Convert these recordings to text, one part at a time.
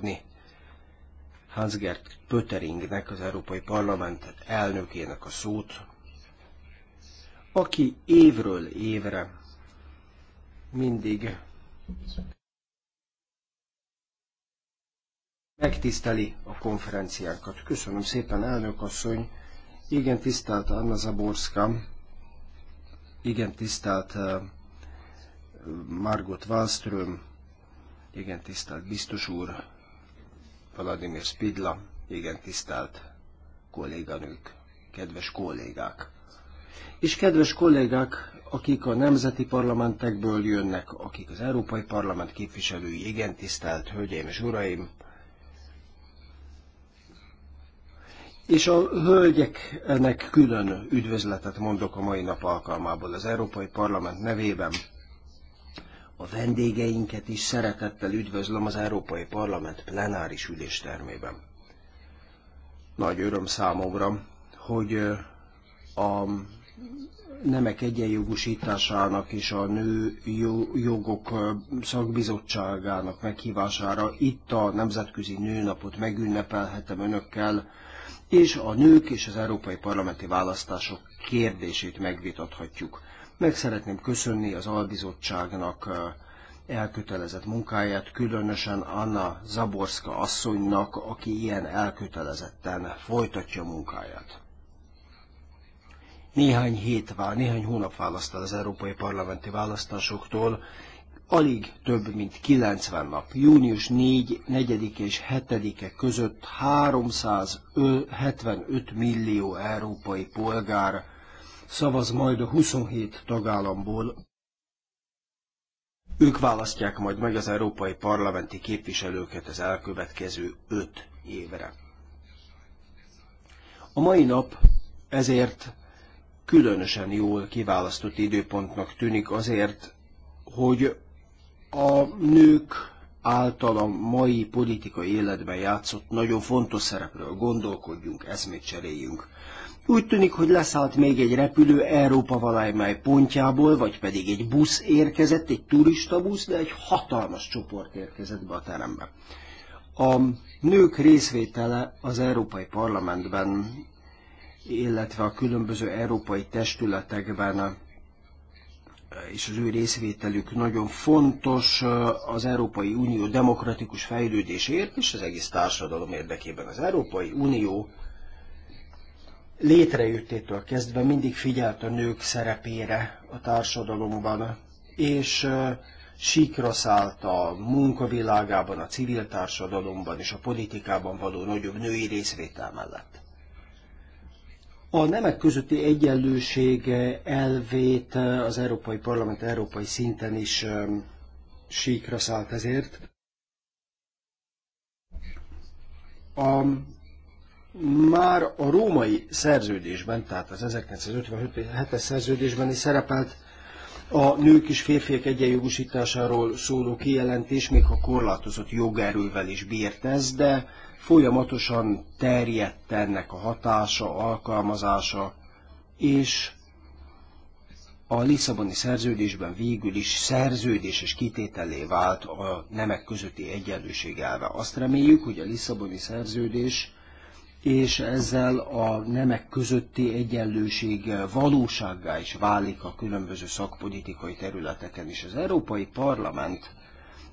tudni Hansgert Pöteringnek, az Európai Parlament elnökének a szót, aki évről évre mindig megtiszteli a konferenciánkat. Köszönöm szépen, elnök asszony, igen tisztelt Anna Zaborska, igen tisztelt eh, Margot Wallström, igen tisztelt biztos úr, Vladimir Spidla, igen tisztelt kolléganők, kedves kollégák. És kedves kollégák, akik a nemzeti parlamentekből jönnek, akik az Európai Parlament képviselői, igen tisztelt hölgyeim és uraim, És a hölgyeknek külön üdvözletet mondok a mai nap alkalmából az Európai Parlament nevében a vendégeinket is szeretettel üdvözlöm az Európai Parlament plenáris üléstermében. Nagy öröm számomra, hogy a nemek egyenjogosításának és a nő jogok szakbizottságának meghívására itt a Nemzetközi Nőnapot megünnepelhetem önökkel, és a nők és az európai parlamenti választások kérdését megvitathatjuk. Meg szeretném köszönni az albizottságnak elkötelezett munkáját, különösen Anna Zaborska asszonynak, aki ilyen elkötelezetten folytatja munkáját. Néhány hét vál, néhány hónap választ az európai parlamenti választásoktól, alig több mint 90 nap, június 4, 4 és 7-e között 375 millió európai polgár szavaz majd a 27 tagállamból. Ők választják majd meg az európai parlamenti képviselőket az elkövetkező 5 évre. A mai nap ezért különösen jól kiválasztott időpontnak tűnik azért, hogy a nők által a mai politikai életben játszott nagyon fontos szerepről gondolkodjunk, eszmét cseréljünk. Úgy tűnik, hogy leszállt még egy repülő Európa valamely pontjából, vagy pedig egy busz érkezett, egy turista busz, de egy hatalmas csoport érkezett be a terembe. A nők részvétele az Európai Parlamentben, illetve a különböző európai testületekben és az ő részvételük nagyon fontos az Európai Unió demokratikus fejlődésért és az egész társadalom érdekében. Az Európai Unió létrejöttétől kezdve mindig figyelt a nők szerepére a társadalomban, és síkra szállt a munkavilágában, a civil társadalomban és a politikában való nagyobb női részvétel mellett. A nemek közötti egyenlőség elvét az Európai Parlament európai szinten is síkra szállt ezért. A már a római szerződésben, tehát az 1957-es szerződésben is szerepelt a nők és férfiak egyenjogosításáról szóló kijelentés, még ha korlátozott jogerővel is bírt ez, de folyamatosan terjedt ennek a hatása, alkalmazása, és a Lisszaboni szerződésben végül is szerződéses kitételé vált a nemek közötti egyenlőség elve. Azt reméljük, hogy a Lisszaboni szerződés és ezzel a nemek közötti egyenlőség valósággá is válik a különböző szakpolitikai területeken is. Az Európai Parlament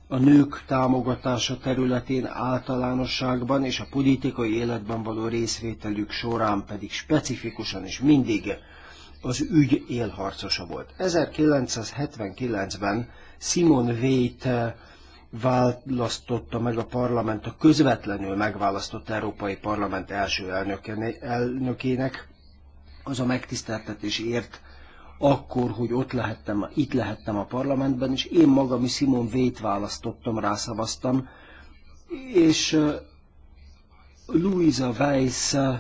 a nők támogatása területén általánosságban és a politikai életben való részvételük során pedig specifikusan és mindig az ügy élharcosa volt. 1979-ben Simon Waite választotta meg a parlament a közvetlenül megválasztott Európai Parlament első elnökének. Az a megtiszteltetés ért akkor, hogy ott lehettem, itt lehettem a parlamentben, és én magam is Simon Vét választottam, rászavaztam, és uh, Louisa Weiss uh,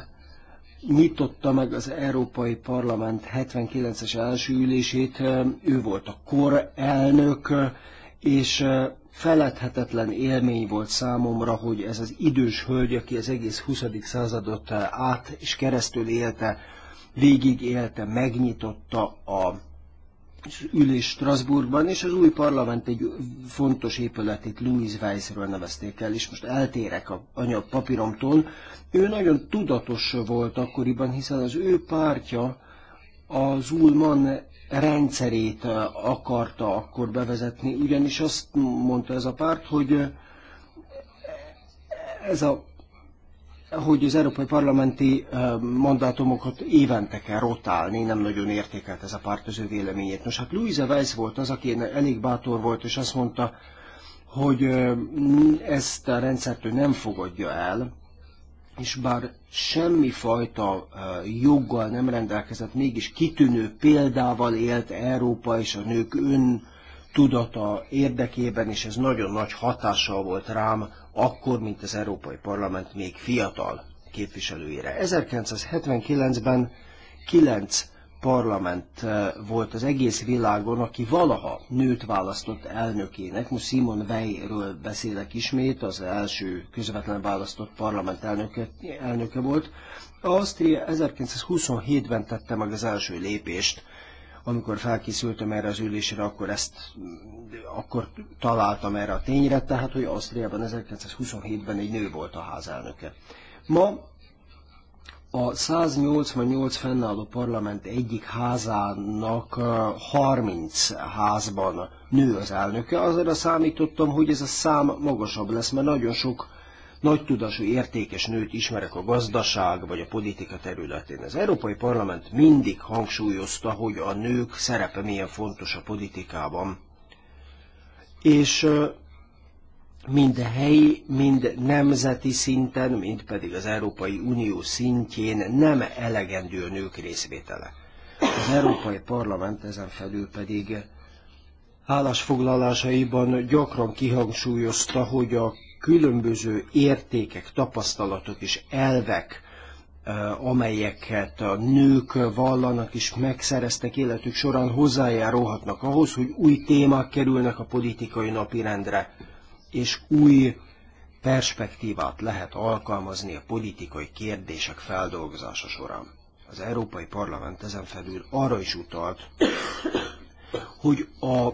nyitotta meg az Európai Parlament 79-es első ülését, uh, ő volt a elnök, és feledhetetlen élmény volt számomra, hogy ez az idős hölgy, aki az egész 20. századot eh, át és keresztül élte, végig élte, megnyitotta a ülés Strasbourgban, és az új parlament egy fontos épületét Louis Weissről nevezték el, és most eltérek a anyag papíromtól. Ő nagyon tudatos volt akkoriban, hiszen az ő pártja, az Ulman rendszerét akarta akkor bevezetni, ugyanis azt mondta ez a párt, hogy ez a hogy az európai parlamenti mandátumokat évente kell rotálni, nem nagyon értékelt ez a párt az ő véleményét. Nos, hát Louise Weiss volt az, aki elég bátor volt, és azt mondta, hogy ezt a rendszert ő nem fogadja el, és bár semmi fajta uh, joggal nem rendelkezett, mégis kitűnő példával élt Európa és a nők ön tudata érdekében, és ez nagyon nagy hatással volt rám, akkor, mint az Európai Parlament még fiatal képviselőjére. 1979-ben kilenc parlament eh, volt az egész világon, aki valaha nőt választott elnökének. Most Simon Weyről beszélek ismét, az első közvetlen választott parlament elnöke, elnöke volt. Ausztria 1927-ben tette meg az első lépést, amikor felkészültem erre az ülésre, akkor ezt akkor találtam erre a tényre, tehát hogy Ausztriában 1927-ben egy nő volt a házelnöke. Ma a 188 fennálló parlament egyik házának 30 házban nő az elnöke. Azra számítottam, hogy ez a szám magasabb lesz, mert nagyon sok nagy tudású értékes nőt ismerek a gazdaság vagy a politika területén. Az Európai Parlament mindig hangsúlyozta, hogy a nők szerepe milyen fontos a politikában. És mind helyi, mind nemzeti szinten, mind pedig az Európai Unió szintjén nem elegendő a nők részvétele. Az Európai Parlament ezen felül pedig állásfoglalásaiban gyakran kihangsúlyozta, hogy a különböző értékek, tapasztalatok és elvek, eh, amelyeket a nők vallanak és megszereztek életük során hozzájárulhatnak ahhoz, hogy új témák kerülnek a politikai napirendre és új perspektívát lehet alkalmazni a politikai kérdések feldolgozása során. Az Európai Parlament ezen felül arra is utalt, hogy a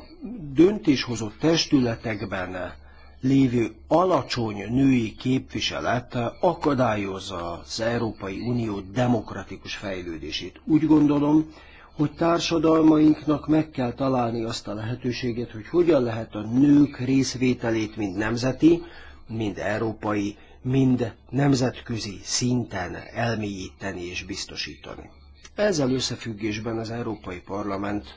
döntéshozó testületekben lévő alacsony női képviselet akadályozza az Európai Unió demokratikus fejlődését. Úgy gondolom, hogy társadalmainknak meg kell találni azt a lehetőséget, hogy hogyan lehet a nők részvételét mind nemzeti, mind európai, mind nemzetközi szinten elmélyíteni és biztosítani. Ezzel összefüggésben az Európai Parlament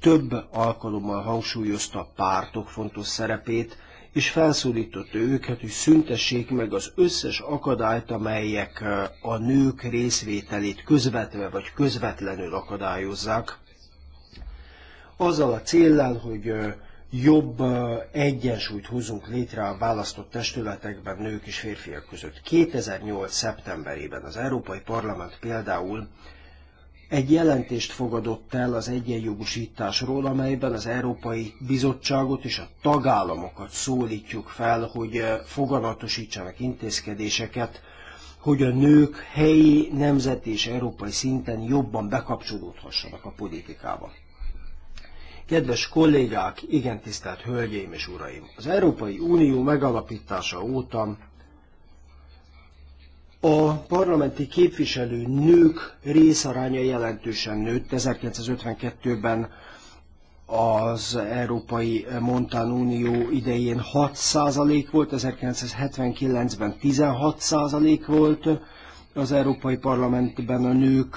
több alkalommal hangsúlyozta a pártok fontos szerepét, és felszólította őket, hogy szüntessék meg az összes akadályt, amelyek a nők részvételét közvetve vagy közvetlenül akadályozzák. Azzal a céllal, hogy jobb egyensúlyt hozunk létre a választott testületekben nők és férfiak között. 2008. szeptemberében az Európai Parlament például egy jelentést fogadott el az egyenjogosításról, amelyben az Európai Bizottságot és a tagállamokat szólítjuk fel, hogy eh, foganatosítsanak intézkedéseket, hogy a nők helyi, nemzeti és európai szinten jobban bekapcsolódhassanak a politikába. Kedves kollégák, igen tisztelt hölgyeim és uraim! Az Európai Unió megalapítása óta a parlamenti képviselő nők részaránya jelentősen nőtt. 1952-ben az Európai Montán Unió idején 6% volt, 1979-ben 16% volt az Európai Parlamentben a nők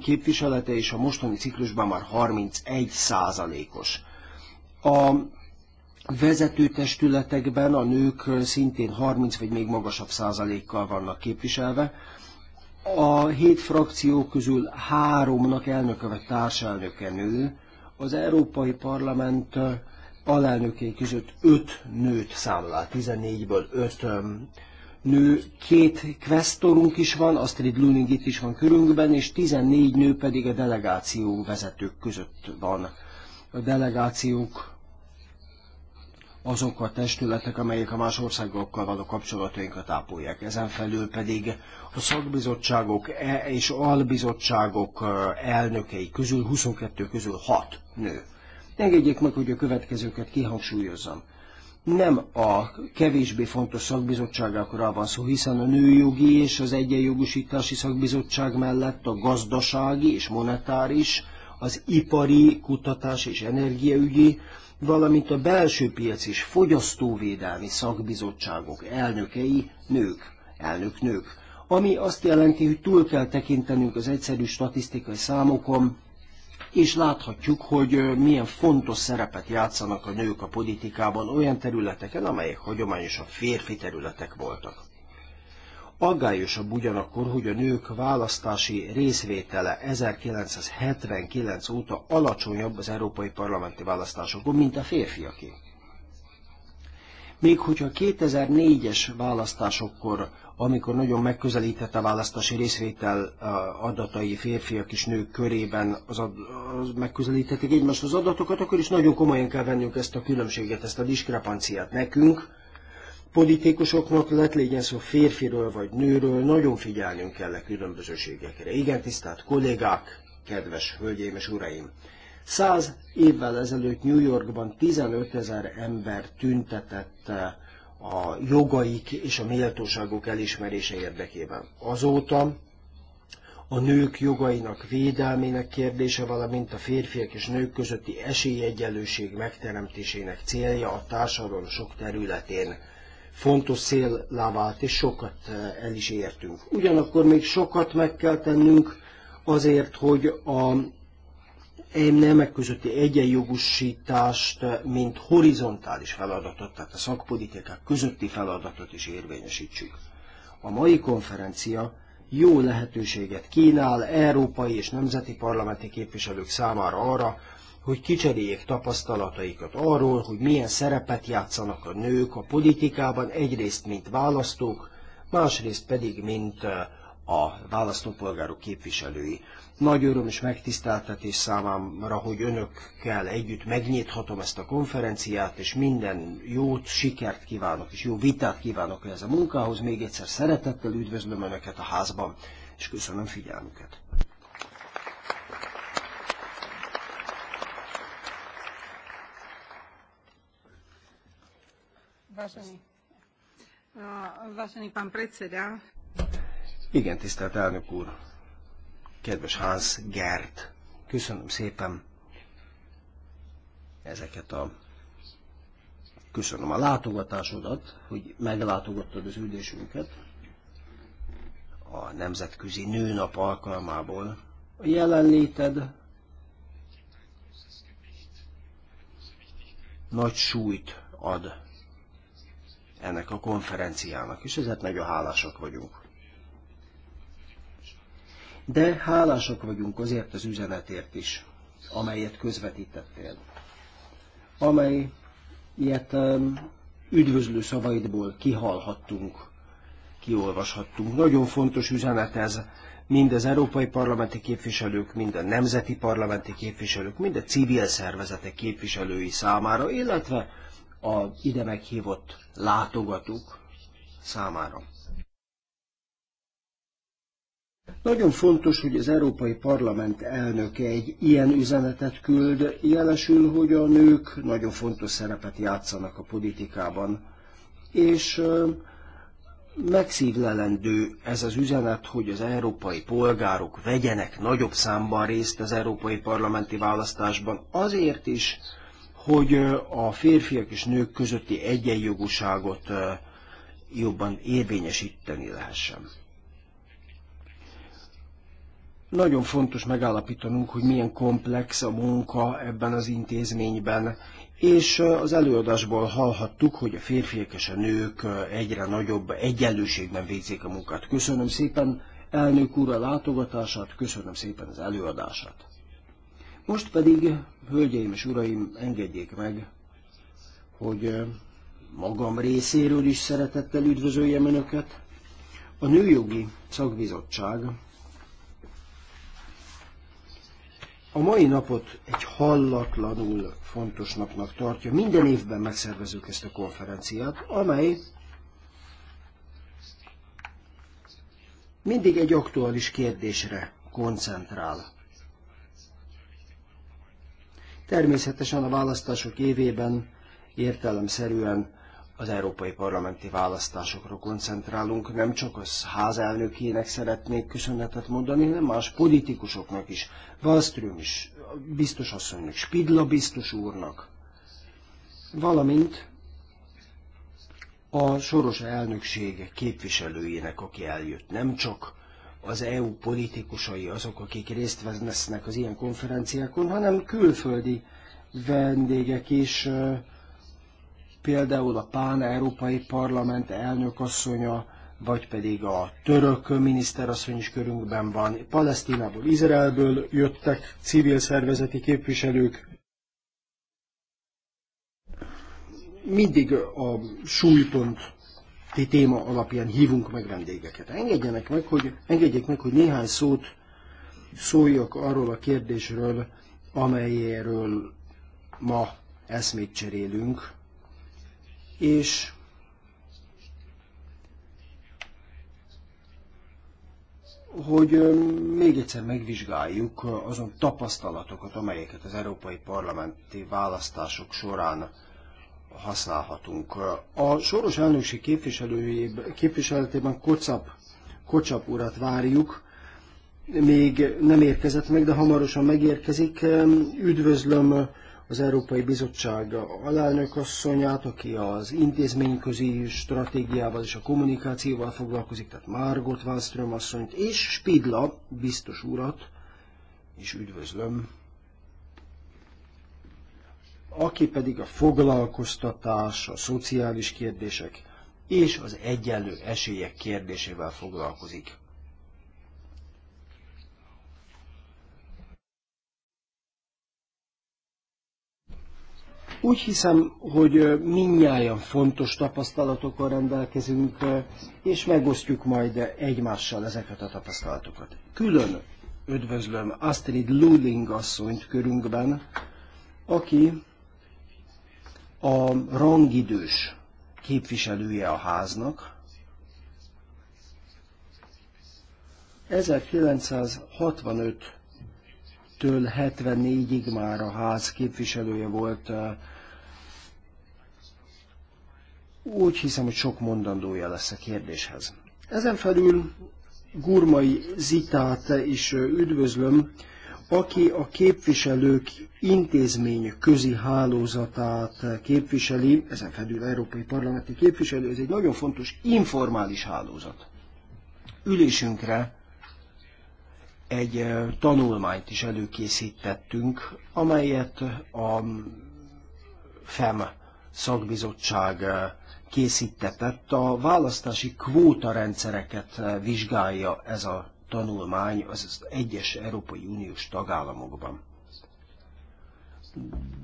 képviselete, és a mostani ciklusban már 31%-os. A testületekben a nők szintén 30 vagy még magasabb százalékkal vannak képviselve. A hét frakció közül háromnak elnöke vagy társelnöke nő, az Európai Parlament alelnökei között öt nőt számlál, 14-ből öt nő, két kvesztorunk is van, Astrid Luning itt is van körünkben, és 14 nő pedig a delegáció vezetők között van. A delegációk azok a testületek, amelyek a más országokkal való kapcsolatainkat ápolják. Ezen felül pedig a szakbizottságok e- és albizottságok e, elnökei közül 22 közül 6 nő. Engedjék meg, hogy a következőket kihangsúlyozzam. Nem a kevésbé fontos szakbizottságokról van szó, hiszen a nőjogi és az egyenjogosítási szakbizottság mellett a gazdasági és monetáris, az ipari, kutatás és energiaügyi, valamint a belső piac és fogyasztóvédelmi szakbizottságok elnökei nők, elnök-nők, ami azt jelenti, hogy túl kell tekintenünk az egyszerű statisztikai számokon, és láthatjuk, hogy milyen fontos szerepet játszanak a nők a politikában olyan területeken, amelyek hagyományosan férfi területek voltak. Aggályosabb ugyanakkor, hogy a nők választási részvétele 1979 óta alacsonyabb az európai parlamenti választásokon, mint a férfiaké. Még hogyha 2004-es választásokkor, amikor nagyon megközelített a választási részvétel adatai férfiak és nők körében az, ad, az megközelítették egymást az adatokat, akkor is nagyon komolyan kell vennünk ezt a különbséget, ezt a diskrepanciát nekünk, politikusoknak, lett legyen szó férfiről vagy nőről, nagyon figyelnünk kell a különbözőségekre. Igen, tisztelt kollégák, kedves hölgyeim és uraim! Száz évvel ezelőtt New Yorkban 15 ezer ember tüntetett eh, a jogaik és a méltóságok elismerése érdekében. Azóta a nők jogainak védelmének kérdése, valamint a férfiak és nők közötti esélyegyenlőség megteremtésének célja a társadalom sok területén fontos széllá vált, és sokat eh, el is értünk. Ugyanakkor még sokat meg kell tennünk azért, hogy a nemek közötti egyenjogosítást, eh, mint horizontális feladatot, tehát a szakpolitikák közötti feladatot is érvényesítsük. A mai konferencia jó lehetőséget kínál európai és nemzeti parlamenti képviselők számára arra, hogy kicseréljék tapasztalataikat arról, hogy milyen szerepet játszanak a nők a politikában, egyrészt mint választók, másrészt pedig mint eh, a választópolgárok képviselői. Nagy öröm és megtiszteltetés számomra, hogy önökkel együtt megnyithatom ezt a konferenciát, és minden jót, sikert kívánok, és jó vitát kívánok ehhez a munkához. Még egyszer szeretettel üdvözlöm Önöket a házban, és köszönöm figyelmüket. Vážený. pán predseda. Igen, tisztelt elnök úr. Kedves Hans Gert. Köszönöm szépen ezeket a köszönöm a látogatásodat, hogy meglátogattad az ülésünket a Nemzetközi Nőnap alkalmából. A jelenléted nagy súlyt ad ennek a konferenciának, és ezért nagyon hálásak vagyunk. De hálásak vagyunk azért az üzenetért is, amelyet közvetítettél, amely ilyet üdvözlő szavaidból kihallhattunk, kiolvashattunk. Nagyon fontos üzenet ez, mind az európai parlamenti képviselők, mind a nemzeti parlamenti képviselők, mind a civil szervezetek képviselői számára, illetve a ide meghívott látogatók számára. Nagyon fontos, hogy az Európai Parlament elnöke egy ilyen üzenetet küld, jelesül, hogy a nők nagyon fontos szerepet játszanak a politikában, és megszívlelendő ez az üzenet, hogy az európai polgárok vegyenek nagyobb számban részt az európai parlamenti választásban, azért is, hogy a férfiak és nők közötti egyenjogúságot jobban érvényesíteni lehessen. Nagyon fontos megállapítanunk, hogy milyen komplex a munka ebben az intézményben, és az előadásból hallhattuk, hogy a férfiak és a nők egyre nagyobb egyenlőségben végzik a munkát. Köszönöm szépen elnök úr a látogatását, köszönöm szépen az előadását. Most pedig, hölgyeim és uraim, engedjék meg, hogy eh, magam részéről is szeretettel üdvözöljem Önöket. A Nőjogi Szakbizottság a mai napot egy hallatlanul fontos napnak tartja. Minden évben megszervezünk ezt a konferenciát, amely mindig egy aktuális kérdésre koncentrál. Természetesen a választások évében értelemszerűen az európai parlamenti választásokra koncentrálunk, nem csak az házelnökének szeretnék köszönetet mondani, hanem más politikusoknak is, Wallström is, biztos asszonynak, Spidla biztos úrnak, valamint a soros elnökség képviselőjének, aki eljött, nem csak az EU politikusai azok, akik részt vesznek az ilyen konferenciákon, hanem külföldi vendégek is, például a Pán-Európai Parlament elnökasszonya, vagy pedig a török miniszterasszony is körünkben van. Palesztinából, Izraelből jöttek civil szervezeti képviselők. Mindig a súlypont közötti téma alapján hívunk meg vendégeket. Engedjenek meg, hogy, engedjék meg, hogy néhány szót szóljak arról a kérdésről, amelyéről ma eszmét cserélünk, és hogy még egyszer megvizsgáljuk azon tapasztalatokat, amelyeket az európai parlamenti választások során használhatunk. A soros elnökség képviseletében Kocap, Kocsap urat várjuk, még nem érkezett meg, de hamarosan megérkezik. Üdvözlöm az Európai Bizottság alelnök asszonyát, aki az intézményközi stratégiával és a kommunikációval foglalkozik, tehát Margot Wallström asszonyt, és Spidla biztos urat, és üdvözlöm aki pedig a foglalkoztatás, a szociális kérdések és az egyenlő esélyek kérdésével foglalkozik. Úgy hiszem, hogy minnyáján fontos tapasztalatokkal rendelkezünk, és megosztjuk majd egymással ezeket a tapasztalatokat. Külön üdvözlöm Astrid Luling asszonyt körünkben, aki a rangidős képviselője a háznak. 1965-től 74-ig már a ház képviselője volt. Úgy hiszem, hogy sok mondandója lesz a kérdéshez. Ezen felül Gurmai Zitát is üdvözlöm, aki a képviselők intézmény közi hálózatát képviseli, ezen felül európai parlamenti képviselő, ez egy nagyon fontos informális hálózat. Ülésünkre egy tanulmányt is előkészítettünk, amelyet a FEM szakbizottság készítetett. A választási kvótarendszereket vizsgálja ez a tanulmány az egyes Európai Uniós tagállamokban.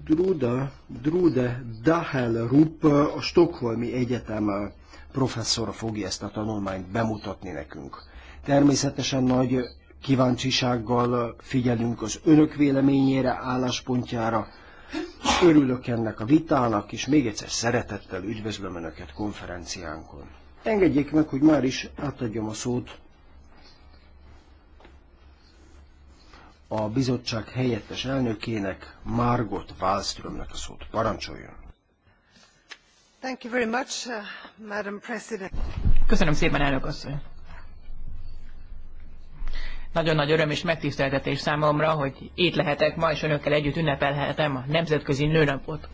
Druda, Drude Dahelrup, a Stockholmi Egyetem professzora fogja ezt a tanulmányt bemutatni nekünk. Természetesen nagy kíváncsisággal figyelünk az önök véleményére, álláspontjára. Örülök ennek a vitának, és még egyszer szeretettel üdvözlöm Önöket konferenciánkon. Engedjék meg, hogy már is átadjam a szót a bizottság helyettes elnökének, Margot Wallströmnek a szót. Parancsoljon! Thank you very much, uh, Madam President. Köszönöm szépen, elnök asszony! Nagyon nagy öröm és megtiszteltetés számomra, hogy itt lehetek ma, és önökkel együtt ünnepelhetem a Nemzetközi Nőnapot.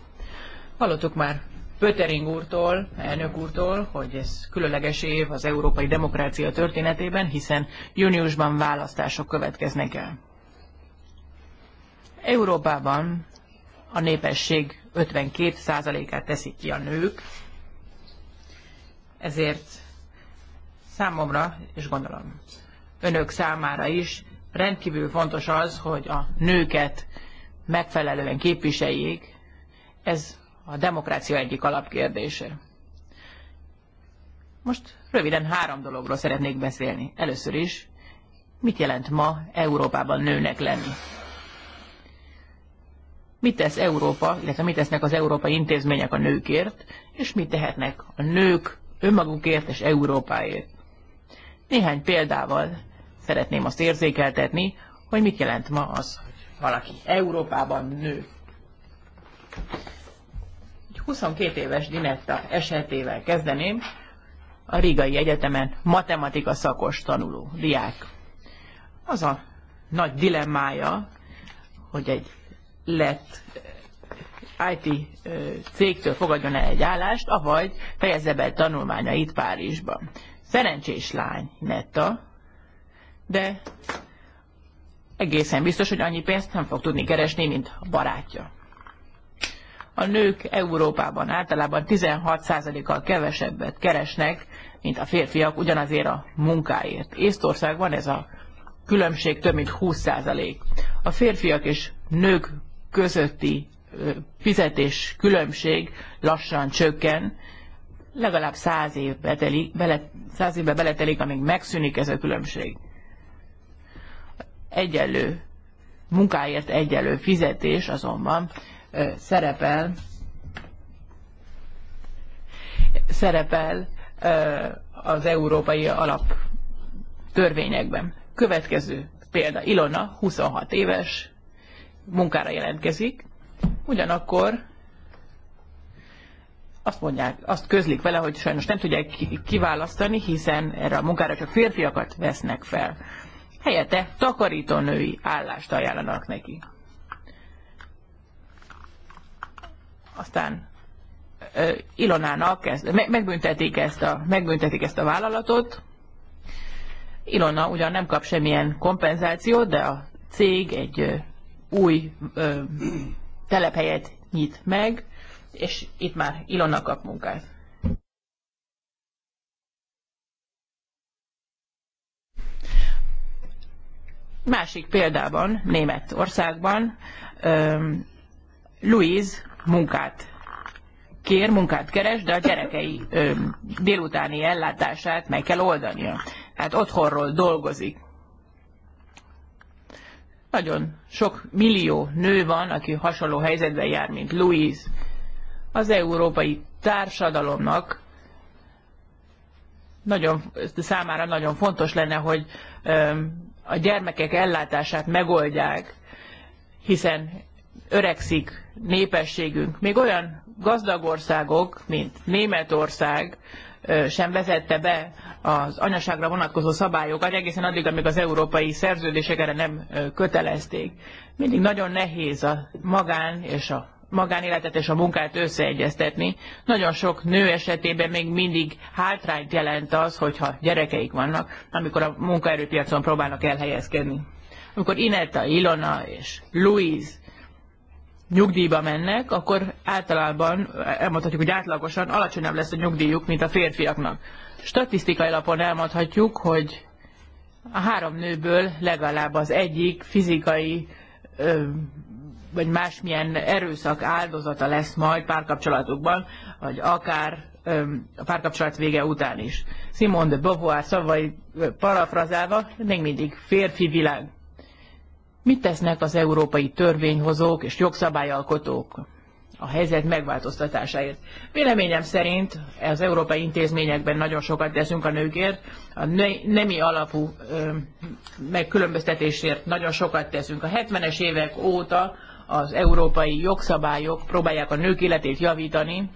Hallottuk már Pöttering úrtól, elnök úrtól, hogy ez különleges év az európai demokrácia történetében, hiszen júniusban választások következnek el. Európában a népesség 52%-át teszik ki a nők, ezért számomra, és gondolom önök számára is, rendkívül fontos az, hogy a nőket megfelelően képviseljék, ez a demokrácia egyik alapkérdése. Most röviden három dologról szeretnék beszélni. Először is, mit jelent ma Európában nőnek lenni? mit tesz Európa, illetve mit tesznek az európai intézmények a nőkért, és mit tehetnek a nők önmagukért és Európáért. Néhány példával szeretném azt érzékeltetni, hogy mit jelent ma az, hogy valaki Európában nő. 22 éves Dinetta esetével kezdeném, a Rigai Egyetemen matematika szakos tanuló, diák. Az a nagy dilemmája, hogy egy lett eh, IT eh, cégtől fogadjon el egy állást, avagy fejezze be tanulmányait Párizsban. Szerencsés lány, netta, de egészen biztos, hogy annyi pénzt nem fog tudni keresni, mint a barátja. A nők Európában általában 16%-kal kevesebbet keresnek, mint a férfiak ugyanazért a munkáért. Észtországban ez a különbség több mint 20%. A férfiak és nők közötti fizetés különbség lassan csökken, legalább száz, év telik, bele, száz évbe beletelik, amíg megszűnik ez a különbség. Egyelő munkáért egyelő fizetés azonban ö, szerepel szerepel ö, az európai alap törvényekben. Következő példa, Ilona 26 éves, munkára jelentkezik, ugyanakkor azt mondják, azt közlik vele, hogy sajnos nem tudják kiválasztani, hiszen erre a munkára csak férfiakat vesznek fel. Helyette takarítónői állást ajánlanak neki. Aztán Ilonának ezt, me, megbüntetik, ezt a, megbüntetik ezt a vállalatot. Ilona ugyan nem kap semmilyen kompenzációt, de a cég egy új ö, telephelyet nyit meg, és itt már Ilona kap munkát. Másik példában, Németországban ö, Louise munkát kér, munkát keres, de a gyerekei ö, délutáni ellátását meg kell oldania. Tehát otthonról dolgozik. Nagyon sok millió nő van, aki hasonló helyzetben jár, mint Louise. Az európai társadalomnak nagyon, számára nagyon fontos lenne, hogy a gyermekek ellátását megoldják, hiszen öregszik népességünk. Még olyan gazdag országok, mint Németország, sem vezette be az anyaságra vonatkozó szabályokat, egészen addig, amíg az európai szerződések erre nem kötelezték. Mindig nagyon nehéz a magán és a magánéletet és a munkát összeegyeztetni. Nagyon sok nő esetében még mindig hátrányt jelent az, hogyha gyerekeik vannak, amikor a munkaerőpiacon próbálnak elhelyezkedni. Amikor Ineta, Ilona és Louise nyugdíjba mennek, akkor általában, elmondhatjuk, hogy átlagosan alacsonyabb lesz a nyugdíjuk, mint a férfiaknak. Statisztikai lapon elmondhatjuk, hogy a három nőből legalább az egyik fizikai ö, vagy másmilyen erőszak áldozata lesz majd párkapcsolatukban, vagy akár ö, a párkapcsolat vége után is. Simone de Beauvoir szavai parafrazálva, még mindig férfi világ. Mit tesznek az európai törvényhozók és jogszabályalkotók a helyzet megváltoztatásáért? Véleményem szerint az európai intézményekben nagyon sokat teszünk a nőkért, a nemi alapú megkülönböztetésért nagyon sokat teszünk. A 70-es évek óta az európai jogszabályok próbálják a nők életét javítani,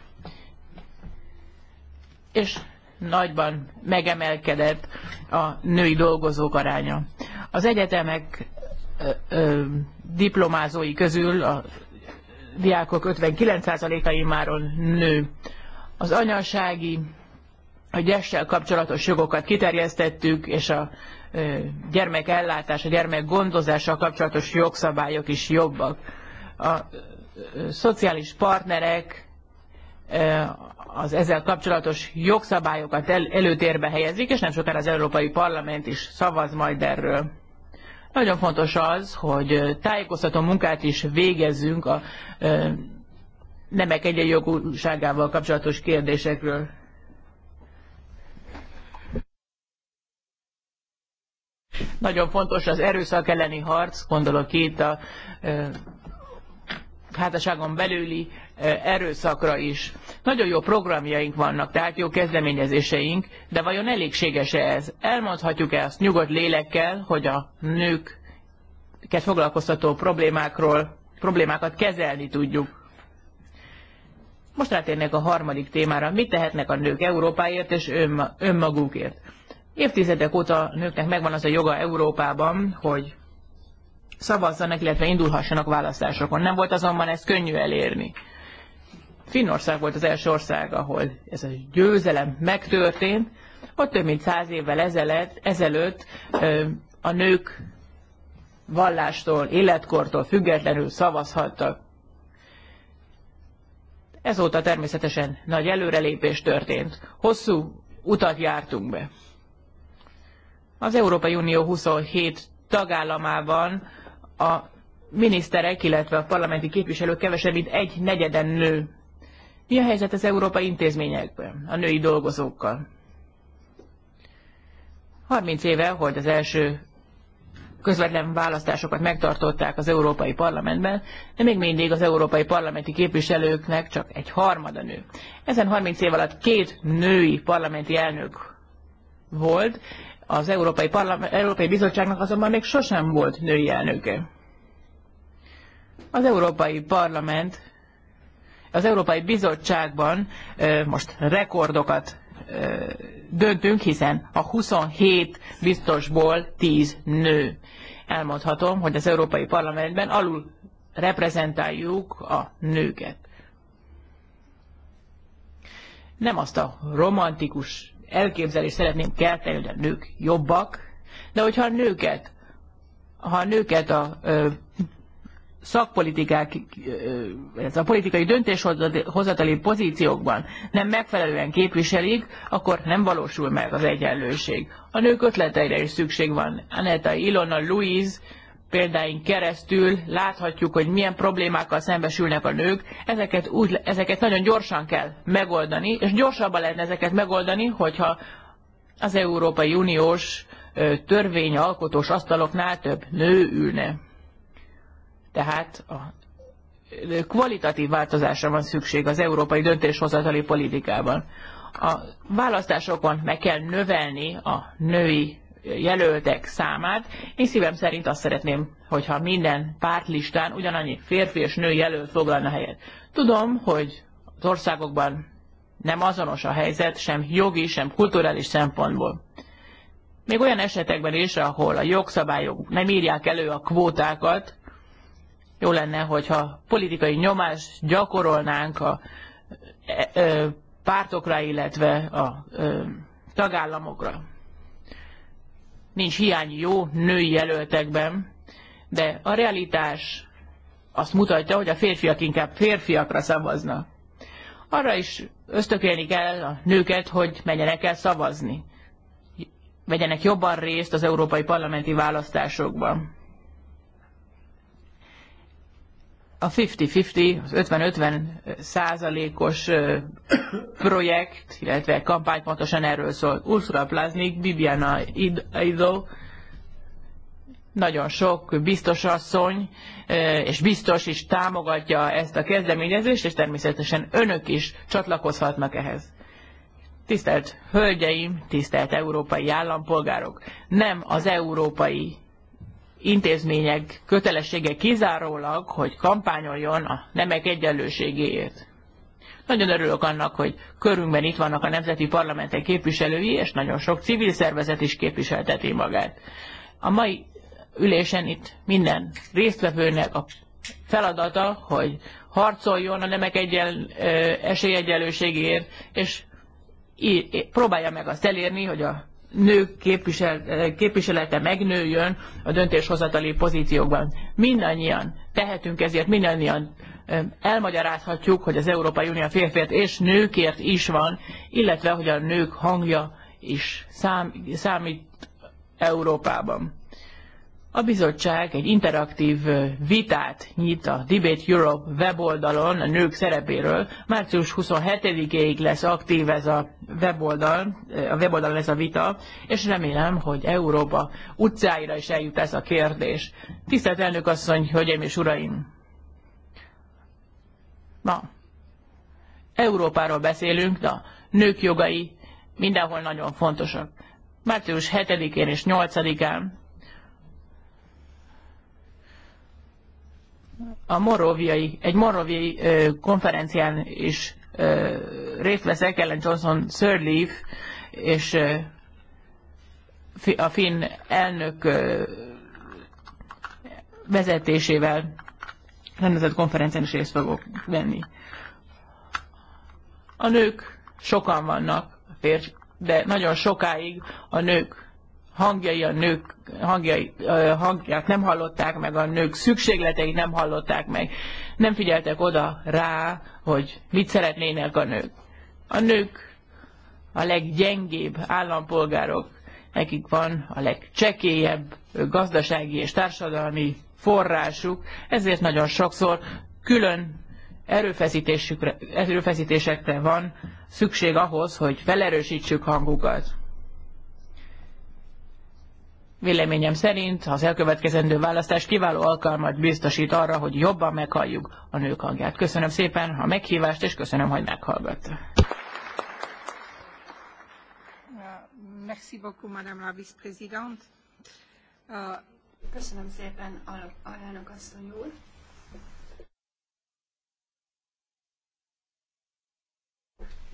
és nagyban megemelkedett a női dolgozók aránya. Az egyetemek diplomázói közül a diákok 59%-a imáron nő. Az anyasági, a gyessel kapcsolatos jogokat kiterjesztettük, és a gyermekellátás, a gyermek gondozással kapcsolatos jogszabályok is jobbak. A szociális partnerek az ezzel kapcsolatos jogszabályokat el, előtérbe helyezik, és nem sokára az Európai Parlament is szavaz majd erről. Nagyon fontos az, hogy tájékoztató munkát is végezzünk a nemek egyenjogúságával kapcsolatos kérdésekről. Nagyon fontos az erőszak elleni harc, gondolok itt a házasságon belüli erőszakra is. Nagyon jó programjaink vannak, tehát jó kezdeményezéseink, de vajon elégséges-e ez? Elmondhatjuk-e azt nyugodt lélekkel, hogy a nőket foglalkoztató problémákról, problémákat kezelni tudjuk? Most rátérnek a harmadik témára, mit tehetnek a nők Európáért és önmagukért. Évtizedek óta nőknek megvan az a joga Európában, hogy szavazzanak, illetve indulhassanak választásokon. Nem volt azonban ez könnyű elérni. Finnország volt az első ország, ahol ez a győzelem megtörtént, ott több mint száz évvel ezelőtt, ezelőtt a nők vallástól, életkortól függetlenül szavazhattak. Ezóta természetesen nagy előrelépés történt. Hosszú utat jártunk be. Az Európai Unió 27 tagállamában a miniszterek, illetve a parlamenti képviselők kevesebb, mint egy negyeden nő. Mi a helyzet az európai intézményekben, a női dolgozókkal? 30 éve, hogy az első közvetlen választásokat megtartották az Európai Parlamentben, de még mindig az Európai Parlamenti képviselőknek csak egy harmada nő. Ezen 30 év alatt két női parlamenti elnök volt, az Európai, Parlament, Európai Bizottságnak azonban még sosem volt női elnöke. Az Európai Parlament, az Európai Bizottságban most rekordokat döntünk, hiszen a 27 biztosból 10 nő. Elmondhatom, hogy az Európai Parlamentben alul reprezentáljuk a nőket. Nem azt a romantikus Elképzelés szeretném kelteni, hogy a nők jobbak, de hogyha a nőket, ha a nőket a ö, szakpolitikák, ez a politikai döntéshozatali pozíciókban nem megfelelően képviselik, akkor nem valósul meg az egyenlőség. A nők ötleteire is szükség van. Aneta, Ilona, Louise, példáink keresztül láthatjuk, hogy milyen problémákkal szembesülnek a nők. Ezeket, úgy, ezeket nagyon gyorsan kell megoldani, és gyorsabban lehetne ezeket megoldani, hogyha az Európai Uniós törvényalkotós asztaloknál több nő ülne. Tehát a kvalitatív változásra van szükség az európai döntéshozatali politikában. A választásokon meg kell növelni a női jelöltek számát. Én szívem szerint azt szeretném, hogyha minden pártlistán ugyanannyi férfi és nő jelölt foglalna helyet. Tudom, hogy az országokban nem azonos a helyzet, sem jogi, sem kulturális szempontból. Még olyan esetekben is, ahol a jogszabályok nem írják elő a kvótákat, jó lenne, hogyha politikai nyomást gyakorolnánk a e, e, pártokra, illetve a e, tagállamokra nincs hiány jó női jelöltekben, de a realitás azt mutatja, hogy a férfiak inkább férfiakra szavaznak. Arra is ösztökélni kell a nőket, hogy menjenek el szavazni. Vegyenek jobban részt az európai parlamenti választásokban. a 50-50, az 50-50 százalékos projekt, illetve kampány pontosan erről szól. Ursula Plaznik, Bibiana Ido, nagyon sok biztos asszony és biztos is támogatja ezt a kezdeményezést, és természetesen önök is csatlakozhatnak ehhez. Tisztelt Hölgyeim, tisztelt európai állampolgárok! Nem az európai intézmények kötelessége kizárólag, hogy kampányoljon a nemek egyenlőségéért. Nagyon örülök annak, hogy körünkben itt vannak a nemzeti parlamentek képviselői, és nagyon sok civil szervezet is képviselteti magát. A mai ülésen itt minden résztvevőnek a feladata, hogy harcoljon a nemek egyen, esélyegyenlőségéért, és próbálja meg azt elérni, hogy a nők képvisel, képviselete megnőjön a döntéshozatali pozíciókban. Mindannyian tehetünk ezért, mindannyian elmagyarázhatjuk, hogy az Európai Unió férfiért és nőkért is van, illetve hogy a nők hangja is szám, számít Európában. A bizottság egy interaktív vitát nyit a Debate Europe weboldalon a nők szerepéről. Március 27-ig lesz aktív ez a weboldal, a weboldalon ez a vita, és remélem, hogy Európa utcáira is eljut ez a kérdés. Tisztelt elnök asszony, hölgyeim és uraim! Na, Európáról beszélünk, de a nők jogai mindenhol nagyon fontosak. Március 7-én és 8-án a moróviai, egy moróviai konferencián is részt veszek, Ellen Johnson Sirleaf és a finn elnök vezetésével rendezett konferencián is részt fogok venni. A nők sokan vannak, de nagyon sokáig a nők hangjai a nők, hangjai, hangját nem hallották meg, a nők szükségleteit nem hallották meg, nem figyeltek oda rá, hogy mit szeretnének a nők. A nők a leggyengébb állampolgárok, nekik van a legcsekélyebb gazdasági és társadalmi forrásuk, ezért nagyon sokszor külön erőfeszítésekre van szükség ahhoz, hogy felerősítsük hangukat. Véleményem szerint az elkövetkezendő választás kiváló alkalmat biztosít arra, hogy jobban meghalljuk a nők hangját. Köszönöm szépen a meghívást, és köszönöm, hogy meghallgat. Uh, merci beaucoup, Madame la Vice-Présidente. Uh, köszönöm szépen, alelnök asszony úr.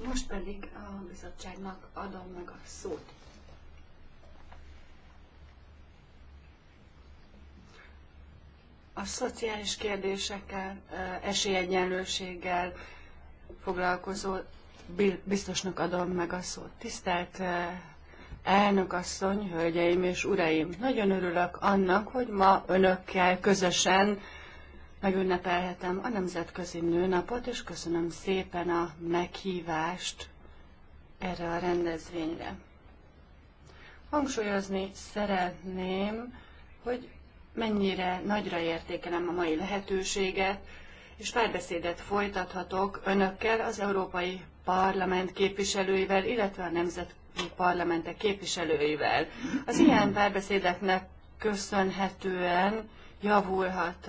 Most pedig a bizottságnak adom meg a szót. a szociális kérdésekkel, esélyegyenlőséggel foglalkozó biztosnak adom meg a szót. Tisztelt elnök asszony, hölgyeim és uraim! Nagyon örülök annak, hogy ma önökkel közösen megünnepelhetem a Nemzetközi Nőnapot, és köszönöm szépen a meghívást erre a rendezvényre. Hangsúlyozni szeretném, hogy mennyire nagyra értékelem a mai lehetőséget, és párbeszédet folytathatok önökkel, az Európai Parlament képviselőivel, illetve a nemzeti parlamentek képviselőivel. Az ilyen párbeszédeknek köszönhetően javulhat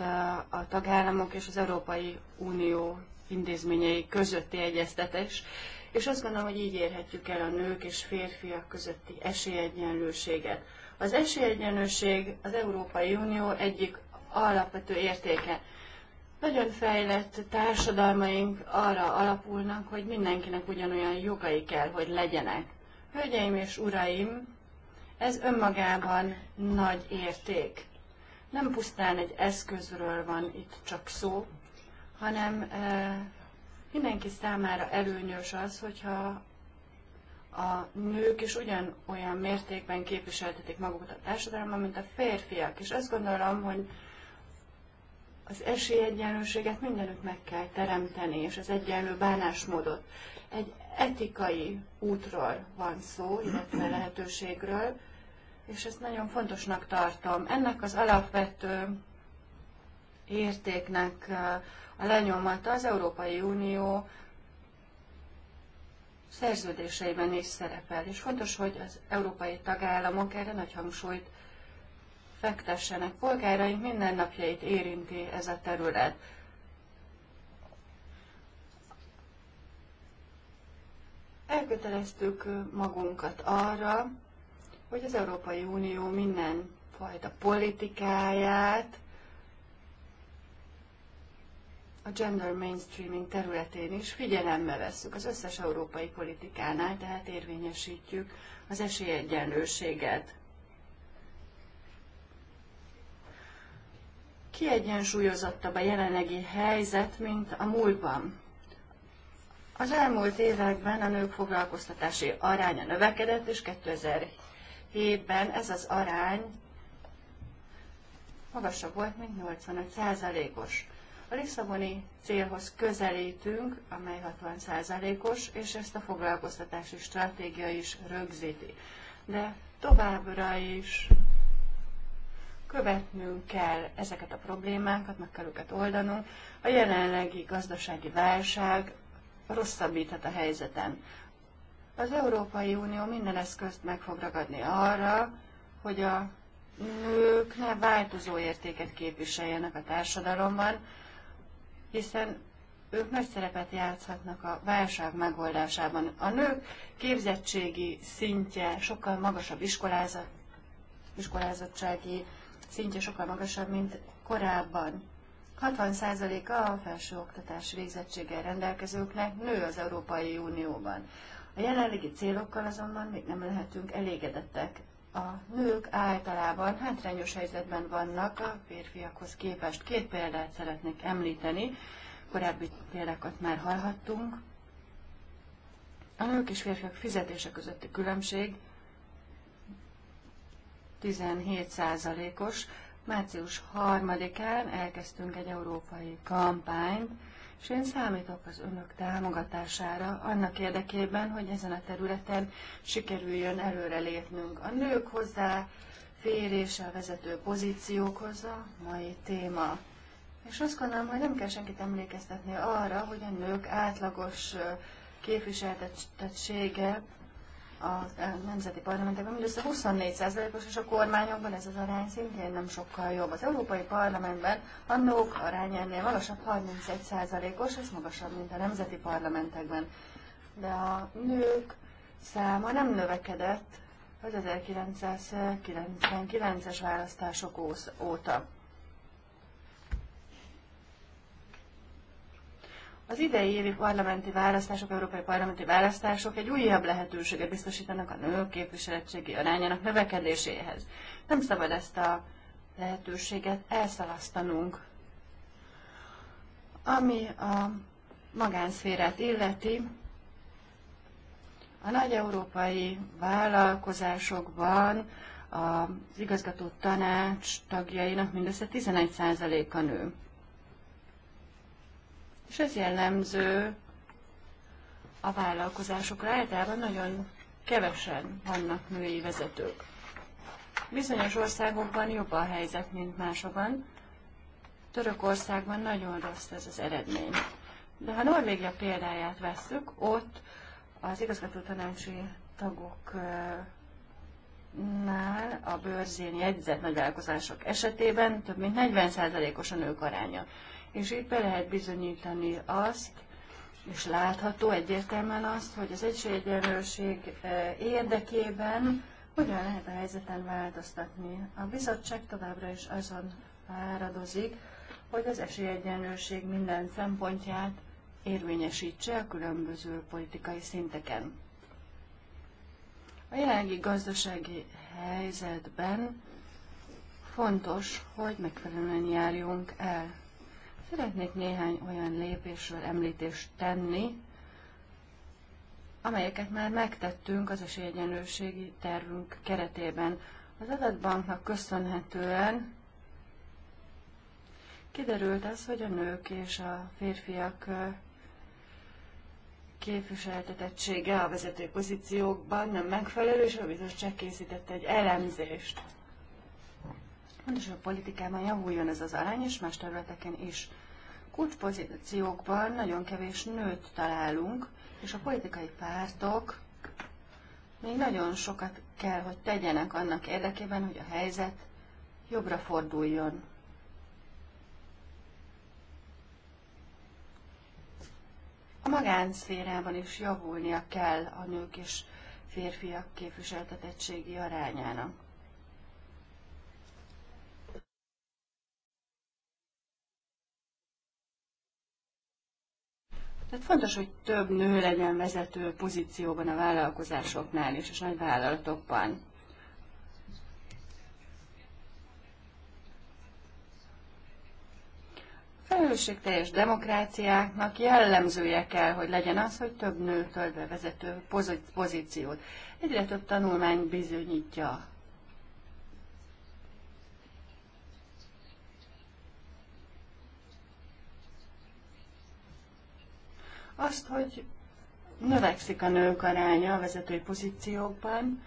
a tagállamok és az Európai Unió intézményei közötti egyeztetés, és azt gondolom, hogy így érhetjük el a nők és férfiak közötti esélyegyenlőséget. Az esélyegyenlőség az Európai Unió egyik alapvető értéke. Nagyon fejlett társadalmaink arra alapulnak, hogy mindenkinek ugyanolyan jogai kell, hogy legyenek. Hölgyeim és uraim, ez önmagában nagy érték. Nem pusztán egy eszközről van itt csak szó, hanem eh, mindenki számára előnyös az, hogyha a nők is ugyanolyan mértékben képviseltetik magukat a társadalomban, mint a férfiak. És azt gondolom, hogy az esélyegyenlőséget mindenütt meg kell teremteni, és az egyenlő bánásmódot. Egy etikai útról van szó, illetve lehetőségről, és ezt nagyon fontosnak tartom. Ennek az alapvető értéknek a lenyomata az Európai Unió szerződéseiben is szerepel. És fontos, hogy az európai tagállamok erre nagy hangsúlyt fektessenek. Polgáraink mindennapjait érinti ez a terület. Elköteleztük magunkat arra, hogy az Európai Unió minden fajta politikáját a gender mainstreaming területén is figyelembe vesszük az összes európai politikánál, tehát érvényesítjük az esélyegyenlőséget. Kiegyensúlyozottabb a jelenlegi helyzet, mint a múltban. Az elmúlt években a nők foglalkoztatási aránya növekedett, és 2007-ben ez az arány magasabb volt, mint 85 os a Lisszaboni célhoz közelítünk, amely 60%-os, és ezt a foglalkoztatási stratégia is rögzíti. De továbbra is követnünk kell ezeket a problémákat, meg kell őket oldanunk. A jelenlegi gazdasági válság rosszabbíthat a helyzeten. Az Európai Unió minden eszközt meg fog ragadni arra, hogy a nők ne változó értéket képviseljenek a társadalomban, hiszen ők nagy szerepet játszhatnak a válság megoldásában. A nők képzettségi szintje sokkal magasabb iskolázat, iskolázottsági szintje sokkal magasabb, mint korábban. 60%-a a felsőoktatás végzettséggel rendelkezőknek nő az Európai Unióban. A jelenlegi célokkal azonban még nem lehetünk elégedettek a nők általában hátrányos helyzetben vannak a férfiakhoz képest. Két példát szeretnék említeni, korábbi példákat már hallhattunk. A nők és férfiak fizetése közötti különbség 17%-os. Március 3-án elkezdtünk egy európai kampányt, és én számítok az önök támogatására annak érdekében, hogy ezen a területen sikerüljön előrelépnünk. A nők hozzá férése a vezető pozíciókhoz a mai téma. És azt gondolom, hogy nem kell senkit emlékeztetni arra, hogy a nők átlagos képviseltettsége a nemzeti parlamentekben mindössze 24%-os, és a kormányokban ez az arány szintén nem sokkal jobb. Az Európai Parlamentben a nők arányánél magasabb 31%-os, ez magasabb, mint a nemzeti parlamentekben. De a nők száma nem növekedett az 1999-es választások óta. Az idei évi parlamenti választások, európai parlamenti választások egy újabb lehetőséget biztosítanak a nők képviseletségi arányának növekedéséhez. Nem szabad ezt a lehetőséget elszalasztanunk. Ami a magánszférát illeti, a nagy európai vállalkozásokban az igazgató tanács tagjainak mindössze 11% a nő. És ez jellemző a vállalkozásokra. Általában nagyon kevesen vannak női vezetők. Bizonyos országokban jobb a helyzet, mint másokban. Törökországban nagyon rossz ez az eredmény. De ha Norvégia példáját vesszük, ott az igazgató tanácsi tagoknál a bőrzén jegyzett nagyvállalkozások esetében több mint 40%-os a nők aránya és itt be lehet bizonyítani azt, és látható egyértelműen azt, hogy az egységegyenlőség eh, érdekében hogyan lehet a helyzeten változtatni. A bizottság továbbra is azon fáradozik, hogy az esélyegyenlőség minden szempontját érvényesítse a különböző politikai szinteken. A jelenlegi gazdasági helyzetben fontos, hogy megfelelően járjunk el. Szeretnék néhány olyan lépésről említést tenni, amelyeket már megtettünk az esélyegyenlőségi tervünk keretében. Az adatbanknak köszönhetően kiderült az, hogy a nők és a férfiak képviseltetettsége a vezető pozíciókban nem megfelelő, és a bizottság készített egy elemzést. Fontos, hogy a politikában javuljon ez az arány, és más területeken is. Kulcspozíciókban nagyon kevés nőt találunk, és a politikai pártok még nagyon sokat kell, hogy tegyenek annak érdekében, hogy a helyzet jobbra forduljon. A magánszférában is javulnia kell a nők és férfiak képviseltetettségi arányának. Tehát fontos, hogy több nő legyen vezető pozícióban a vállalkozásoknál és a nagy vállalatokban. felelősségteljes demokráciáknak jellemzője kell, hogy legyen az, hogy több nő tölt vezető pozíciót. Egyre több tanulmány bizonyítja azt, hogy növekszik a nők aránya a vezetői pozíciókban.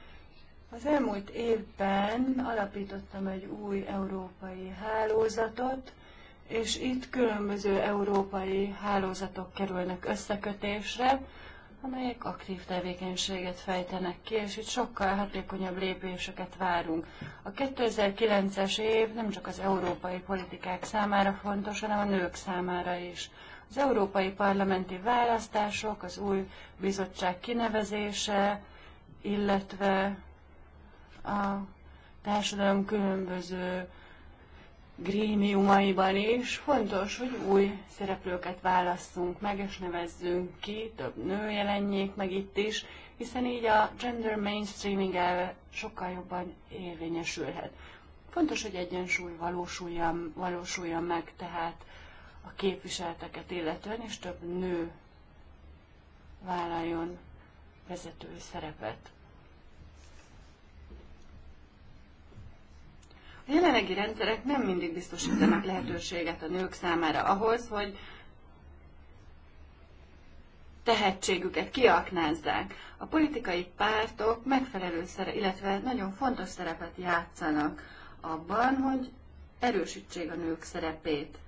Az elmúlt évben alapítottam egy új európai hálózatot, és itt különböző európai hálózatok kerülnek összekötésre, amelyek aktív tevékenységet fejtenek ki, és itt sokkal hatékonyabb lépéseket várunk. A 2009-es év nem csak az európai politikák számára fontos, hanem a nők számára is. Az európai parlamenti választások, az új bizottság kinevezése, illetve a társadalom különböző grémiumaiban is fontos, hogy új szereplőket válasszunk meg, és nevezzünk ki, több nő jelenjék meg itt is, hiszen így a gender mainstreaming elve sokkal jobban érvényesülhet. Fontos, hogy egyensúly valósuljon, valósuljon meg tehát a képviselteket illetően, és több nő vállaljon vezetői szerepet. A jelenlegi rendszerek nem mindig biztosítanak lehetőséget a nők számára ahhoz, hogy tehetségüket kiaknázzák. A politikai pártok megfelelő szerep, illetve nagyon fontos szerepet játszanak abban, hogy erősítsék a nők szerepét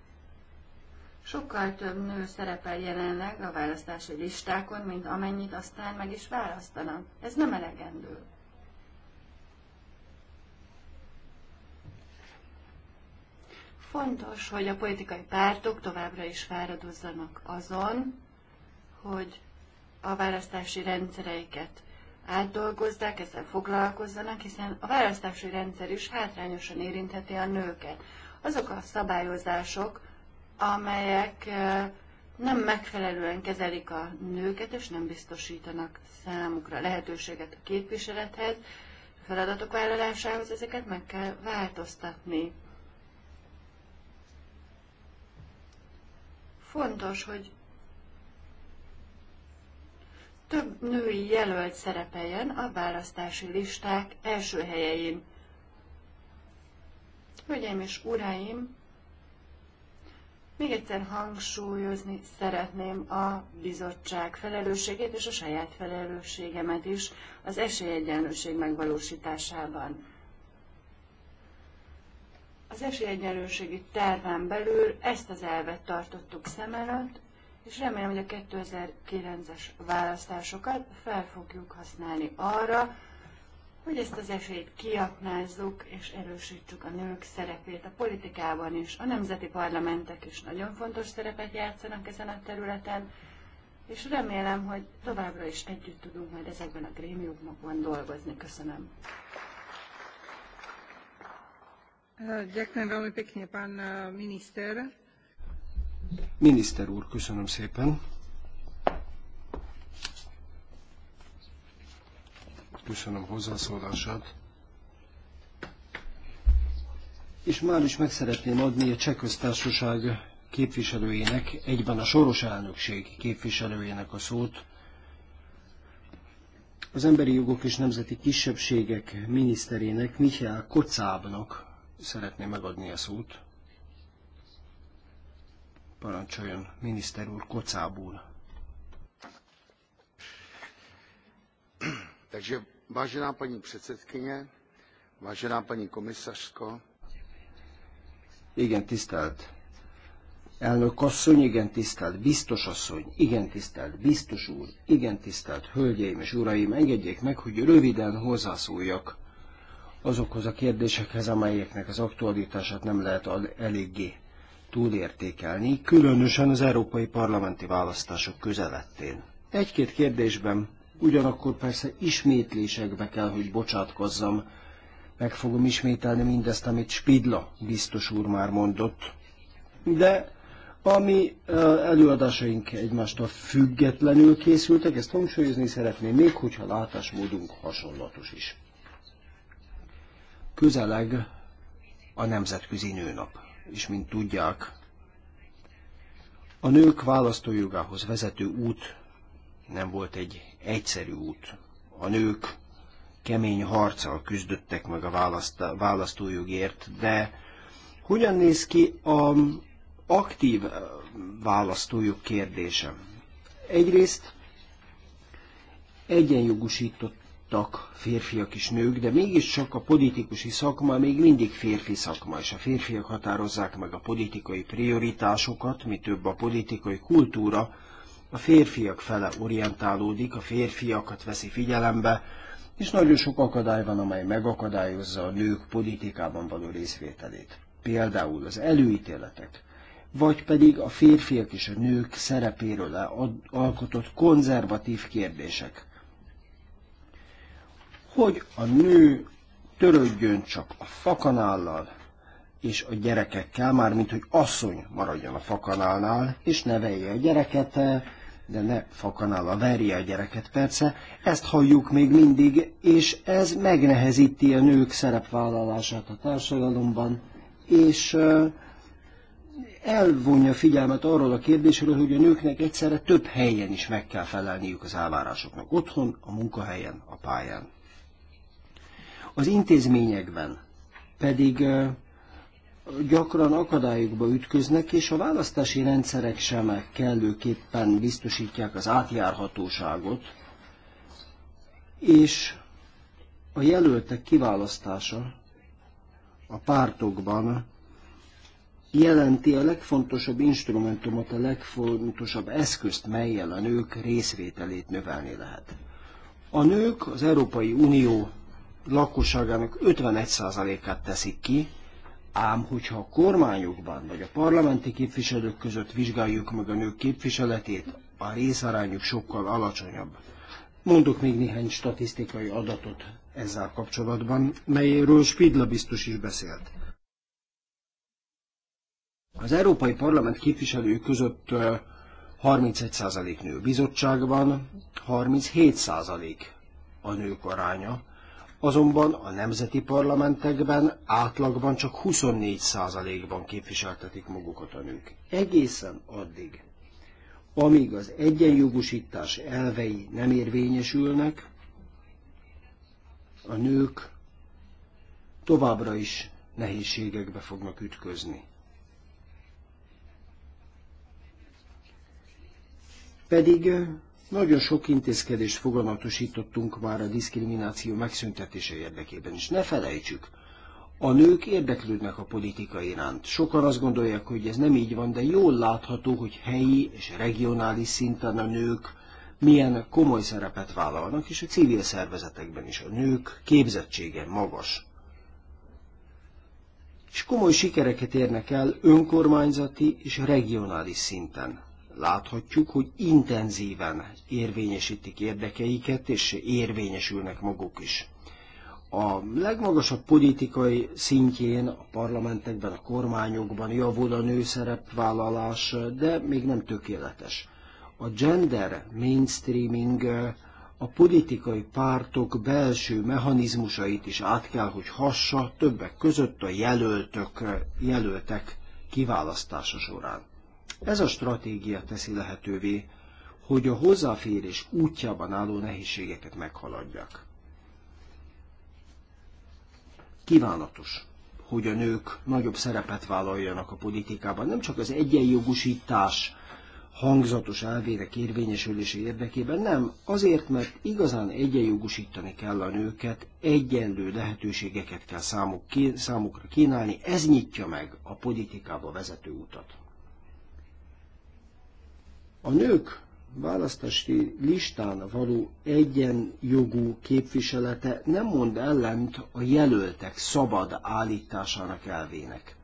sokkal több nő szerepel jelenleg a választási listákon, mint amennyit aztán meg is választanak. Ez nem elegendő. Fontos, hogy a politikai pártok továbbra is fáradozzanak azon, hogy a választási rendszereiket átdolgozzák, ezzel foglalkozzanak, hiszen a választási rendszer is hátrányosan érintheti a nőket. Azok a szabályozások, amelyek nem megfelelően kezelik a nőket, és nem biztosítanak számukra lehetőséget a képviselethez, a feladatok vállalásához, ezeket meg kell változtatni. Fontos, hogy több női jelölt szerepeljen a választási listák első helyein. Hölgyeim és uraim, még egyszer hangsúlyozni szeretném a bizottság felelősségét és a saját felelősségemet is az esélyegyenlőség megvalósításában. Az esélyegyenlőségi terven belül ezt az elvet tartottuk szem előtt, és remélem, hogy a 2009-es választásokat fel fogjuk használni arra, hogy ezt az esélyt kiaknázzuk és erősítsük a nők szerepét a politikában is. A nemzeti parlamentek is nagyon fontos szerepet játszanak ezen a területen, és remélem, hogy továbbra is együtt tudunk majd ezekben a grémiumokban dolgozni. Köszönöm. Ďakujem veľmi pekne, pán eh, minister. Miniszter úr, köszönöm szépen. Köszönöm hozzászólását. És már is meg szeretném adni a Cseh Köztársaság képviselőjének, egyben a soros elnökség képviselőjének a szót. Az emberi jogok és nemzeti kisebbségek miniszterének, Michael Kocábnak szeretném megadni a szót. Parancsoljon, miniszter úr, Kocáb Takže Vážená paní předsedkyně, vážená paní komisařko. Igen, tisztelt elnök asszony, igen, tisztelt biztos asszony, igen, tisztelt biztos úr, igen, tisztelt hölgyeim és uraim, engedjék meg, hogy röviden hozzászóljak azokhoz a kérdésekhez, amelyeknek az aktualitását nem lehet eléggé túlértékelni, különösen az európai parlamenti választások közelettén. Egy-két kérdésben ugyanakkor persze ismétlésekbe kell, hogy bocsátkozzam. Meg fogom ismételni mindezt, amit Spidla biztos úr már mondott. De ami előadásaink egymástól függetlenül készültek, ezt hangsúlyozni szeretném, még hogyha látásmódunk hasonlatos is. Közeleg a Nemzetközi Nőnap, és mint tudják, a nők választójogához vezető út nem volt egy egyszerű út. A nők kemény harccal küzdöttek meg a választójogért, de hogyan néz ki a aktív választójog kérdése? Egyrészt egyenjogosítottak férfiak és nők, de mégiscsak a politikusi szakma még mindig férfi szakma, és a férfiak határozzák meg a politikai prioritásokat, mi több a politikai kultúra, a férfiak fele orientálódik, a férfiakat veszi figyelembe, és nagyon sok akadály van, amely megakadályozza a nők politikában való részvételét. Például az előítéletek, vagy pedig a férfiak és a nők szerepéről alkotott konzervatív kérdések. Hogy a nő törődjön csak a fakanállal és a gyerekekkel, mármint hogy asszony maradjon a fakanálnál, és nevelje a gyereket, de ne a verje a gyereket, persze. Ezt halljuk még mindig, és ez megnehezíti a nők szerepvállalását a társadalomban, és elvonja figyelmet arról a kérdésről, hogy a nőknek egyszerre több helyen is meg kell felelniük az elvárásoknak. Otthon, a munkahelyen, a pályán. Az intézményekben pedig gyakran akadályokba ütköznek, és a választási rendszerek sem kellőképpen biztosítják az átjárhatóságot, és a jelöltek kiválasztása a pártokban jelenti a legfontosabb instrumentumot, a legfontosabb eszközt, melyel a nők részvételét növelni lehet. A nők az Európai Unió lakosságának 51%-át teszik ki, Ám hogyha a kormányokban vagy a parlamenti képviselők között vizsgáljuk meg a nők képviseletét, a részarányuk sokkal alacsonyabb. Mondok még néhány statisztikai adatot ezzel kapcsolatban, melyről Spidla biztos is beszélt. Az Európai Parlament képviselői között 31% nő bizottságban, 37% a nők aránya, azonban a nemzeti parlamentekben átlagban csak 24%-ban képviseltetik magukat a nők. Egészen addig, amíg az egyenjogosítás elvei nem érvényesülnek, a nők továbbra is nehézségekbe fognak ütközni. Pedig nagyon sok intézkedést foganatosítottunk már a diszkrimináció megszüntetése érdekében is. Ne felejtsük, a nők érdeklődnek a politika iránt. Sokan azt gondolják, hogy ez nem így van, de jól látható, hogy helyi és regionális szinten a nők milyen komoly szerepet vállalnak, és a civil szervezetekben is a nők képzettsége magas. És komoly sikereket érnek el önkormányzati és regionális szinten láthatjuk, hogy intenzíven érvényesítik érdekeiket, és érvényesülnek maguk is. A legmagasabb politikai szintjén, a parlamentekben, a kormányokban javul a nőszerepvállalás, de még nem tökéletes. A gender mainstreaming a politikai pártok belső mechanizmusait is át kell, hogy hassa többek között a jelöltök, jelöltek kiválasztása során. Ez a stratégia teszi lehetővé, hogy a hozzáférés útjában álló nehézségeket meghaladják. Kívánatos, hogy a nők nagyobb szerepet vállaljanak a politikában, nem csak az egyenjogosítás hangzatos elvérek érvényesülése érdekében, nem, azért, mert igazán egyenjogosítani kell a nőket, egyenlő lehetőségeket kell számuk, számukra kínálni, ez nyitja meg a politikába vezető utat. A nők választási listán való egyenjogú képviselete nem mond ellent a jelöltek szabad állításának elvének,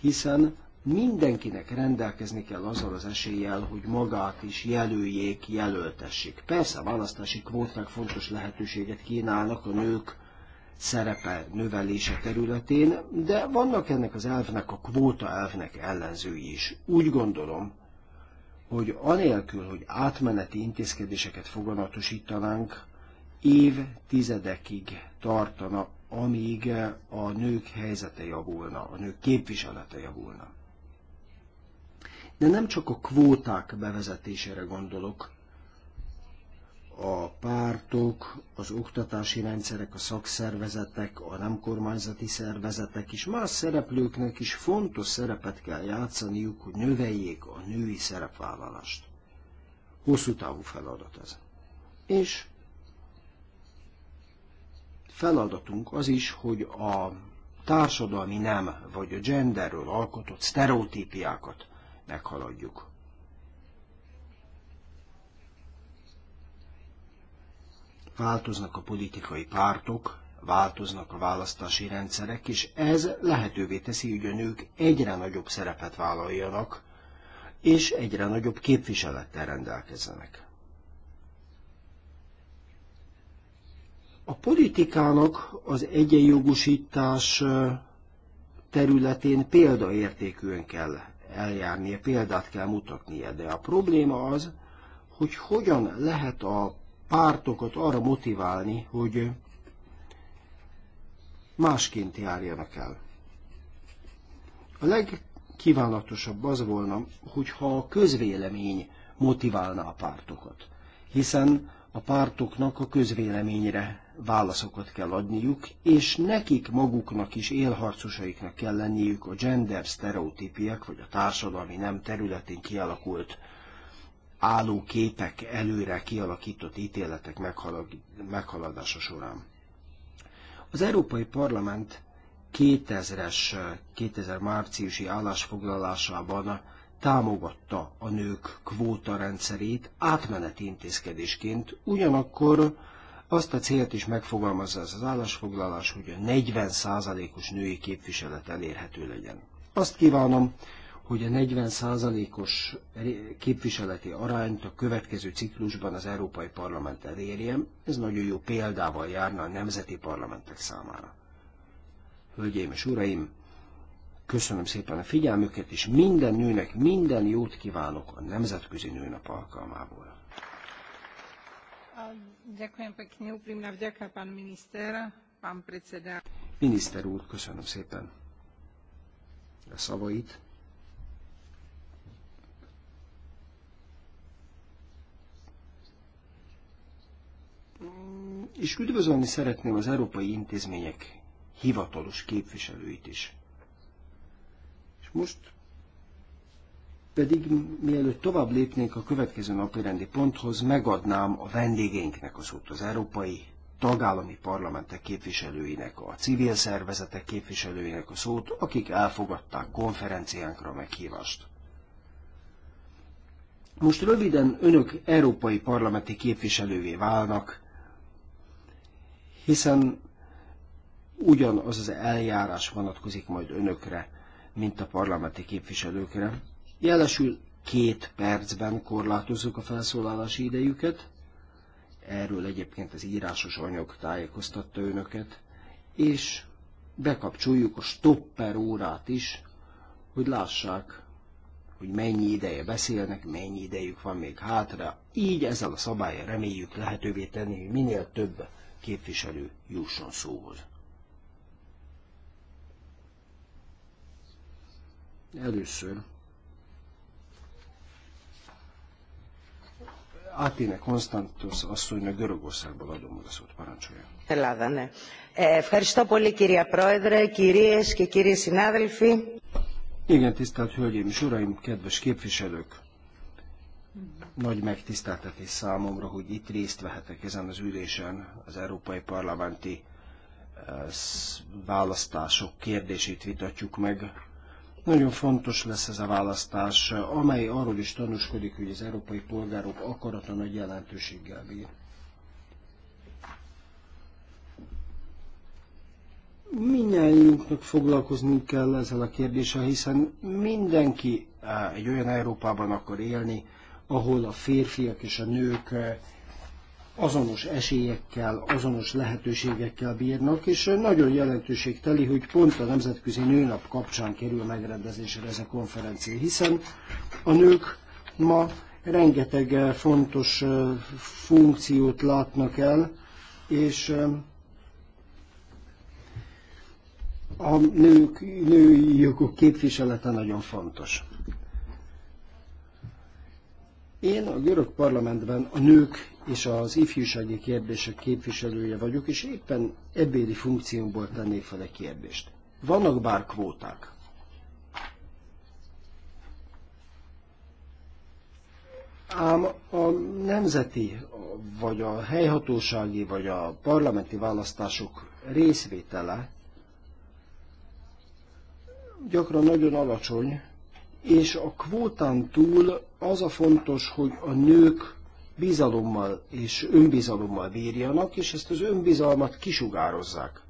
hiszen mindenkinek rendelkezni kell azzal az eséllyel, hogy magát is jelöljék, jelöltessék. Persze a választási kvóták fontos lehetőséget kínálnak a nők szerepe növelése területén, de vannak ennek az elvnek, a kvóta elvnek ellenzői is. Úgy gondolom, hogy anélkül, hogy átmeneti intézkedéseket foganatosítanánk, tizedekig tartana, amíg a nők helyzete javulna, a nők képviselete javulna. De nem csak a kvóták bevezetésére gondolok, a pártok, az oktatási rendszerek, a szakszervezetek, a nem kormányzati szervezetek és más szereplőknek is fontos szerepet kell játszaniuk, hogy növeljék a női szerepvállalást. Hosszú távú feladat ez. És feladatunk az is, hogy a társadalmi nem vagy a genderről alkotott sztereotípiákat meghaladjuk. Változnak a politikai pártok, változnak a választási rendszerek, és ez lehetővé teszi, hogy a nők egyre nagyobb szerepet vállaljanak, és egyre nagyobb képviselettel rendelkezzenek. A politikának az egyenjogosítás területén példaértékűen kell eljárnia, példát kell mutatnia, de a probléma az, hogy hogyan lehet a pártokat arra motiválni, hogy másként járjanak el. A legkívánatosabb az volna, hogyha a közvélemény motiválná a pártokat, hiszen a pártoknak a közvéleményre válaszokat kell adniuk, és nekik maguknak is élharcosaiknak kell lenniük a gender sztereotípiek, vagy a társadalmi nem területén kialakult álló képek előre kialakított ítéletek meghaladása során. Az Európai Parlament 2000-es, 2000 márciusi állásfoglalásában támogatta a nők kvóta rendszerét átmeneti intézkedésként, ugyanakkor azt a célt is megfogalmazza ez az állásfoglalás, hogy a 40%-os női képviselet elérhető legyen. Azt kívánom, hogy a 40%-os képviseleti arányt a következő ciklusban az Európai Parlament elérjem. Ez nagyon jó példával járna a nemzeti parlamentek számára. Hölgyeim és uraim, köszönöm szépen a figyelmüket, és minden nőnek minden jót kívánok a Nemzetközi Nőnap alkalmából. Miniszter úr, köszönöm szépen a szavait. Mm, és üdvözölni szeretném az európai intézmények hivatalos képviselőit is. És most pedig mielőtt tovább lépnénk a következő napi rendi ponthoz, megadnám a vendégeinknek az út az európai tagállami parlamentek képviselőinek, a civil szervezetek képviselőinek a szót, akik elfogadták konferenciánkra a meghívást. Most röviden önök európai parlamenti képviselővé válnak, hiszen ugyanaz az eljárás vonatkozik majd önökre, mint a parlamenti képviselőkre. Jelesül két percben korlátozzuk a felszólalási idejüket, erről egyébként az írásos anyag tájékoztatta önöket, és bekapcsoljuk a stopper órát is, hogy lássák, hogy mennyi ideje beszélnek, mennyi idejük van még hátra. Így ezzel a szabályra reméljük lehetővé tenni, hogy minél több képviselő jusson szóhoz. Először Átine Konstantos asszonynak Görögországból adom oda szót, parancsolja. Ελλάδα, ναι. Ε, ευχαριστώ πολύ κυρία Πρόεδρε, κυρίες και κύριοι συνάδελφοι. Igen, tisztelt Hölgyeim és Uraim, kedves képviselők! Nagy megtiszteltetés számomra, hogy itt részt vehetek ezen az ülésen az Európai Parlamenti eh, választások kérdését vitatjuk meg. Nagyon fontos lesz ez a választás, amely arról is tanúskodik, hogy az európai polgárok akarata nagy jelentőséggel bír. Mindenjünknek foglalkozni kell ezzel a kérdéssel, hiszen mindenki eh, egy olyan Európában akar élni, ahol a férfiak és a nők eh, azonos esélyekkel, azonos lehetőségekkel bírnak, és eh, nagyon teli, hogy pont a Nemzetközi Nőnap kapcsán kerül megrendezésre ez a konferencia, hiszen a nők ma rengeteg eh, fontos funkciót látnak el, és a nők, női jogok képviselete nagyon fontos. Én a görög parlamentben a nők és az ifjúsági kérdések képviselője vagyok, és éppen ebédi funkciómból tennék fel egy kérdést. Vannak bár kvóták. Ám a nemzeti, vagy a helyhatósági, vagy a parlamenti választások részvétele gyakran nagyon alacsony, és a kvótán túl az a fontos, hogy a nők bizalommal és önbizalommal bírjanak, és ezt az önbizalmat kisugározzák.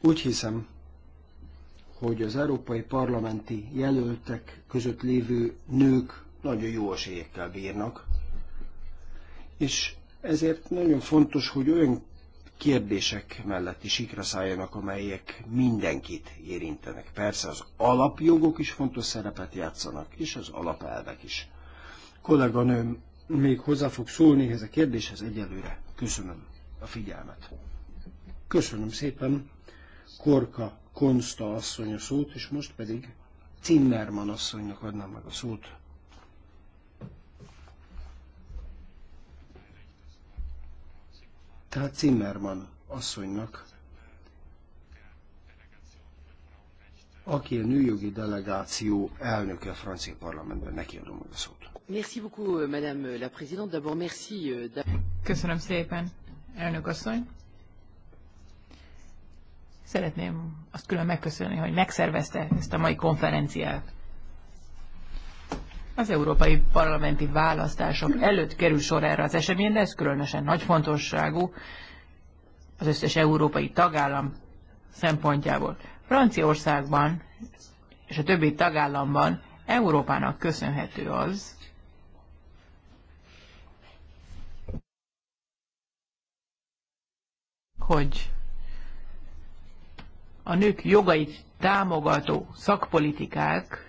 Úgy hiszem, hogy az európai parlamenti jelöltek között lévő nők nagyon jó esélyekkel bírnak, és ezért nagyon fontos, hogy olyan kérdések mellett is sikra szálljanak, amelyek mindenkit érintenek. Persze az alapjogok is fontos szerepet játszanak, és az alapelvek is. Kolléganőm még hozzá fog szólni ehhez a kérdéshez egyelőre. Köszönöm a figyelmet. Köszönöm szépen Korka Konsta asszony a szót, és most pedig Zimmermann asszonynak adnám meg a szót. Tehát Zimmermann asszonynak, aki a nőjogi delegáció elnöke a francia parlamentben, neki adom meg a szót. Merci beaucoup, euh, madame la présidente. D'abord, merci. Euh, Köszönöm szépen, elnök asszony. Szeretném azt külön megköszönni, hogy megszervezte ezt a mai konferenciát az európai parlamenti választások előtt kerül sor erre az eseményre, ez különösen nagy fontosságú az összes európai tagállam szempontjából. Franciaországban és a többi tagállamban Európának köszönhető az, hogy a nők jogait támogató szakpolitikák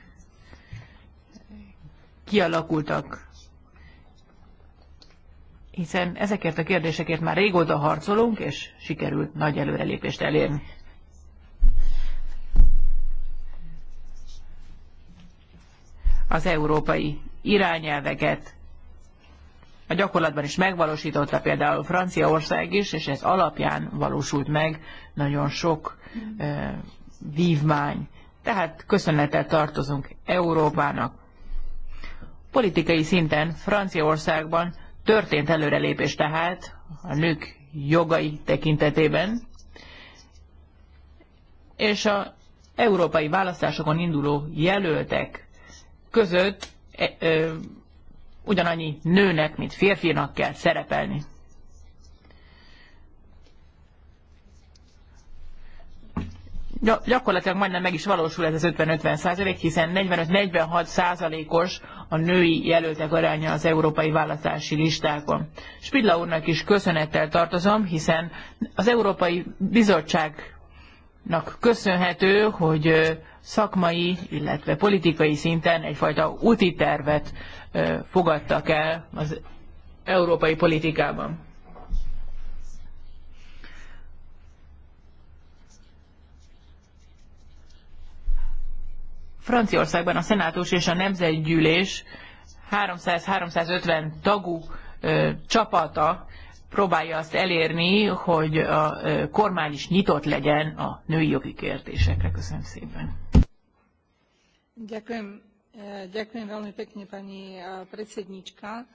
kialakultak. Hiszen ezekért a kérdésekért már régóta harcolunk, és sikerült nagy előrelépést elérni. Az európai irányelveket a gyakorlatban is megvalósította például Franciaország is, és ez alapján valósult meg nagyon sok e, vívmány. Tehát köszönetet tartozunk Európának, Politikai szinten Franciaországban történt előrelépés tehát a nők jogai tekintetében, és a európai választásokon induló jelöltek között e, e, ugyanannyi nőnek, mint férfinak kell szerepelni. gyakorlatilag majdnem meg is valósul ez az 50-50 százalék, -50%, hiszen 45-46 százalékos a női jelöltek aránya az európai választási listákon. Spidla úrnak is köszönettel tartozom, hiszen az Európai Bizottságnak köszönhető, hogy szakmai, illetve politikai szinten egyfajta úti tervet fogadtak el az európai politikában. Franciaországban a szenátus és a nemzetgyűlés 300-350 tagú ö, csapata próbálja azt elérni, hogy a ö, kormány is nyitott legyen a női jogi kérdésekre. Köszönöm szépen. Ďakujem, e, ďakujem veľmi pekne, pani e, predsednička.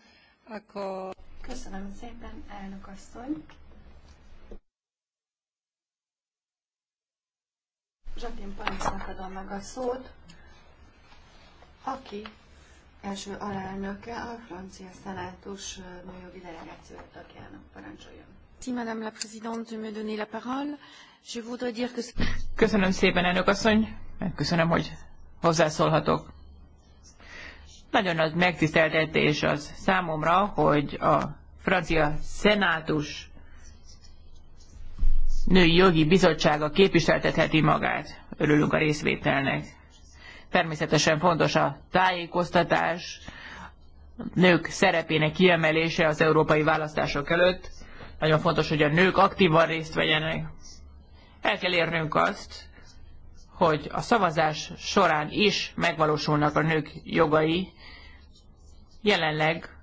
Ako... Köszönöm szépen, elnök asszony. Zsatin Pancnak adom meg a szót, aki első alelnöke a francia szenátus nőjogi delegáció tagjának parancsoljon. Madame la Présidente, de me donner la parole. Je voudrais dire que... Köszönöm szépen, elnök asszony. Köszönöm, hogy hozzászólhatok. Nagyon nagy megtiszteltetés az számomra, hogy a francia szenátus női jogi bizottsága képviseltetheti magát. Örülünk a részvételnek. Természetesen fontos a tájékoztatás, nők szerepének kiemelése az európai választások előtt. Nagyon fontos, hogy a nők aktívan részt vegyenek. El kell érnünk azt, hogy a szavazás során is megvalósulnak a nők jogai. Jelenleg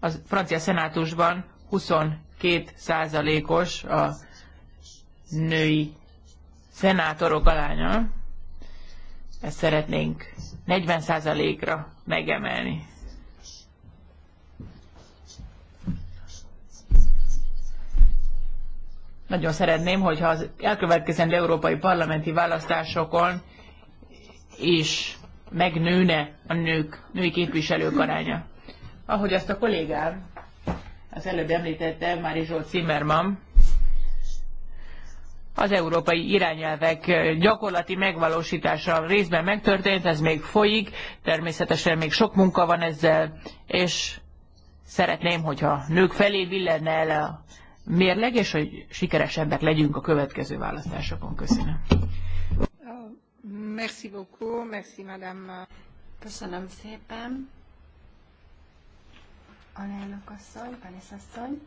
a francia szenátusban 22 százalékos a női szenátorok aránya ezt szeretnénk 40%-ra megemelni. Nagyon szeretném, hogyha az elkövetkezendő európai parlamenti választásokon is megnőne a nők, női képviselők aránya. Ahogy azt a kollégám az előbb említette, Mári Zsolt Zimmermann, az európai irányelvek gyakorlati megvalósítása részben megtörtént, ez még folyik, természetesen még sok munka van ezzel, és szeretném, hogyha nők felé villenne el a mérleg, és hogy sikeresebbek legyünk a következő választásokon. Köszönöm. Merci beaucoup, merci madame. Köszönöm szépen. Alelnök asszony, Vanessa asszony.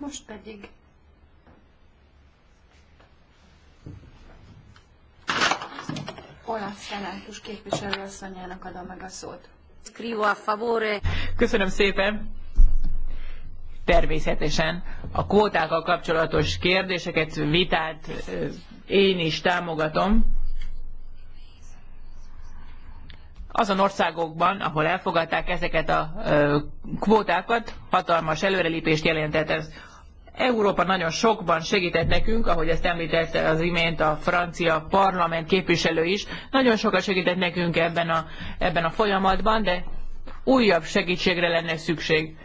Most pedig olasz szenátus képviselőasszonyának adom meg a szót. Scrivo a favore. Köszönöm szépen. Természetesen a kvótákkal kapcsolatos kérdéseket, vitát én is támogatom. Azon országokban, ahol elfogadták ezeket a kvótákat, hatalmas előrelépést jelentett ez. Európa nagyon sokban segített nekünk, ahogy ezt említette az imént a francia parlament képviselő is, nagyon sokat segített nekünk ebben a, ebben a folyamatban, de újabb segítségre lenne szükség.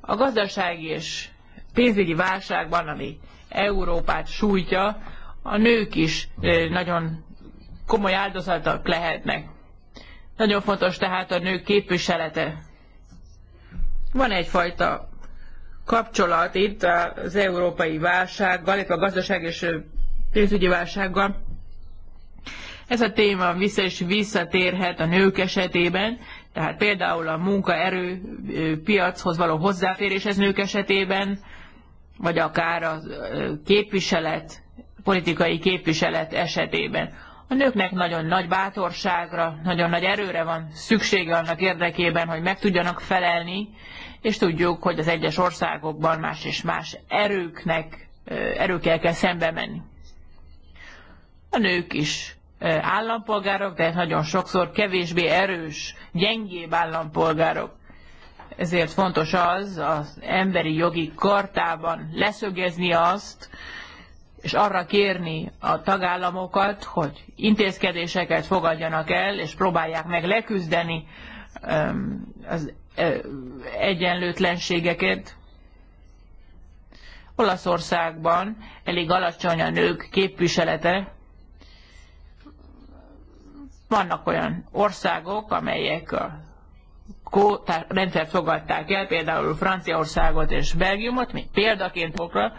A gazdasági és pénzügyi válságban, ami Európát sújtja, a nők is nagyon komoly áldozatok lehetnek. Nagyon fontos tehát a nők képviselete. Van egyfajta kapcsolat itt az európai válsággal, illetve a gazdaság és pénzügyi válsággal. Ez a téma vissza és visszatérhet a nők esetében, tehát például a munkaerő piachoz való hozzáféréshez nők esetében, vagy akár a képviselet, politikai képviselet esetében. A nőknek nagyon nagy bátorságra, nagyon nagy erőre van szüksége annak érdekében, hogy meg tudjanak felelni és tudjuk, hogy az egyes országokban más és más erőknek, erőkkel kell szembe menni. A nők is állampolgárok, de nagyon sokszor kevésbé erős, gyengébb állampolgárok. Ezért fontos az az emberi jogi kartában leszögezni azt, és arra kérni a tagállamokat, hogy intézkedéseket fogadjanak el, és próbálják meg leküzdeni az egyenlőtlenségeket. Olaszországban elég alacsony a nők képviselete. Vannak olyan országok, amelyek a rendszer rendszert fogadták el, például Franciaországot és Belgiumot, mint példaként okra,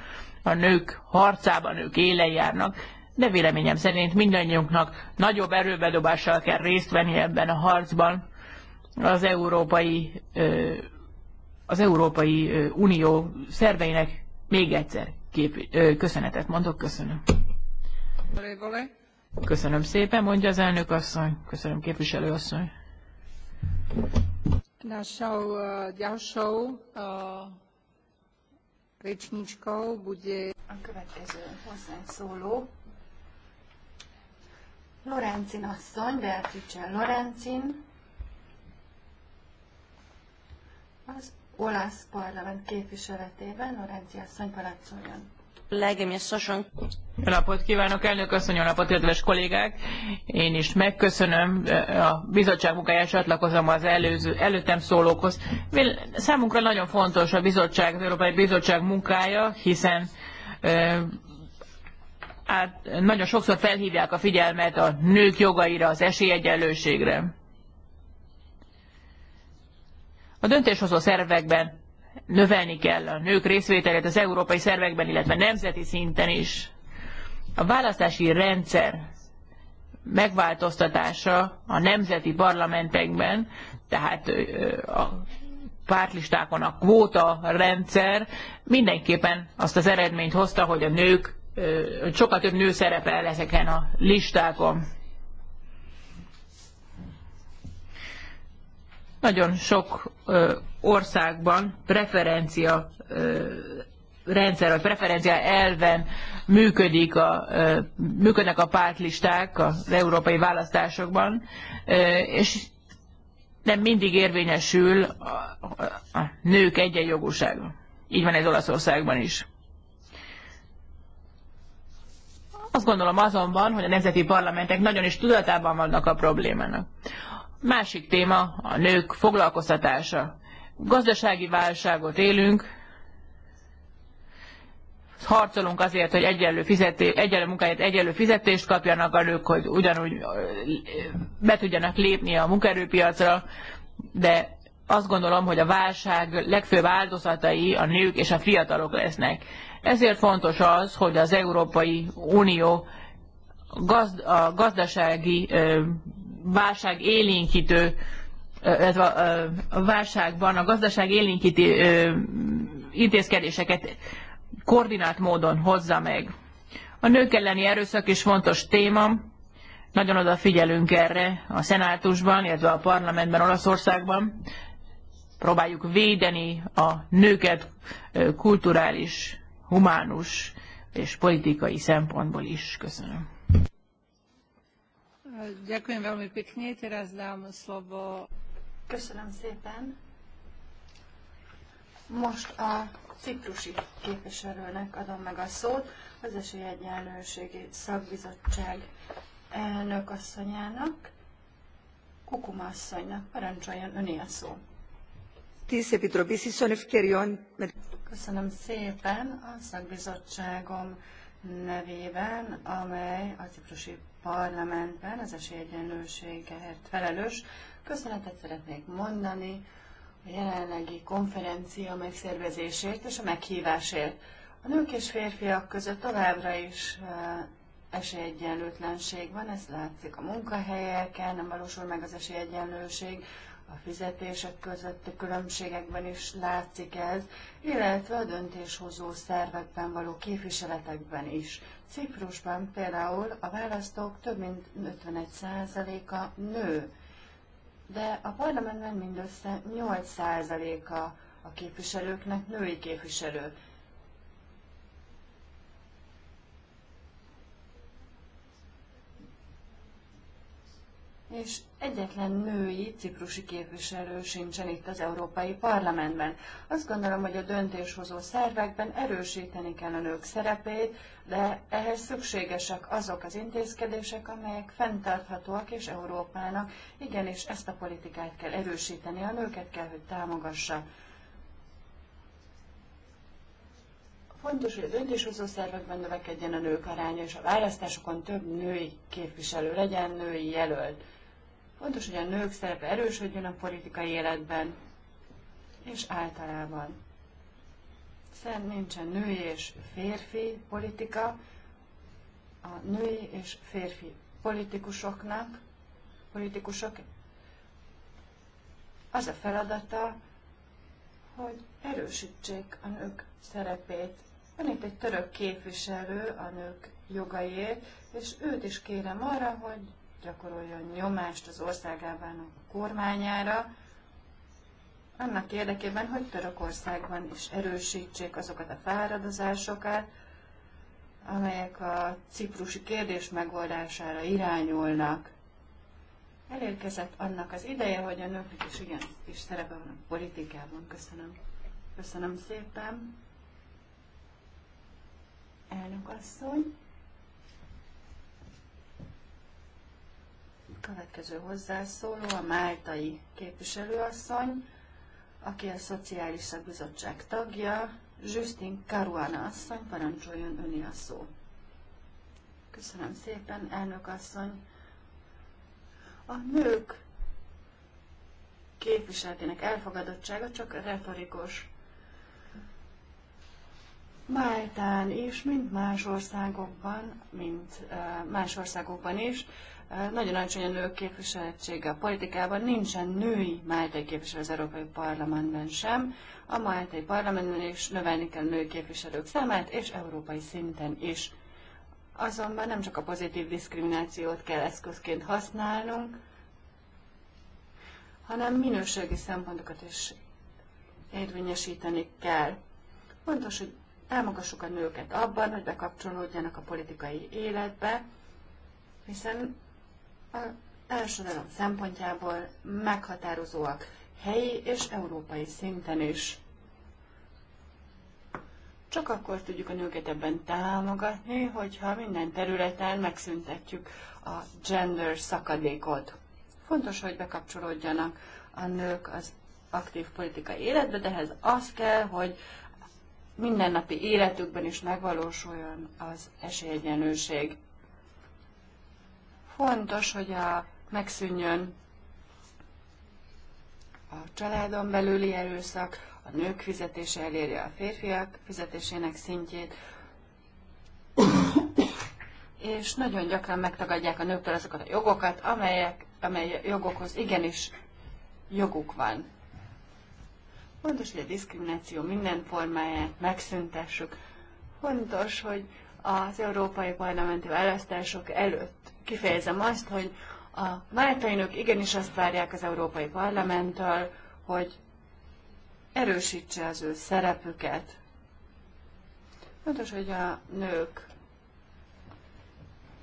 a nők harcában ők élen járnak, de véleményem szerint mindannyiunknak nagyobb erőbedobással kell részt venni ebben a harcban az Európai, az Európai Unió szerveinek még egyszer kép, köszönetet mondok, köszönöm. Köszönöm szépen, mondja az elnök asszony. Köszönöm, képviselő asszony. Našou ďalšou rečničkou bude... A következő hozzászóló Lorencin asszony, Beatrice Lorencin, az olasz parlament képviseletében Orenti asszony parancsoljon. Jó napot kívánok, elnök asszony, jó napot, kedves kollégák! Én is megköszönöm e, a bizottság munkáját, csatlakozom az előző, előttem szólókhoz. Számunkra nagyon fontos a bizottság, az Európai Bizottság munkája, hiszen e, át, nagyon sokszor felhívják a figyelmet a nők jogaira, az esélyegyenlőségre a döntéshozó szervekben növelni kell a nők részvételét az európai szervekben, illetve nemzeti szinten is. A választási rendszer megváltoztatása a nemzeti parlamentekben, tehát a pártlistákon a kvóta rendszer mindenképpen azt az eredményt hozta, hogy a nők, sokkal több nő szerepel ezeken a listákon. Nagyon sok ö, országban preferencia ö, rendszer, vagy preferencia elven működik a, ö, működnek a pártlisták az európai választásokban, ö, és nem mindig érvényesül a, a, a nők egyenjogúsága. Így van ez Olaszországban is. Azt gondolom azonban, hogy a nemzeti parlamentek nagyon is tudatában vannak a problémának. Másik téma a nők foglalkoztatása. Gazdasági válságot élünk, harcolunk azért, hogy egyenlő, fizeté, egyenlő munkáját, egyenlő fizetést kapjanak a nők, hogy ugyanúgy be tudjanak lépni a munkaerőpiacra, de azt gondolom, hogy a válság legfőbb áldozatai a nők és a fiatalok lesznek. Ezért fontos az, hogy az Európai Unió gazd, a gazdasági válság élénkítő ez a válságban a gazdaság élénkíti intézkedéseket koordinált módon hozza meg. A nők elleni erőszak is fontos téma, nagyon odafigyelünk erre a szenátusban, illetve a parlamentben Olaszországban. Próbáljuk védeni a nőket kulturális, humánus és politikai szempontból is. Köszönöm. Ďakujem veľmi pekne. Teraz dám slovo. Köszönöm szépen. Most a ciprusi képviselőnek adom meg a szót, az Esélyegyenlőségi Szakbizottság elnök asszonyának, Kukuma asszonynak. Parancsoljon öné a szó. Köszönöm szépen a szakbizottságom nevében, amely a ciprusi Parlamentben, az esélyegyenlőségért felelős. Köszönetet szeretnék mondani a jelenlegi konferencia megszervezésért és a meghívásért. A nők és férfiak között továbbra is eh, esélyegyenlőtlenség van, ez látszik a munkahelyeken, nem valósul meg az esélyegyenlőség, a fizetések közötti különbségekben is látszik ez, illetve a döntéshozó szervekben való képviseletekben is. Ciprusban például a választók több mint 51%-a nő, de a parlamentben mindössze 8%-a a képviselőknek női képviselő. és egyetlen női ciprusi képviselő sincsen itt az Európai Parlamentben. Azt gondolom, hogy a döntéshozó szervekben erősíteni kell a nők szerepét, de ehhez szükségesek azok az intézkedések, amelyek fenntarthatóak, és Európának igenis ezt a politikát kell erősíteni, a nőket kell, hogy támogassa. Fontos, hogy a döntéshozó szervekben növekedjen a nők aránya, és a választásokon több női képviselő legyen, női jelölt. Fontos, hogy a nők szerepe erősödjön a politikai életben, és általában. Hiszen nincsen női és férfi politika, a női és férfi politikusoknak, politikusok az a feladata, hogy erősítsék a nők szerepét. Van itt egy török képviselő a nők jogaiért, és őt is kérem arra, hogy gyakoroljon nyomást az országában a kormányára, annak érdekében, hogy Törökországban is erősítsék azokat a fáradozásokat, amelyek a ciprusi kérdés megoldására irányulnak. Elérkezett annak az ideje, hogy a nőknek is igen, és szerepe van a politikában. Köszönöm. Köszönöm szépen. Elnök asszony. Következő hozzászóló a Máltai képviselőasszony, aki a Szociális Szakbizottság tagja, Justin Caruana asszony, parancsoljon öni a szó. Köszönöm szépen, elnök asszony. A nők képviseletének elfogadottsága csak retorikus. Máltán és mint más országokban, mint eh, más országokban is, nagyon alacsony a nők képviseltsége a politikában, nincsen női máltai képviselő az Európai Parlamentben sem. A máltai parlamentben is növelni kell női képviselők számát, és európai szinten is. Azonban nem csak a pozitív diszkriminációt kell eszközként használnunk, hanem minőségi szempontokat is érvényesíteni kell. Fontos, hogy támogassuk a nőket abban, hogy bekapcsolódjanak a politikai életbe, hiszen a társadalom szempontjából meghatározóak helyi és európai szinten is. Csak akkor tudjuk a nőket ebben támogatni, hogyha minden területen megszüntetjük a gender szakadékot. Fontos, hogy bekapcsolódjanak a nők az aktív politikai életbe, de ehhez az kell, hogy mindennapi életükben is megvalósuljon az esélyegyenlőség. Fontos, hogy a, megszűnjön a családon belüli erőszak, a nők fizetése elérje a férfiak fizetésének szintjét, és nagyon gyakran megtagadják a nőktől azokat a jogokat, amelyek, amely jogokhoz igenis joguk van. Fontos, hogy a diszkrimináció minden formáját megszüntessük. Fontos, hogy az európai parlamenti választások előtt kifejezem azt, hogy a máltainok igenis azt várják az Európai Parlamenttől, hogy erősítse az ő szerepüket. Fontos, hogy a nők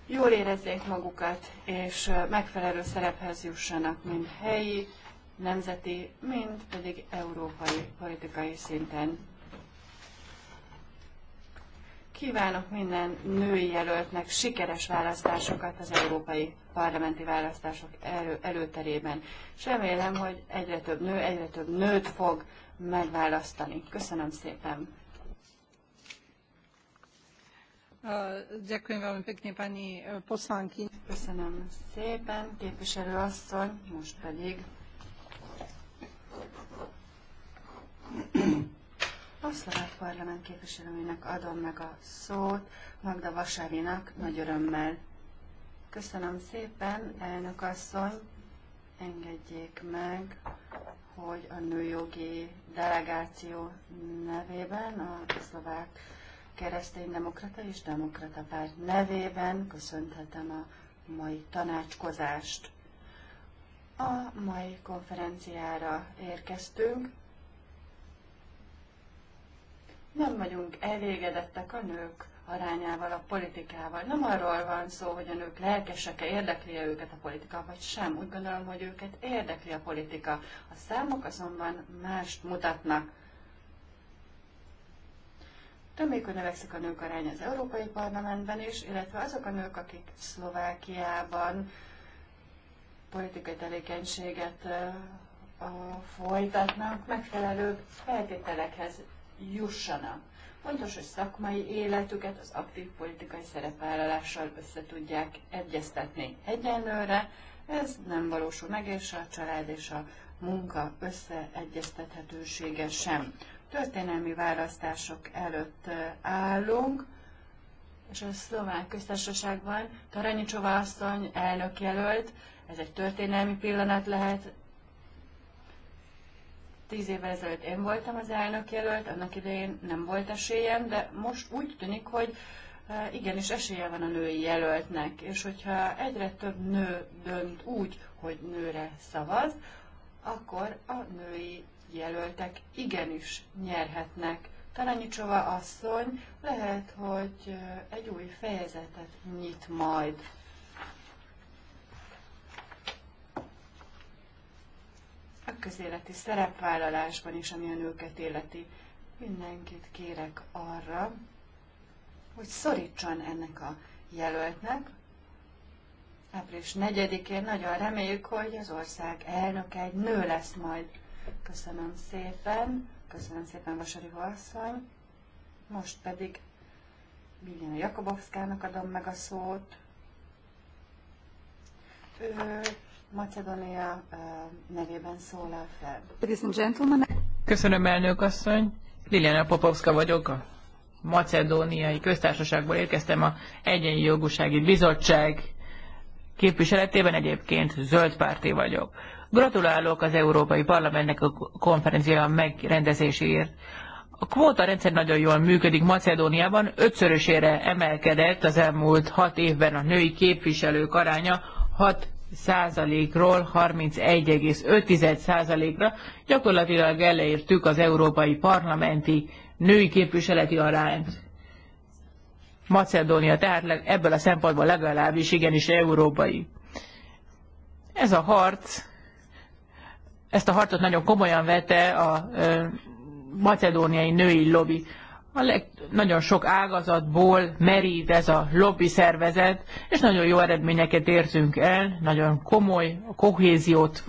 jól érezzék magukat, és megfelelő szerephez jussanak, mind helyi, nemzeti, mind pedig európai politikai szinten. Kívánok minden női jelöltnek sikeres választásokat az európai parlamenti választások elő, előterében, és remélem, hogy egyre több nő, egyre több nőt fog megválasztani. Köszönöm szépen! Köszönöm szépen, képviselő asszony, most pedig a szlovák parlament képviselőjének adom meg a szót, Magda Vasárinak nagy örömmel. Köszönöm szépen, elnök asszony, engedjék meg, hogy a nőjogi delegáció nevében a szlovák demokrata és demokrata párt nevében köszönhetem a mai tanácskozást. A mai konferenciára érkeztünk, nem vagyunk elégedettek a nők arányával a politikával. Nem arról van szó, hogy a nők lelkesek-e, érdekli -e őket a politika, vagy sem. Úgy gondolom, hogy őket érdekli a politika. A számok azonban mást mutatnak. Reméljük, növekszik a nők aránya az Európai Parlamentben is, illetve azok a nők, akik Szlovákiában politikai tevékenységet folytatnak megfelelő feltételekhez jussanak. Fontos, hogy szakmai életüket az aktív politikai szerepvállalással össze tudják egyeztetni. Egyenlőre ez nem valósul meg, és a család és a munka összeegyeztethetősége sem. Történelmi választások előtt állunk, és a szlovák köztársaságban Taranyicsova asszony elnök jelölt, ez egy történelmi pillanat lehet Tíz évvel ezelőtt én voltam az elnök jelölt, annak idején nem volt esélyem, de most úgy tűnik, hogy e, igenis esélye van a női jelöltnek, és hogyha egyre több nő dönt úgy, hogy nőre szavaz, akkor a női jelöltek igenis nyerhetnek. Taranyicsova asszony lehet, hogy e, egy új fejezetet nyit majd. a közéleti szerepvállalásban is, ami a nőket életi. Mindenkit kérek arra, hogy szorítson ennek a jelöltnek. Április 4-én nagyon reméljük, hogy az ország elnöke egy nő lesz majd. Köszönöm szépen, köszönöm szépen Vasari asszony. Most pedig Biljana Jakobovszkának adom meg a szót. Ő Macedónia nevében szólal fel. Ladies and gentlemen. Köszönöm, elnök asszony. Liliana Popovska vagyok, a Macedóniai Köztársaságból érkeztem a Egyenjogúsági Bizottság képviseletében, egyébként zöld párti vagyok. Gratulálok az Európai Parlamentnek a konferencia megrendezéséért. A kvóta rendszer nagyon jól működik Macedóniában, ötszörösére emelkedett az elmúlt hat évben a női képviselők aránya, hat százalékról 31,5 százalékra. Gyakorlatilag elértük az európai parlamenti női képviseleti arányt. Macedónia tehát ebből a szempontból legalábbis igenis európai. Ez a harc, ezt a harcot nagyon komolyan vette a macedóniai női lobby. A leg, nagyon sok ágazatból merít ez a lobby szervezet, és nagyon jó eredményeket érzünk el, nagyon komoly kohéziót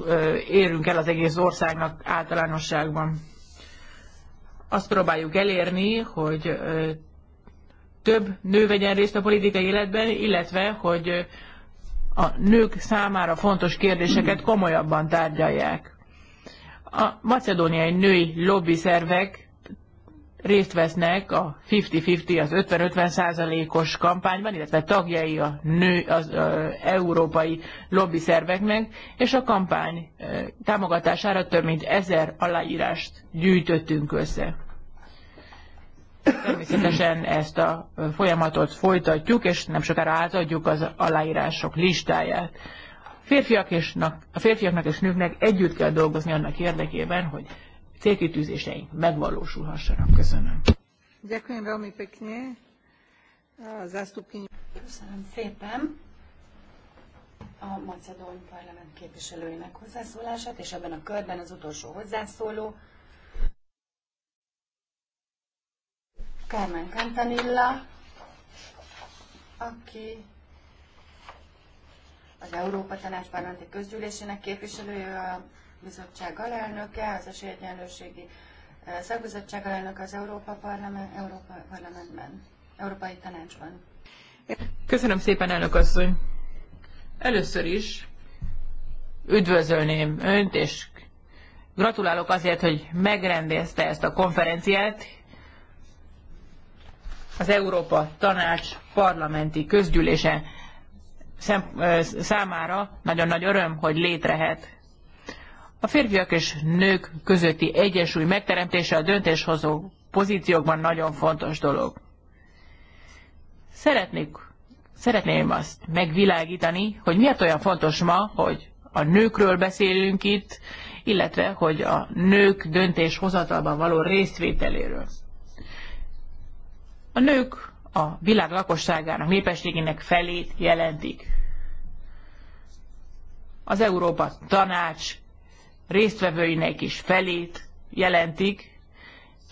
érünk el az egész országnak általánosságban. Azt próbáljuk elérni, hogy több nő vegyen részt a politikai életben, illetve, hogy a nők számára fontos kérdéseket komolyabban tárgyalják. A macedóniai női lobby szervek részt vesznek a 50-50, az 50-50 százalékos kampányban, illetve tagjai a nő, az a, európai lobby szerveknek, és a kampány támogatására több mint ezer aláírást gyűjtöttünk össze. Természetesen ezt a folyamatot folytatjuk, és nem sokára átadjuk az aláírások listáját. Férfiak és, a férfiaknak és nőknek együtt kell dolgozni annak érdekében, hogy célkitűzéseink megvalósulhassanak. Köszönöm. Köszönöm szépen a Macedón Parlament képviselőinek hozzászólását, és ebben a körben az utolsó hozzászóló, Carmen Cantanilla, aki az Európa Tanács Parlamenti Közgyűlésének képviselője, a bizottság alelnöke, az esélyegyenlőségi eh, szakbizottság alelnöke az Európa Parlament, Európa Parlamentben, Európai Tanácsban. Köszönöm szépen, elnök asszony! Először is üdvözölném önt, és gratulálok azért, hogy megrendezte ezt a konferenciát, az Európa Tanács parlamenti közgyűlése eh, számára nagyon nagy öröm, hogy létrehet a férfiak és nők közötti egyensúly megteremtése a döntéshozó pozíciókban nagyon fontos dolog. Szeretnék, szeretném azt megvilágítani, hogy miért olyan fontos ma, hogy a nőkről beszélünk itt, illetve hogy a nők döntéshozatalban való részvételéről. A nők a világ lakosságának, népességének felét jelentik. Az Európa Tanács résztvevőinek is felét jelentik,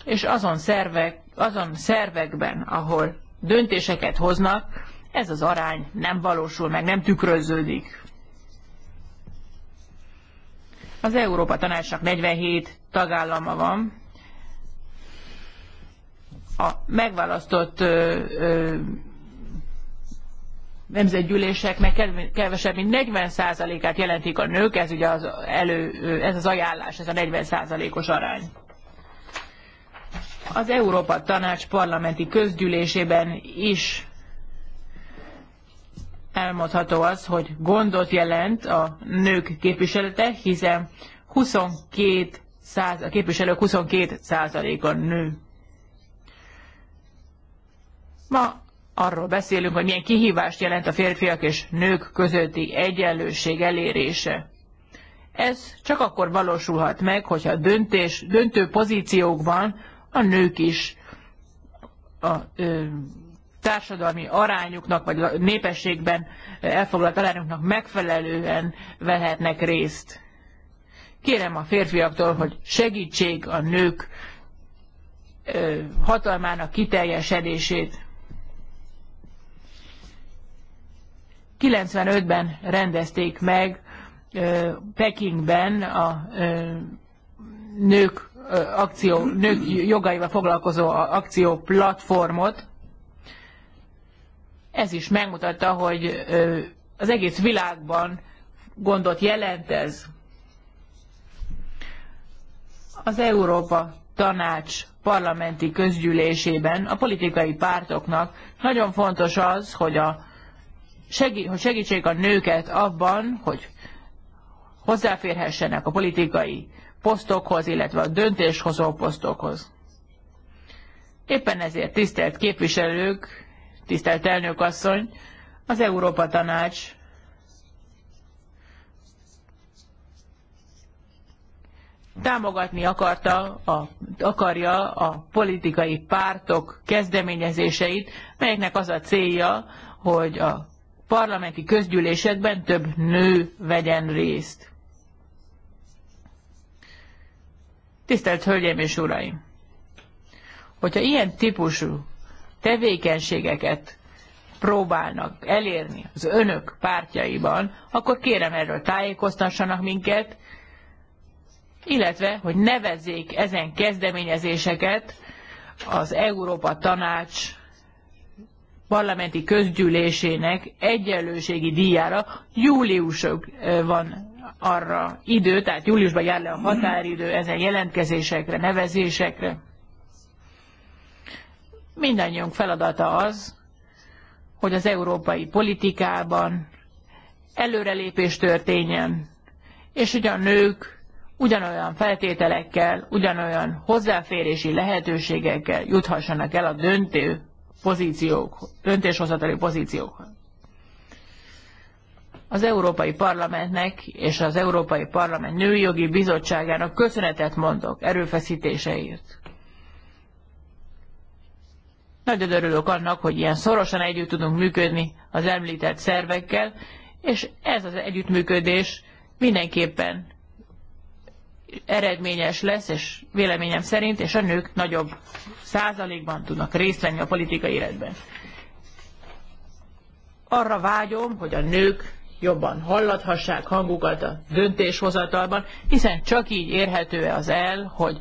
és azon, szervek, azon szervekben, ahol döntéseket hoznak, ez az arány nem valósul meg, nem tükröződik. Az Európa Tanácsnak 47 tagállama van. A megválasztott ö, ö, nemzetgyűléseknek kevesebb, mint 40%-át jelentik a nők, ez ugye az, elő, ez az ajánlás, ez a 40%-os arány. Az Európa Tanács parlamenti közgyűlésében is elmondható az, hogy gondot jelent a nők képviselete, hiszen 22 száz, a képviselő 22 a nő. Ma arról beszélünk, hogy milyen kihívást jelent a férfiak és nők közötti egyenlőség elérése. Ez csak akkor valósulhat meg, hogyha döntés, döntő pozíciókban a nők is a ö, társadalmi arányuknak, vagy a népességben elfoglalt arányoknak megfelelően vehetnek részt. Kérem a férfiaktól, hogy segítsék a nők ö, hatalmának kiteljesedését. 95-ben rendezték meg Pekingben a nők akció, nők jogaival foglalkozó akció platformot. Ez is megmutatta, hogy az egész világban gondot jelent ez. Az Európa Tanács parlamenti közgyűlésében a politikai pártoknak nagyon fontos az, hogy a segí hogy segítsék a nőket abban, hogy hozzáférhessenek a politikai posztokhoz, illetve a döntéshozó posztokhoz. Éppen ezért tisztelt képviselők, tisztelt elnökasszony, az Európa Tanács támogatni akarta, a, akarja a politikai pártok kezdeményezéseit, melyeknek az a célja, hogy a parlamenti közgyűlésekben több nő vegyen részt. Tisztelt Hölgyeim és Uraim! Hogyha ilyen típusú tevékenységeket próbálnak elérni az önök pártjaiban, akkor kérem erről tájékoztassanak minket, illetve, hogy nevezzék ezen kezdeményezéseket az Európa Tanács parlamenti közgyűlésének egyenlőségi díjára júliusok van arra idő, tehát júliusban jár le a határidő ezen jelentkezésekre, nevezésekre. Mindannyiunk feladata az, hogy az európai politikában előrelépés történjen, és hogy a nők ugyanolyan feltételekkel, ugyanolyan hozzáférési lehetőségekkel juthassanak el a döntő pozíciók, döntéshozatali pozíciók. Az Európai Parlamentnek és az Európai Parlament Nőjogi Bizottságának köszönetet mondok erőfeszítéseért. Nagyon örülök annak, hogy ilyen szorosan együtt tudunk működni az említett szervekkel, és ez az együttműködés mindenképpen eredményes lesz, és véleményem szerint, és a nők nagyobb százalékban tudnak részt venni a politikai életben. Arra vágyom, hogy a nők jobban hallathassák hangukat a döntéshozatalban, hiszen csak így érhető -e az el, hogy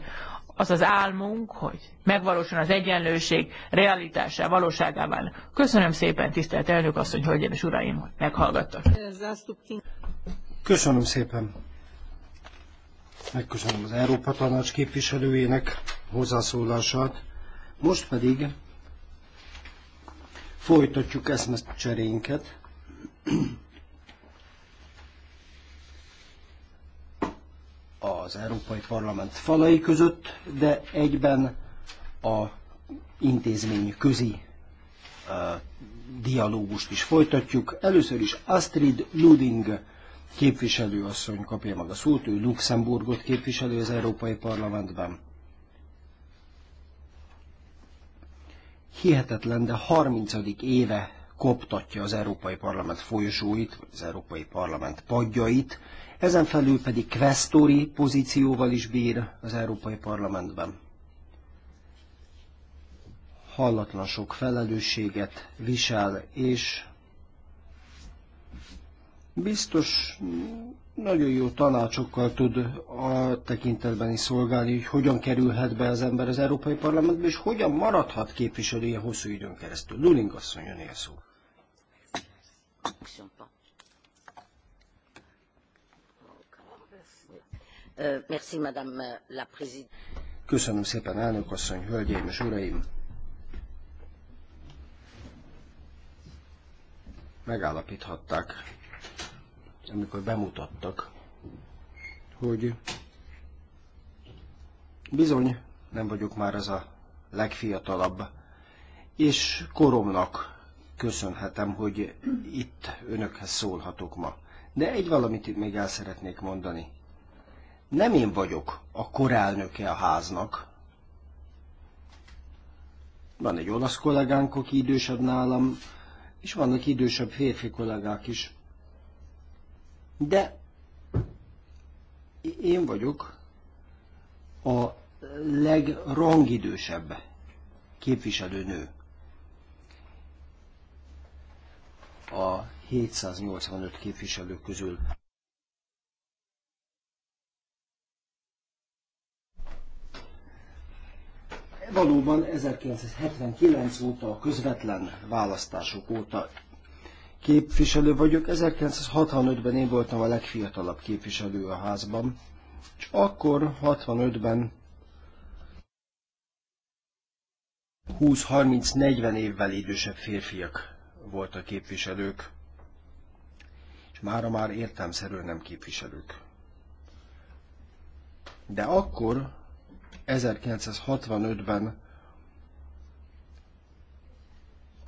az az álmunk, hogy megvalósul az egyenlőség realitásá, valóságá Köszönöm szépen, tisztelt elnök asszony, hölgyeim és uraim, hogy meghallgattak. Köszönöm szépen. Megköszönöm az Európa Tanács képviselőjének hozzászólását. Most pedig folytatjuk ezt cserénket. az Európai Parlament falai között, de egyben a intézmény közi uh, dialógust is folytatjuk. Először is Astrid Luding képviselőasszony kapja meg a szót, ő Luxemburgot képviselő az Európai Parlamentben. hihetetlen, de 30. éve koptatja az Európai Parlament folyosóit, vagy az Európai Parlament padjait, ezen felül pedig kvesztori pozícióval is bír az Európai Parlamentben. Hallatlan sok felelősséget visel, és biztos nagyon jó tanácsokkal tud a tekintetben is szolgálni, hogy hogyan kerülhet be az ember az Európai Parlamentbe, és hogyan maradhat képviselő ilyen hosszú időn keresztül. Luling asszony jön szó. Köszönöm szépen, elnök asszony, hölgyeim és uraim! Megállapíthatták, amikor bemutattak, hogy bizony nem vagyok már az a legfiatalabb, és koromnak köszönhetem, hogy itt önökhez szólhatok ma. De egy valamit itt még el szeretnék mondani. Nem én vagyok a korelnöke a háznak. Van egy olasz kollégánk, aki idősebb nálam, és vannak idősebb férfi kollégák is. De én vagyok a legrangidősebb képviselőnő a 785 képviselő közül. Valóban 1979 óta, a közvetlen választások óta képviselő vagyok. 1965-ben én voltam a legfiatalabb képviselő a házban, és akkor 65-ben 20-30-40 évvel idősebb férfiak voltak képviselők, és mára már értelmszerűen nem képviselők. De akkor, 1965-ben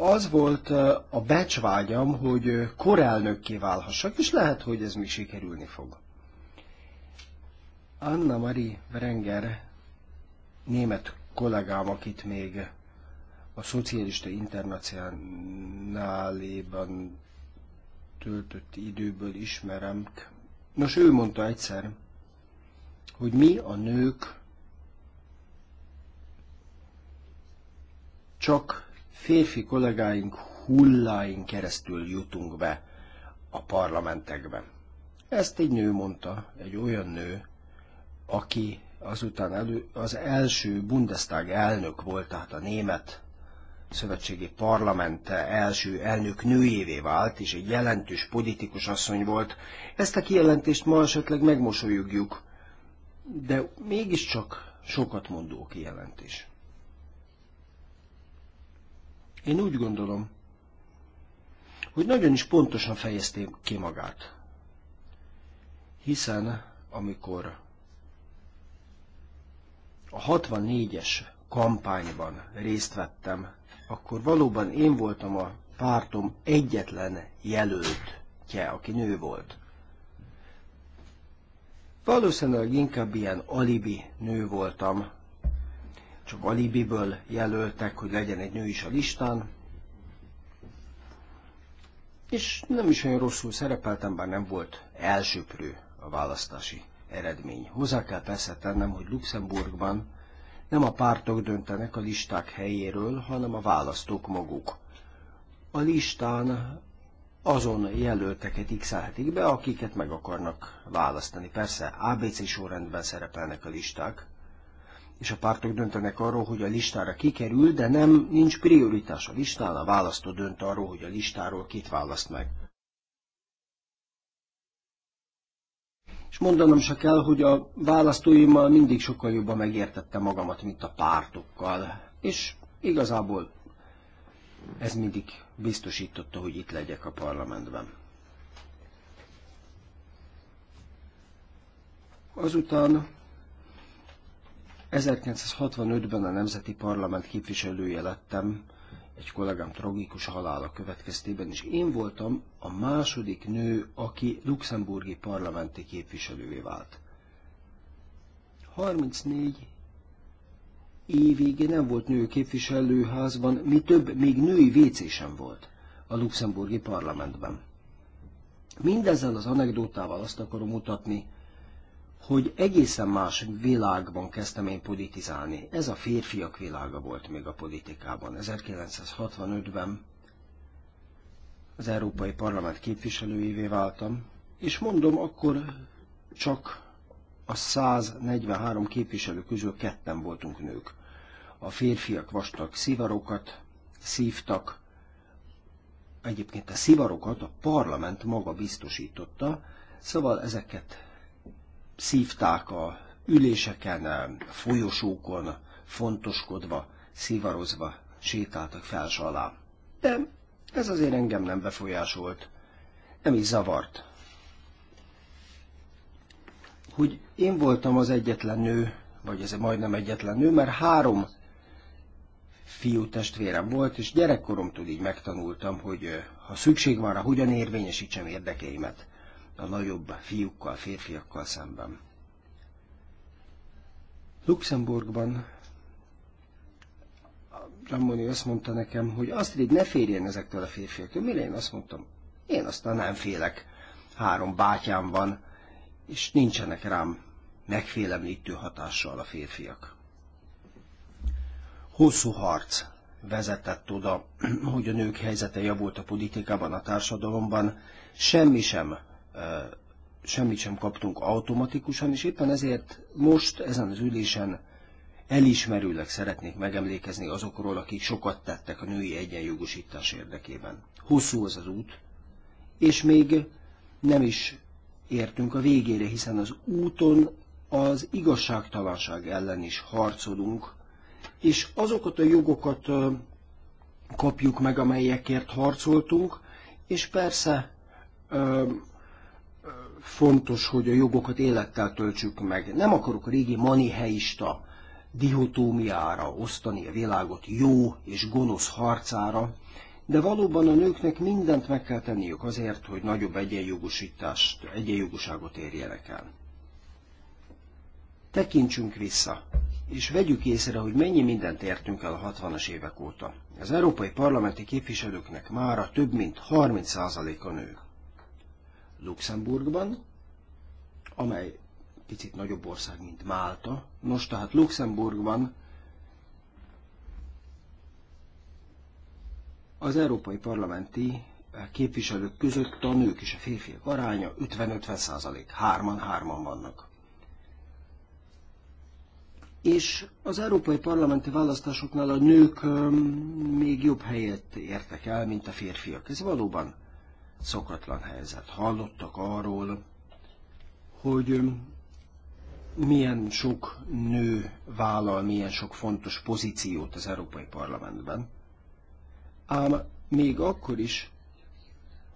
az volt a becsvágyam, hogy korelnökké válhassak, és lehet, hogy ez még sikerülni fog. Anna Marie Wrenger, német kollégám, akit még a szocialista internacionáléban töltött időből ismerem. Nos, ő mondta egyszer, hogy mi a nők csak férfi kollégáink hulláin keresztül jutunk be a parlamentekbe. Ezt egy nő mondta, egy olyan nő, aki azután elő, az első Bundestag elnök volt, tehát a német szövetségi parlament első elnök nőjévé vált, és egy jelentős politikus asszony volt. Ezt a kijelentést ma esetleg megmosolyogjuk, de mégiscsak sokat mondó kijelentés. Én úgy gondolom, hogy nagyon is pontosan fejezte ki magát. Hiszen amikor a 64-es kampányban részt vettem, akkor valóban én voltam a pártom egyetlen jelöltje, aki nő volt. Valószínűleg inkább ilyen alibi nő voltam, csak alibiből jelöltek, hogy legyen egy nő is a listán. És nem is olyan rosszul szerepeltem, bár nem volt elsőprő a választási eredmény. Hozzá kell persze tennem, hogy Luxemburgban nem a pártok döntenek a listák helyéről, hanem a választók maguk. A listán azon jelölteket x be, akiket meg akarnak választani. Persze ABC sorrendben szerepelnek a listák, és a pártok döntenek arról, hogy a listára kikerül, de nem nincs prioritás a listán, a választó dönt arról, hogy a listáról kit választ meg. És mondanom se kell, hogy a választóimmal mindig sokkal jobban megértette magamat, mint a pártokkal. És igazából ez mindig biztosította, hogy itt legyek a parlamentben. Azután 1965-ben a Nemzeti Parlament képviselője lettem, egy kollégám tragikus halála következtében, és én voltam a második nő, aki luxemburgi parlamenti képviselővé vált. 34 évig nem volt nő képviselőházban, mi több, még női WC sem volt a luxemburgi parlamentben. Mindezzel az anekdótával azt akarom mutatni, hogy egészen más világban kezdtem én politizálni. Ez a férfiak világa volt még a politikában. 1965-ben az Európai Parlament képviselőjévé váltam, és mondom, akkor csak a 143 képviselő közül ketten voltunk nők. A férfiak vastag szivarokat szívtak, egyébként a szivarokat a parlament maga biztosította, szóval ezeket szívták a üléseken, a folyosókon, fontoskodva, szivarozva sétáltak fels alá. De ez azért engem nem befolyásolt, nem is zavart. Hogy én voltam az egyetlen nő, vagy ez majdnem egyetlen nő, mert három fiú testvérem volt, és gyerekkoromtól így megtanultam, hogy eh, ha szükség van rá, hogyan érvényesítsem érdekeimet a nagyobb fiúkkal, férfiakkal szemben. Luxemburgban Ramoni azt mondta nekem, hogy azt hogy ne férjen ezektől a férfiaktól. Mire én azt mondtam? Én aztán nem félek. Három bátyám van, és nincsenek rám megfélemlítő hatással a férfiak. Hosszú harc vezetett oda, hogy a nők helyzete javult a politikában, a társadalomban. Semmi sem semmit sem kaptunk automatikusan, és éppen ezért most ezen az ülésen elismerőleg szeretnék megemlékezni azokról, akik sokat tettek a női egyenjogosítás érdekében. Hosszú az az út, és még nem is értünk a végére, hiszen az úton az igazságtalanság ellen is harcolunk, és azokat a jogokat kapjuk meg, amelyekért harcoltunk, és persze fontos, hogy a jogokat élettel töltsük meg. Nem akarok a régi manihelyista dihotómiára osztani a világot jó és gonosz harcára, de valóban a nőknek mindent meg kell tenniük azért, hogy nagyobb egyenjogosítást, egyenjogoságot érjenek el. Tekintsünk vissza, és vegyük észre, hogy mennyi mindent értünk el a 60-as évek óta. Az európai parlamenti képviselőknek mára több mint 30%-a nők. Luxemburgban, amely picit nagyobb ország, mint Málta. Nos, tehát Luxemburgban az európai parlamenti képviselők között a nők és a férfiak aránya 50-50 százalék. Hárman, hárman vannak. És az európai parlamenti választásoknál a nők még jobb helyet értek el, mint a férfiak. Ez valóban szokatlan helyzet. Hallottak arról, hogy um, milyen sok nő vállal, milyen sok fontos pozíciót az Európai Parlamentben. Ám még akkor is,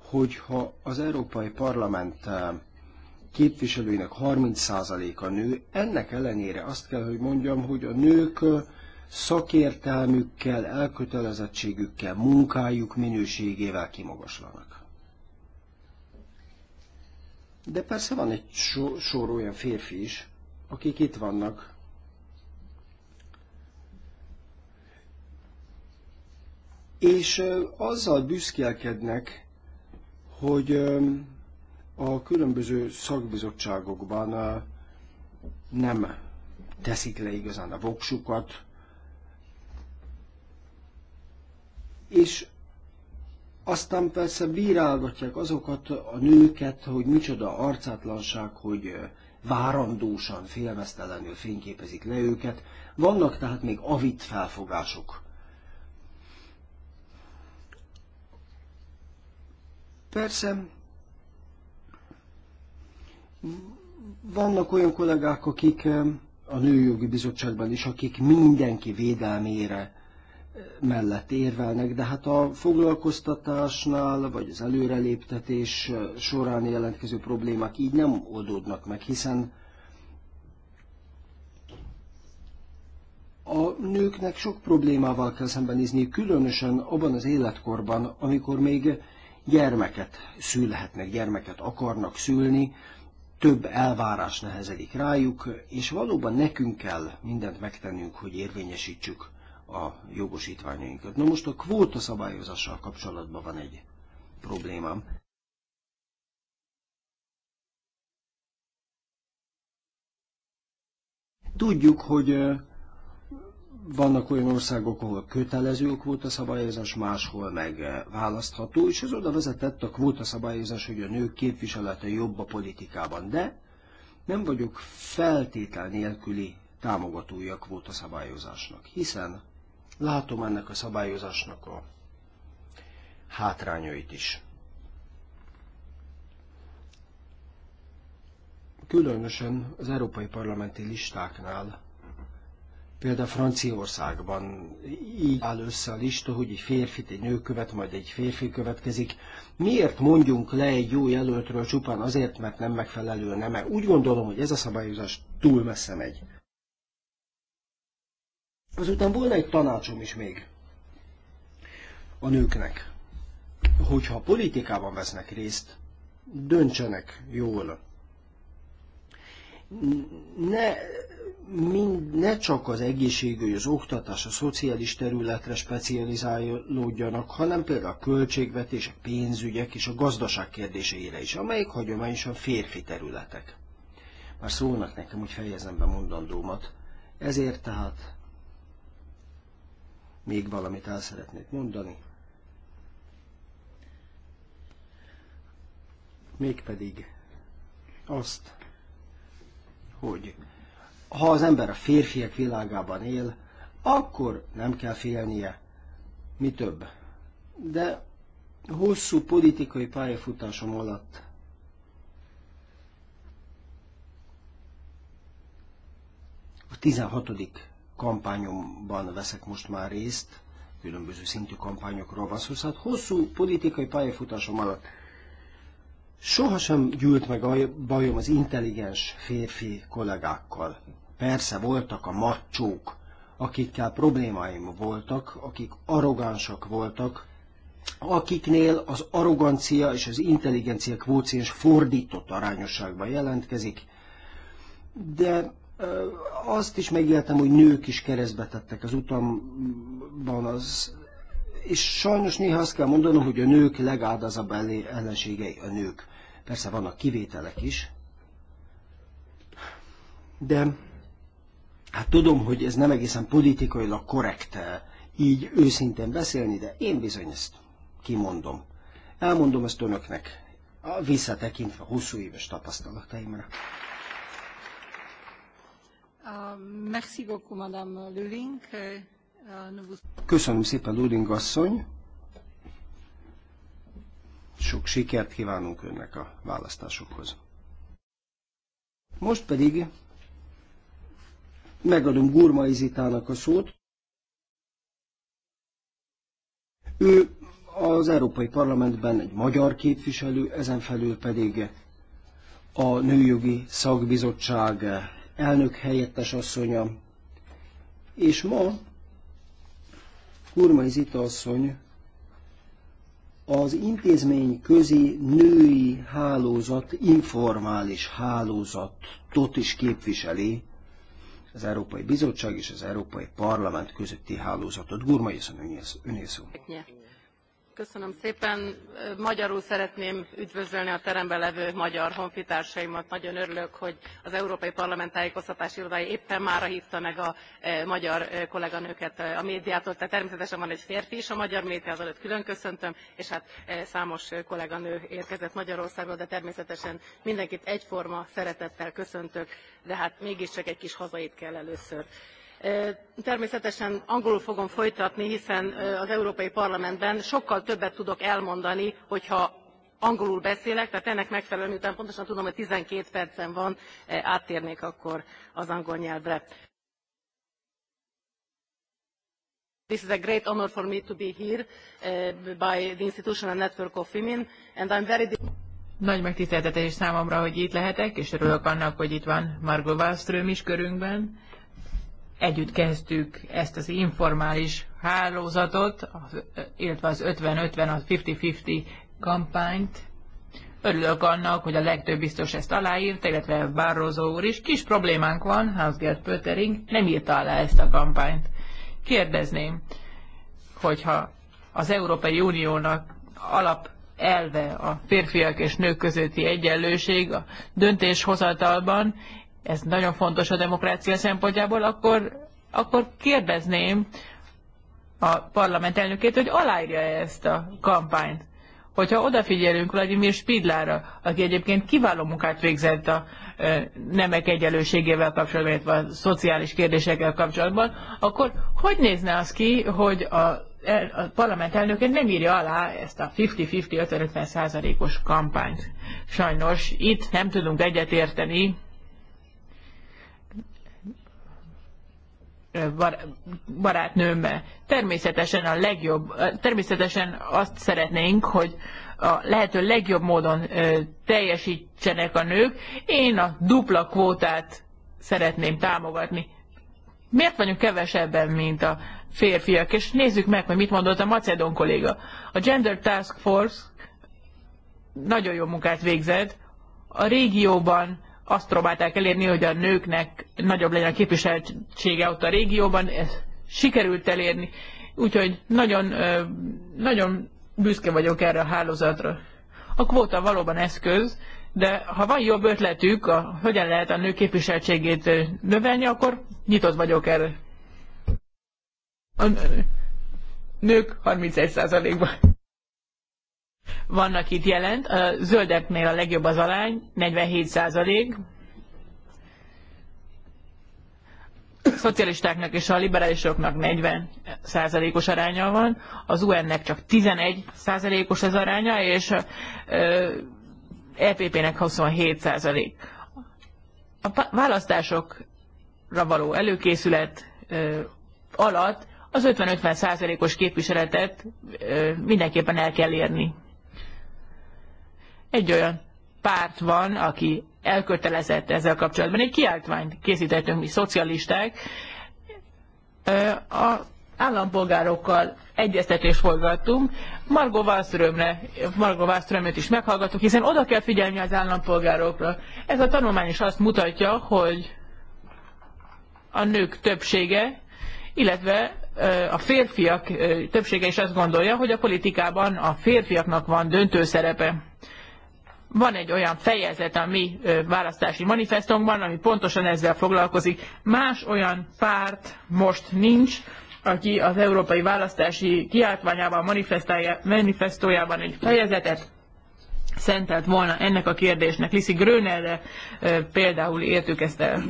hogyha az Európai Parlament uh, képviselőinek 30%-a nő, ennek ellenére azt kell, hogy mondjam, hogy a nők uh, szakértelmükkel, elkötelezettségükkel, munkájuk minőségével kimagaslanak. De persze van egy sor, olyan férfi is, akik itt vannak. És azzal büszkélkednek, hogy a különböző szakbizottságokban nem teszik le igazán a voksukat, és aztán persze bírálgatják azokat a nőket, hogy micsoda arcátlanság, hogy várandósan, félmeztelenül fényképezik le őket. Vannak tehát még avit felfogások. Persze, vannak olyan kollégák, akik a Nőjogi Bizottságban is, akik mindenki védelmére mellett érvelnek, de hát a foglalkoztatásnál, vagy az előreléptetés során jelentkező problémák így nem oldódnak meg, hiszen a nőknek sok problémával kell szembenézni, különösen abban az életkorban, amikor még gyermeket szülhetnek, gyermeket akarnak szülni, több elvárás nehezedik rájuk, és valóban nekünk kell mindent megtennünk, hogy érvényesítsük a jogosítványainkat. Na most a kvóta szabályozással kapcsolatban van egy problémám. Tudjuk, hogy vannak olyan országok, ahol kötelező a kvótaszabályozás, máshol meg választható, és ez oda vezetett a kvótaszabályozás, hogy a nők képviselete jobb a politikában, de nem vagyok feltétel nélküli támogatója a kvótaszabályozásnak, hiszen látom ennek a szabályozásnak a hátrányait is. Különösen az európai parlamenti listáknál, például Franciaországban így áll össze a lista, hogy egy férfit egy nő követ, majd egy férfi következik. Miért mondjunk le egy jó jelöltről csupán azért, mert nem megfelelő a neme? Úgy gondolom, hogy ez a szabályozás túl messze megy. Azután volna egy tanácsom is még a nőknek, hogyha politikában vesznek részt, döntsenek jól. Ne, mind, ne csak az egészségügy, az oktatás, a szociális területre specializálódjanak, hanem például a költségvetés, a pénzügyek és a gazdaság kérdéseire is, amelyek hagyományosan férfi területek. Már szólnak nekem, hogy fejezem be mondandómat. Ezért tehát még valamit el szeretnék mondani. Mégpedig azt, hogy ha az ember a férfiak világában él, akkor nem kell félnie. Mi több. De hosszú politikai pályafutásom alatt a 16 kampányomban veszek most már részt, különböző szintű kampányokról van szó, szóval hosszú politikai pályafutásom alatt sohasem gyűlt meg a bajom az intelligens férfi kollégákkal. Persze voltak a macsók, akikkel problémáim voltak, akik arrogánsak voltak, akiknél az arrogancia és az intelligencia kvóciens fordított arányosságban jelentkezik, de azt is megéltem, hogy nők is keresztbe tettek az utamban, az, és sajnos néha azt kell mondanom, hogy a nők legáldozabb ellenségei a nők. Persze vannak kivételek is, de hát tudom, hogy ez nem egészen politikailag korrekt eh, így őszintén beszélni, de én bizony ezt kimondom. Elmondom ezt önöknek, visszatekintve hosszú éves tapasztalataimra. Euh, euh, Köszönöm szépen, Lüling asszony. Sok sikert kívánunk önnek a választásokhoz. Most pedig megadom Gurmai Zitának a szót. Ő az Európai Parlamentben egy magyar képviselő, ezen felül pedig a Nőjogi Szakbizottság elnök helyettes asszonya. És ma Kurmai Zita asszony az intézmény közi női hálózat, informális hálózatot is képviseli, az Európai Bizottság és az Európai Parlament közötti hálózatot. Gurmai Szönőnél szó. Köszönöm szépen. Magyarul szeretném üdvözölni a teremben levő magyar honfitársaimat. Nagyon örülök, hogy az Európai Parlament tájékoztatási irodája éppen mára hívta meg a e, magyar e, kolléganőket e, a médiától. Tehát természetesen van egy férfi is a magyar média, az előtt külön köszöntöm, és hát számos kolléganő érkezett Magyarországról, de természetesen mindenkit egyforma szeretettel köszöntök, de hát mégiscsak egy kis hazait kell először természetesen angolul fogom folytatni hiszen az európai parlamentben sokkal többet tudok elmondani hogyha angolul beszélek tehát ennek megfelelően miután pontosan tudom hogy twelve percem van áttérnék akkor az angol nyelvre. this is a great honour for me to be here by the institutional network of women and i'm very nagy megtiszteltetés számomra, hogy itt lehetek, és örülök annak, hogy itt van Margot Wallström is körünkben Együtt kezdtük ezt az informális hálózatot, illetve az 50-50, a 50-50 kampányt. Örülök annak, hogy a legtöbb biztos ezt aláírta, illetve Bárózó úr is. Kis problémánk van, Hansgert Pöttering nem írta alá ezt a kampányt. Kérdezném, hogyha az Európai Uniónak alap elve a férfiak és nők közötti egyenlőség a döntéshozatalban, ez nagyon fontos a demokrácia szempontjából, akkor, akkor kérdezném a parlament elnökét, hogy aláírja -e ezt a kampányt. Hogyha odafigyelünk Vladimir Spidlára, aki egyébként kiváló munkát végzett a nemek egyenlőségével kapcsolatban, illetve a szociális kérdésekkel kapcsolatban, akkor hogy nézne az ki, hogy a a parlament elnöke nem írja alá ezt a 50-50-50-50 százalékos kampányt. Sajnos itt nem tudunk egyetérteni barátnőmbe. Természetesen a legjobb, természetesen azt szeretnénk, hogy a lehető legjobb módon teljesítsenek a nők. Én a dupla kvótát szeretném támogatni. Miért vagyunk kevesebben, mint a férfiak? És nézzük meg, hogy mit mondott a macedon kolléga. A Gender Task Force nagyon jó munkát végzett. A régióban azt próbálták elérni, hogy a nőknek nagyobb legyen a képviseltsége ott a régióban, ez sikerült elérni, úgyhogy nagyon, nagyon büszke vagyok erre a hálózatra. A kvóta valóban eszköz, de ha van jobb ötletük, a, hogyan lehet a nők képviseltségét növelni, akkor nyitott vagyok erre. A nők 31%-ban vannak itt jelent. A zöldeknél a legjobb az alány, 47 százalék. szocialistáknak és a liberálisoknak 40 százalékos aránya van, az UN-nek csak 11 százalékos az aránya, és a EPP-nek 27 százalék. A választásokra való előkészület alatt az 50-50 százalékos -50 képviseletet mindenképpen el kell érni egy olyan párt van, aki elkötelezett ezzel kapcsolatban. Egy kiáltványt készítettünk mi szocialisták, a állampolgárokkal egyeztetést forgattunk. Margo Wallströmre, Margo Wallströmöt is meghallgattuk, hiszen oda kell figyelni az állampolgárokra. Ez a tanulmány is azt mutatja, hogy a nők többsége, illetve a férfiak többsége is azt gondolja, hogy a politikában a férfiaknak van döntő szerepe. Van egy olyan fejezet a mi választási manifestunkban, ami pontosan ezzel foglalkozik. Más olyan párt most nincs, aki az európai választási kiáltványában, manifestójában egy fejezetet szentelt volna ennek a kérdésnek. Liszi Grönerre például értük ezt el.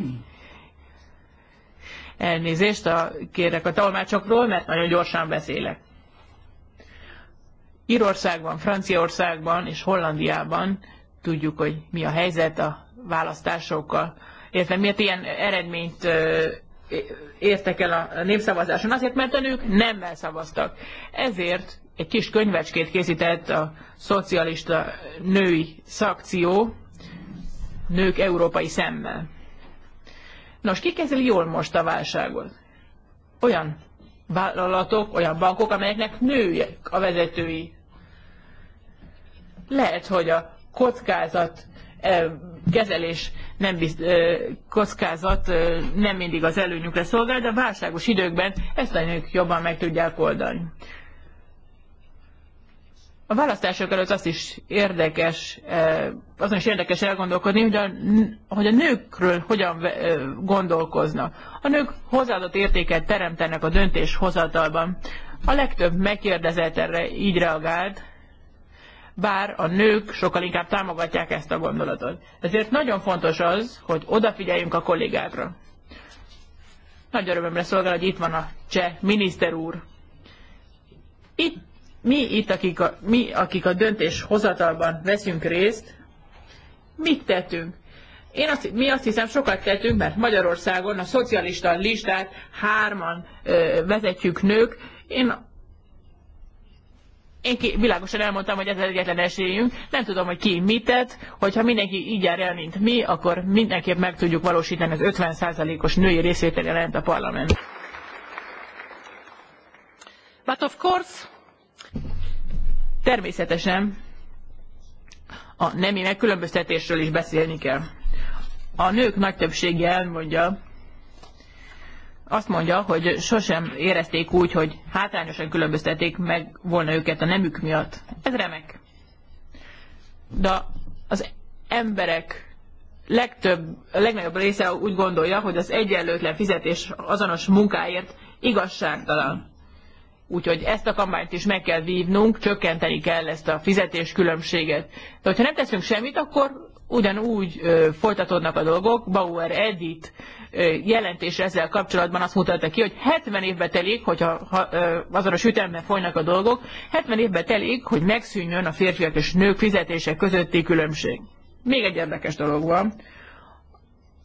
Elnézést a, kérek a talmácsokról, mert nagyon gyorsan beszélek. Írországban, Franciaországban és Hollandiában tudjuk, hogy mi a helyzet a választásokkal, illetve miért ilyen eredményt értek el a népszavazáson. Azért, mert a nők nem elszavaztak. Ezért egy kis könyvecskét készített a szocialista női szakció nők európai szemmel. Nos, ki kezeli jól most a válságot? Olyan vállalatok, olyan bankok, amelyeknek nőjek a vezetői. Lehet, hogy a kockázat kezelés nem bizt, kockázat nem mindig az előnyükre szolgál, de a válságos időkben ezt a nők jobban meg tudják oldani. A választások előtt azt is érdekes, azon is érdekes elgondolkodni, hogy a, hogy a nőkről hogyan gondolkoznak. A nők hozzáadott értéket teremtenek a döntéshozatalban. A legtöbb megkérdezett erre így reagált, bár a nők sokkal inkább támogatják ezt a gondolatot. Ezért nagyon fontos az, hogy odafigyeljünk a kollégákra. Nagy örömömre szolgál, hogy itt van a cseh miniszter úr. Itt, mi itt, akik a, mi, akik a döntéshozatalban veszünk részt, mit tettünk? Én azt, mi azt hiszem, sokat tettünk, mert Magyarországon a szocialista listát hárman ö, vezetjük nők. Én én ki, világosan elmondtam, hogy ez egyetlen esélyünk. Nem tudom, hogy ki mit tett. Hogyha mindenki így jár el, mint mi, akkor mindenképp meg tudjuk valósítani az 50%-os női részvétel jelent a parlament. But of course... Természetesen a nemi megkülönböztetésről is beszélni kell. A nők nagy többsége elmondja, azt mondja, hogy sosem érezték úgy, hogy hátrányosan különböztették meg volna őket a nemük miatt. Ez remek. De az emberek legtöbb, a legnagyobb része úgy gondolja, hogy az egyenlőtlen fizetés azonos munkáért igazságtalan. Úgyhogy ezt a kampányt is meg kell vívnunk, csökkenteni kell ezt a fizetéskülönbséget. De hogyha nem teszünk semmit, akkor ugyanúgy ö, folytatódnak a dolgok. Bauer Edith ö, jelentés ezzel kapcsolatban azt mutatta ki, hogy 70 évbe telik, hogyha ha, ö, a sütemben folynak a dolgok, 70 évbe telik, hogy megszűnjön a férfiak és nők fizetése közötti különbség. Még egy érdekes dolog van.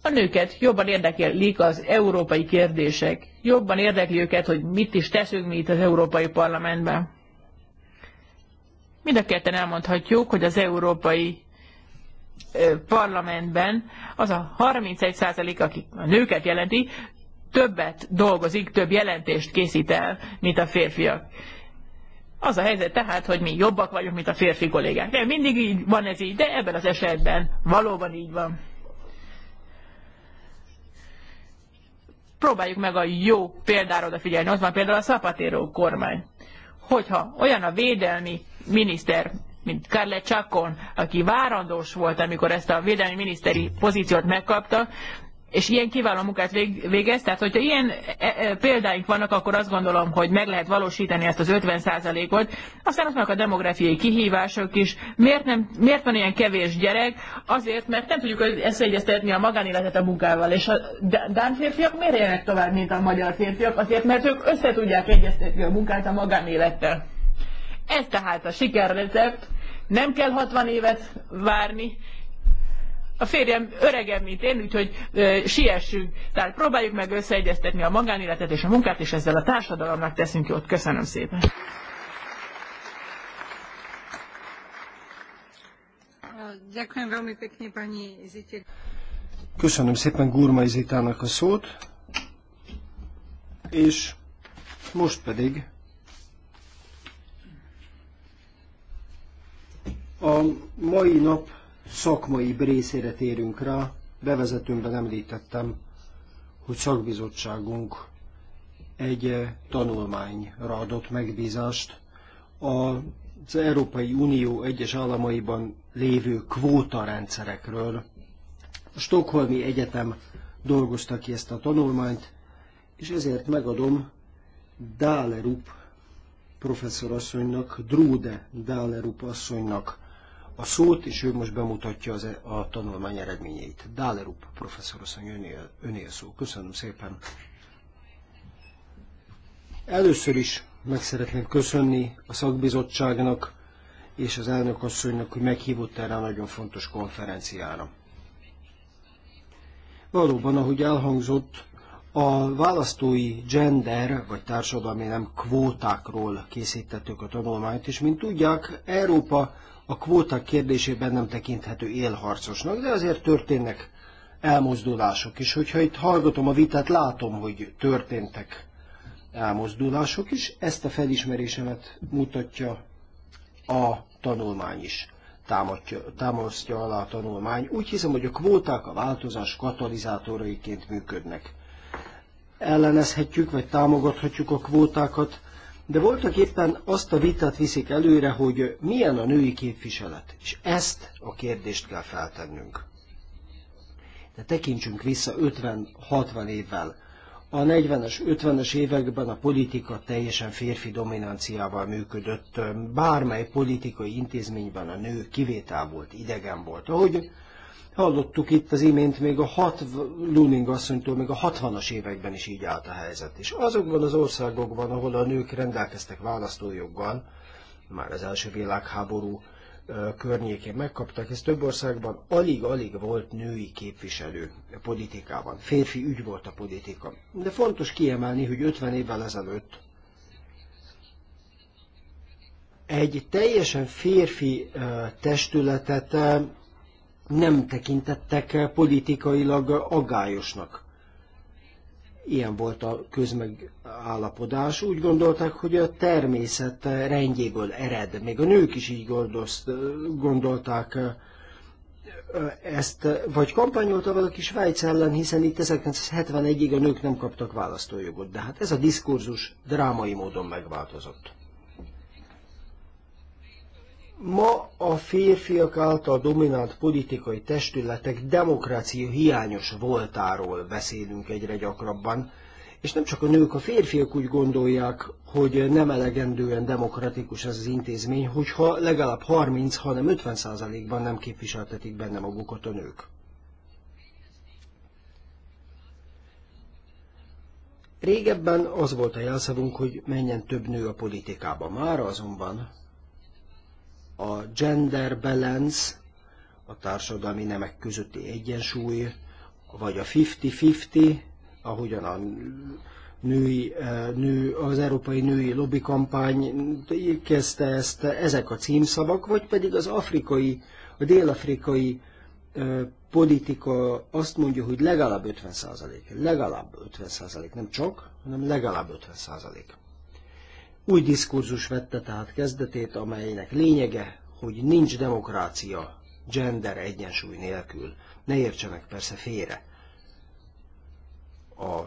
A nőket jobban érdekelik az európai kérdések, jobban érdekli őket, hogy mit is teszünk mi itt az Európai Parlamentben. Mind a ketten elmondhatjuk, hogy az Európai parlamentben az a 31% aki a nőket jelenti, többet dolgozik, több jelentést készít el, mint a férfiak. Az a helyzet tehát, hogy mi jobbak vagyunk, mint a férfi kollégák. Nem mindig így van ez így, de ebben az esetben valóban így van. Próbáljuk meg a jó példára odafigyelni. Az van például a Szapatéró kormány. Hogyha olyan a védelmi miniszter, mint Carle Csakon, aki várandós volt, amikor ezt a védelmi miniszteri pozíciót megkapta, és ilyen kiváló munkát végez, tehát hogyha ilyen e, e, példáink vannak, akkor azt gondolom, hogy meg lehet valósítani ezt az 50%-ot. Aztán ott vannak a demográfiai kihívások is. Miért, nem, miért van ilyen kevés gyerek? Azért, mert nem tudjuk összeegyeztetni a magánéletet a munkával. És a dán férfiak miért élnek tovább, mint a magyar férfiak? Azért, mert ők össze tudják egyeztetni a munkát a magánélettel. Ez tehát a sikerrecept. Nem kell 60 évet várni. A férjem öregem, mint én, úgyhogy ö, siessünk. Tehát próbáljuk meg összeegyeztetni a magánéletet és a munkát, és ezzel a társadalomnak teszünk jót. Köszönöm szépen. Köszönöm szépen Gurma Izitának a szót, és most pedig A mai nap szakmai részére térünk rá. Bevezetőmben említettem, hogy szakbizottságunk egy eh, tanulmányra adott megbízást az Európai Unió egyes államaiban lévő kvótarendszerekről. A Stokholmi Egyetem dolgozta ki ezt a tanulmányt, és ezért megadom Dálerup professzorasszonynak, Drude Dálerup asszonynak a szót, és ő most bemutatja az, e, a tanulmány eredményeit. Dálerup professzor asszony, önél, önél szó. Köszönöm szépen. Először is meg szeretném köszönni a szakbizottságnak és az elnök asszonynak, hogy meghívott erre a nagyon fontos konferenciára. Valóban, ahogy elhangzott, a választói gender, vagy társadalmi nem kvótákról készítettük a tanulmányt, és mint tudják, Európa a kvóták kérdésében nem tekinthető élharcosnak, de azért történnek elmozdulások is. Hogyha itt hallgatom a vitát, látom, hogy történtek elmozdulások is. Ezt a felismerésemet mutatja a tanulmány is. Támadja, támasztja alá a tanulmány. Úgy hiszem, hogy a kvóták a változás katalizátoraiként működnek. Ellenezhetjük, vagy támogathatjuk a kvótákat, de voltak éppen azt a vitát viszik előre, hogy milyen a női képviselet, és ezt a kérdést kell feltennünk. De tekintsünk vissza 50-60 évvel. A 40-es, 50-es években a politika teljesen férfi dominanciával működött. Bármely politikai intézményben a nő kivétel volt, idegen volt. Ahogy Hallottuk itt az imént még a hat, Luning asszonytól még a 60-as években is így állt a helyzet. És azokban az országokban, ahol a nők rendelkeztek választójoggal, már az első világháború környékén megkapták, ezt. több országban alig-alig volt női képviselő a politikában. Férfi ügy volt a politika. De fontos kiemelni, hogy 50 évvel ezelőtt egy teljesen férfi testületet nem tekintettek politikailag aggályosnak. Ilyen volt a közmegállapodás. Úgy gondolták, hogy a természet rendjéből ered. Még a nők is így gondolták ezt, vagy kampányolta valaki Svájc ellen, hiszen itt 1971-ig a nők nem kaptak választójogot. De hát ez a diskurzus drámai módon megváltozott. Ma a férfiak által dominált politikai testületek demokrácia hiányos voltáról beszélünk egyre gyakrabban, és nem csak a nők, a férfiak úgy gondolják, hogy nem elegendően demokratikus ez az intézmény, hogyha legalább 30, hanem 50 százalékban nem képviseltetik benne magukat a nők. Régebben az volt a jelszavunk, hogy menjen több nő a politikába. Mára azonban a gender balance, a társadalmi nemek közötti egyensúly, vagy a 50-50, ahogyan a női, eh, nő, az európai női lobby kampány kezdte ezt, ezek a címszavak, vagy pedig az afrikai, a dél-afrikai eh, politika azt mondja, hogy legalább 50 százalék. Legalább 50 százalék, nem csak, hanem legalább 50 százalék. Új diskurzus vette tehát kezdetét, amelynek lényege, hogy nincs demokrácia gender egyensúly nélkül. Ne értsenek persze félre. A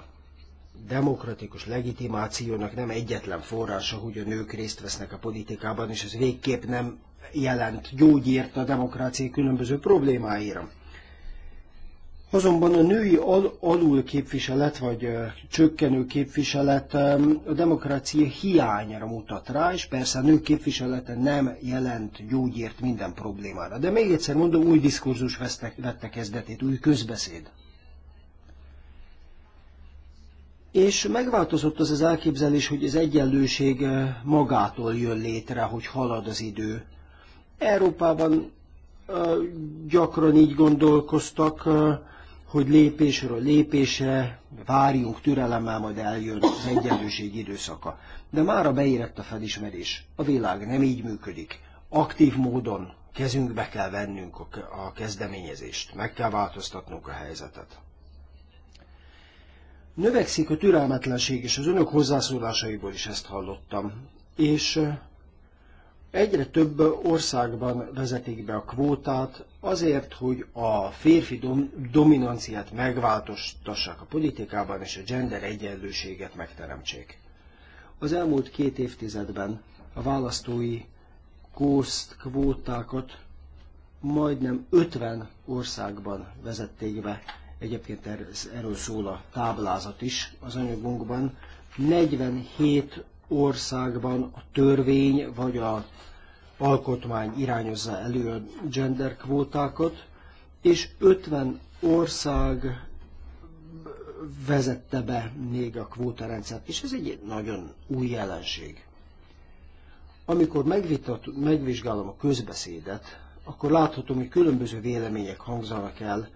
demokratikus legitimációnak nem egyetlen forrása, hogy a nők részt vesznek a politikában, és ez végképp nem jelent gyógyírt a demokrácia különböző problémáira. Azonban a női al- alulképviselet, vagy csökkenő képviselet a demokrácia hiányra mutat rá, és persze a nők képviselete nem jelent gyógyért minden problémára. De még egyszer mondom, új diskurzus vesztek, vette kezdetét, új közbeszéd. És megváltozott az az elképzelés, hogy az egyenlőség magától jön létre, hogy halad az idő. Európában gyakran így gondolkoztak, hogy lépésről lépésre várjunk türelemmel, majd eljön az egyenlőség időszaka. De már a beérett a felismerés. A világ nem így működik. Aktív módon kezünkbe kell vennünk a kezdeményezést, meg kell változtatnunk a helyzetet. Növekszik a türelmetlenség, és az önök hozzászólásaiból is ezt hallottam. És Egyre több országban vezetik be a kvótát azért, hogy a férfi dom- dominanciát megváltoztassák a politikában, és a gender egyenlőséget megteremtsék. Az elmúlt két évtizedben a választói kószt kvótákat majdnem 50 országban vezették be. Egyébként erről szól a táblázat is az anyagunkban. 47 országban a törvény vagy a alkotmány irányozza elő a gender kvótákat, és 50 ország vezette be még a kvótarendszert, és ez egy nagyon új jelenség. Amikor megvitat, megvizsgálom a közbeszédet, akkor láthatom, hogy különböző vélemények hangzanak el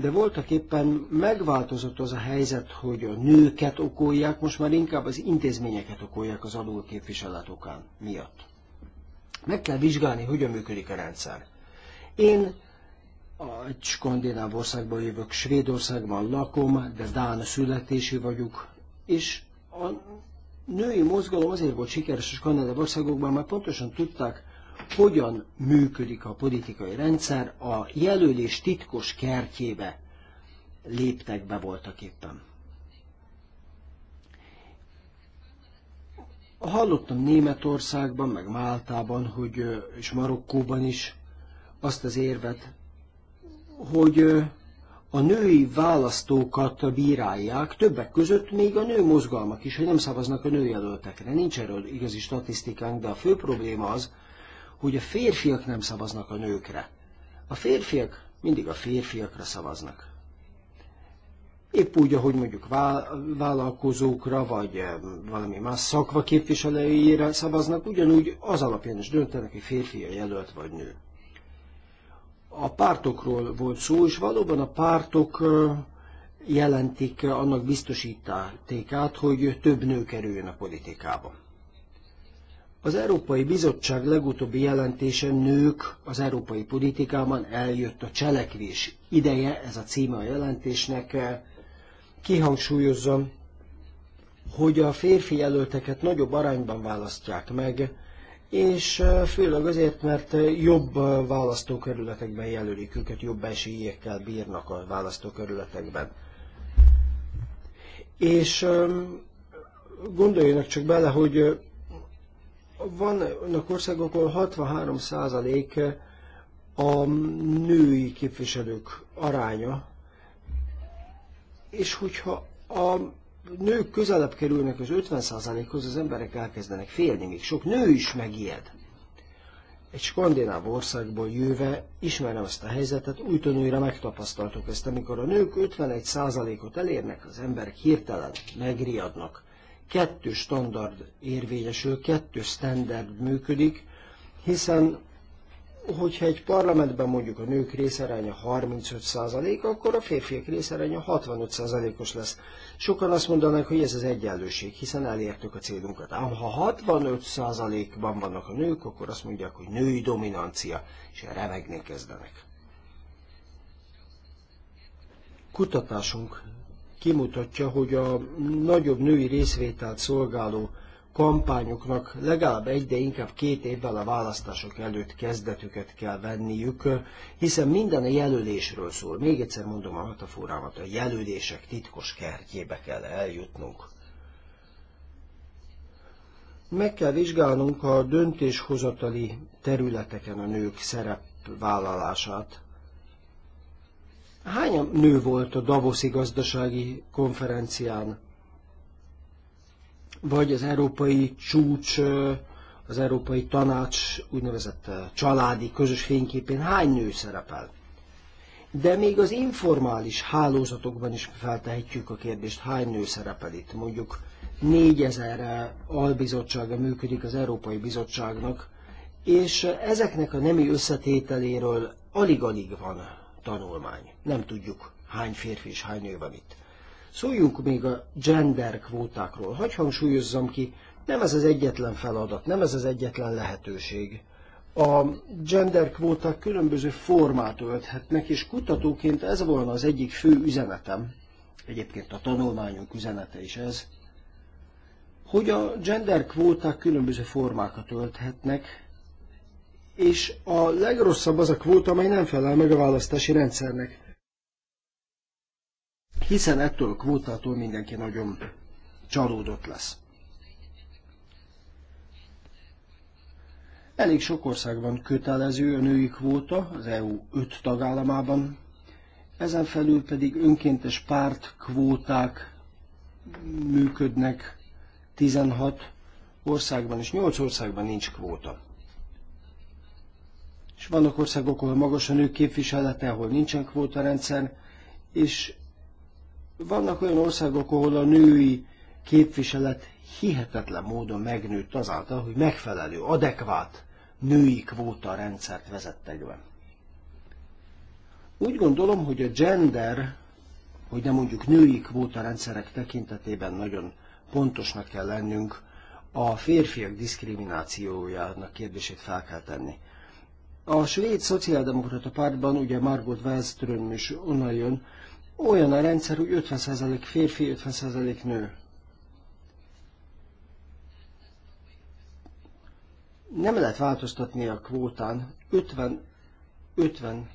de voltak éppen megváltozott az a helyzet, hogy a nőket okolják, most már inkább az intézményeket okolják az adóképviselet okán miatt. Meg kell vizsgálni, hogyan működik a rendszer. Én egy skandináv országban jövök, Svédországban lakom, de Dán születésű vagyok, és a női mozgalom azért volt sikeres a skandináv országokban, mert pontosan tudták, hogyan működik a politikai rendszer, a jelölés titkos kertjébe léptek be voltak éppen. Hallottam Németországban, meg Máltában, hogy, és Marokkóban is azt az érvet, hogy a női választókat bírálják, többek között még a nő mozgalmak is, hogy nem szavaznak a nőjelöltekre. Nincs erről igazi statisztikánk, de a fő probléma az, hogy a férfiak nem szavaznak a nőkre. A férfiak mindig a férfiakra szavaznak. Épp úgy, ahogy mondjuk vállalkozókra, vagy eh, valami más szakva képviselőjére szavaznak, ugyanúgy az alapján is döntenek, hogy férfi a jelölt vagy nő. A pártokról volt szó, és valóban a pártok eh, jelentik annak biztosítátékát, hogy több nő kerüljön a politikába. Az Európai Bizottság legutóbbi jelentése nők az európai politikában eljött a cselekvés ideje, ez a címe a jelentésnek, kihangsúlyozza, hogy a férfi jelölteket nagyobb arányban választják meg, és főleg azért, mert jobb választókerületekben jelölik őket, jobb esélyekkel bírnak a választókerületekben. És gondoljanak csak bele, hogy vannak országok, ahol 63% a női képviselők aránya, és hogyha a nők közelebb kerülnek az 50 százalékhoz az emberek elkezdenek félni, még sok nő is megijed. Egy skandináv országból jöve ismerem ezt a helyzetet, új újra megtapasztaltuk ezt, amikor a nők 51 százalékot elérnek, az emberek hirtelen megriadnak kettő standard érvényesül, kettő standard működik, hiszen hogyha egy parlamentben mondjuk a nők részaránya 35%, akkor a férfiak részaránya 65%-os lesz. Sokan azt mondanak, hogy ez az egyenlőség, hiszen elértük a célunkat. Ám ha 65%-ban vannak a nők, akkor azt mondják, hogy női dominancia, és remegni kezdenek. Kutatásunk kimutatja, hogy a nagyobb női részvételt szolgáló kampányoknak legalább egy, de inkább két évvel a választások előtt kezdetüket kell venniük, hiszen minden a jelölésről szól. Még egyszer mondom a metaforámat, a jelölések titkos kertjébe kell eljutnunk. Meg kell vizsgálnunk a döntéshozatali területeken a nők szerepvállalását, Hány nő volt a Davoszi gazdasági konferencián? Vagy az európai csúcs, az európai tanács úgynevezett családi közös fényképén hány nő szerepel? De még az informális hálózatokban is feltehetjük a kérdést, hány nő szerepel itt. Mondjuk 4000 albizottsága működik az Európai Bizottságnak, és ezeknek a nemi összetételéről alig-alig van tanulmány. Nem tudjuk, hány férfi és hány nő van itt. Szóljunk még a gender kvótákról. Hogy hangsúlyozzam ki, nem ez az egyetlen feladat, nem ez az egyetlen lehetőség. A gender kvóták különböző formát ölthetnek, és kutatóként ez volna az egyik fő üzenetem, egyébként a tanulmányunk üzenete is ez, hogy a gender kvóták különböző formákat ölthetnek, és a legrosszabb az a kvóta, amely nem felel meg a választási rendszernek. Hiszen ettől a kvótától mindenki nagyon csalódott lesz. Elég sok országban kötelező a női kvóta, az EU 5 tagállamában, ezen felül pedig önkéntes párt kvóták működnek 16 országban, és 8 országban nincs kvóta és vannak országok, ahol magas a nők képviselete, ahol nincsen kvótarendszer, és vannak olyan országok, ahol a női képviselet hihetetlen módon megnőtt azáltal, hogy megfelelő, adekvát női kvóta rendszert vezettek be. Úgy gondolom, hogy a gender, hogy nem mondjuk női kvóta rendszerek tekintetében nagyon pontosnak kell lennünk, a férfiak diszkriminációjának kérdését fel kell tenni. A svéd szociáldemokrata pártban, ugye Margot Wallström is onnan jön, olyan a rendszer, hogy 50% férfi, 50% nő. Nem lehet változtatni a kvótán, 50, 50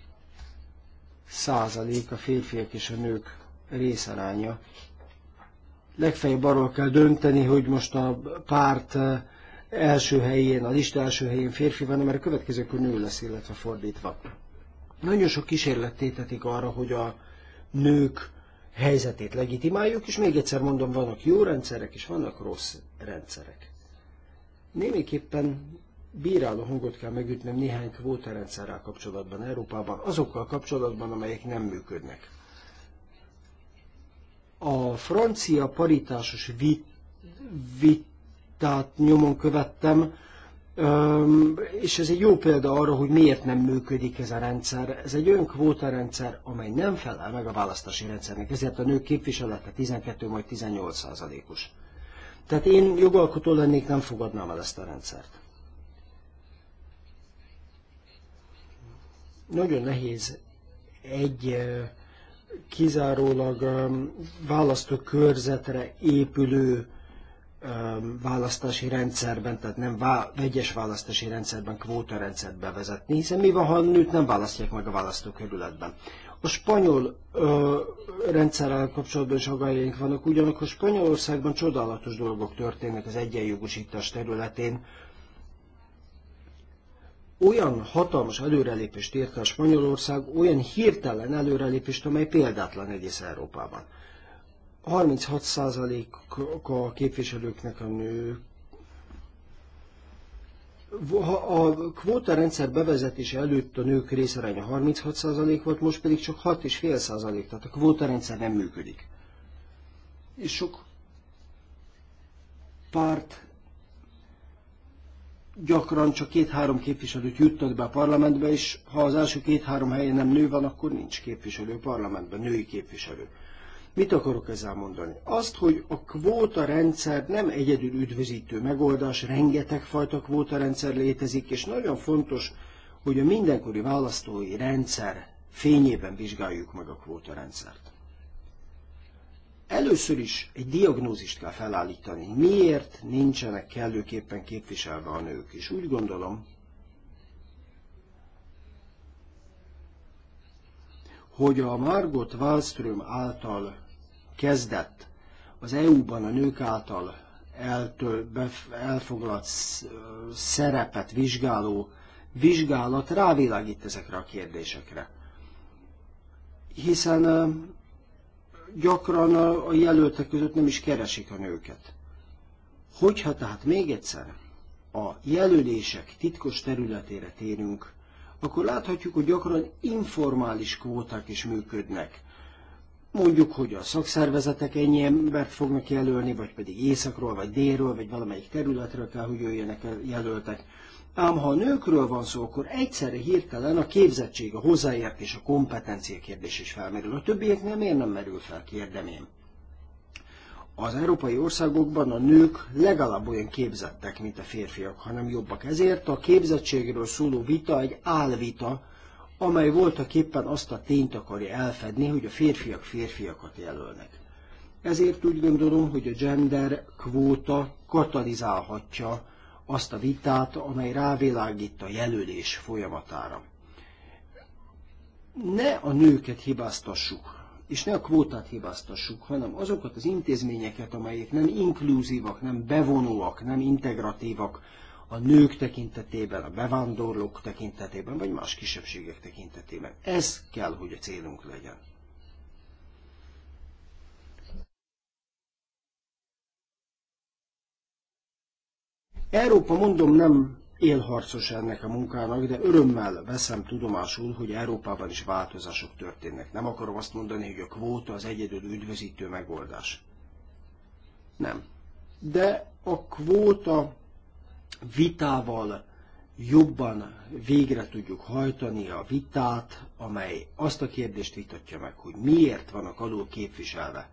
százalék a férfiak és a nők részaránya. Legfeljebb arról kell dönteni, hogy most a párt eh, első helyén, a lista első helyén férfi van, mert a következő nő lesz, illetve fordítva. Nagyon sok kísérlet tétetik arra, hogy a nők helyzetét legitimáljuk, és még egyszer mondom, vannak jó rendszerek, és vannak rossz rendszerek. Némiképpen bíráló hangot kell megütnem néhány rendszerrel kapcsolatban Európában, azokkal kapcsolatban, amelyek nem működnek. A francia paritásos vit, vit tehát nyomon követtem, és ez egy jó példa arra, hogy miért nem működik ez a rendszer. Ez egy olyan kvótarendszer, amely nem felel meg a választási rendszernek, ezért a nők képviselete 12 majd 18 százalékos. Tehát én jogalkotó lennék, nem fogadnám el ezt a rendszert. Nagyon nehéz egy kizárólag választókörzetre épülő Um, választási rendszerben, tehát nem vá- vegyes választási rendszerben, kvótarendszert bevezetni, hiszen mi van, ha nőt nem választják meg a választókerületben. A spanyol ö, rendszerrel kapcsolatban is aggájaink vannak, ugyanakkor Spanyolországban csodálatos dolgok történnek az egyenjogosítás területén. Olyan hatalmas előrelépést ért a Spanyolország, olyan hirtelen előrelépést, amely példátlan egész Európában. 36%-a a képviselőknek a nő. A kvóta rendszer bevezetése előtt a nők részaránya 36% volt, most pedig csak 6,5%, tehát a kvóta rendszer nem működik. És sok párt gyakran csak két-három képviselőt juttat be a parlamentbe, és ha az első két-három helyen nem nő van, akkor nincs képviselő a parlamentben, női képviselő. Mit akarok ezzel mondani? Azt, hogy a kvóta rendszer nem egyedül üdvözítő megoldás, rengeteg fajta kvóta rendszer létezik, és nagyon fontos, hogy a mindenkori választói rendszer fényében vizsgáljuk meg a kvóta rendszert. Először is egy diagnózist kell felállítani. Miért nincsenek kellőképpen képviselve a nők? És úgy gondolom, hogy a Margot Wallström által kezdett az EU-ban a nők által eltől, elfoglalt szerepet vizsgáló vizsgálat rávilágít ezekre a kérdésekre. Hiszen gyakran a jelöltek között nem is keresik a nőket. Hogyha tehát még egyszer a jelölések titkos területére térünk, akkor láthatjuk, hogy gyakran informális kvóták is működnek mondjuk, hogy a szakszervezetek ennyi embert fognak jelölni, vagy pedig északról, vagy délről, vagy valamelyik területről kell, hogy jöjjenek el jelöltek. Ám ha a nőkről van szó, akkor egyszerre hirtelen a képzettség, a hozzáértés, a kompetencia kérdés is felmerül. A többiek nem, miért nem merül fel, kérdem én. Az európai országokban a nők legalább olyan képzettek, mint a férfiak, hanem jobbak. Ezért a képzettségről szóló vita egy álvita, amely voltak éppen azt a tényt akarja elfedni, hogy a férfiak férfiakat jelölnek. Ezért úgy gondolom, hogy a gender kvóta katalizálhatja azt a vitát, amely rávilágít a jelölés folyamatára. Ne a nőket hibáztassuk, és ne a kvótát hibáztassuk, hanem azokat az intézményeket, amelyek nem inkluzívak, nem bevonóak, nem integratívak, a nők tekintetében, a bevándorlók tekintetében, vagy más kisebbségek tekintetében. Ez kell, hogy a célunk legyen. Európa, mondom, nem élharcos ennek a munkának, de örömmel veszem tudomásul, hogy Európában is változások történnek. Nem akarom azt mondani, hogy a kvóta az egyedül üdvözítő megoldás. Nem. De a kvóta vitával jobban végre tudjuk hajtani a vitát, amely azt a kérdést vitatja meg, hogy miért vannak alul képviselve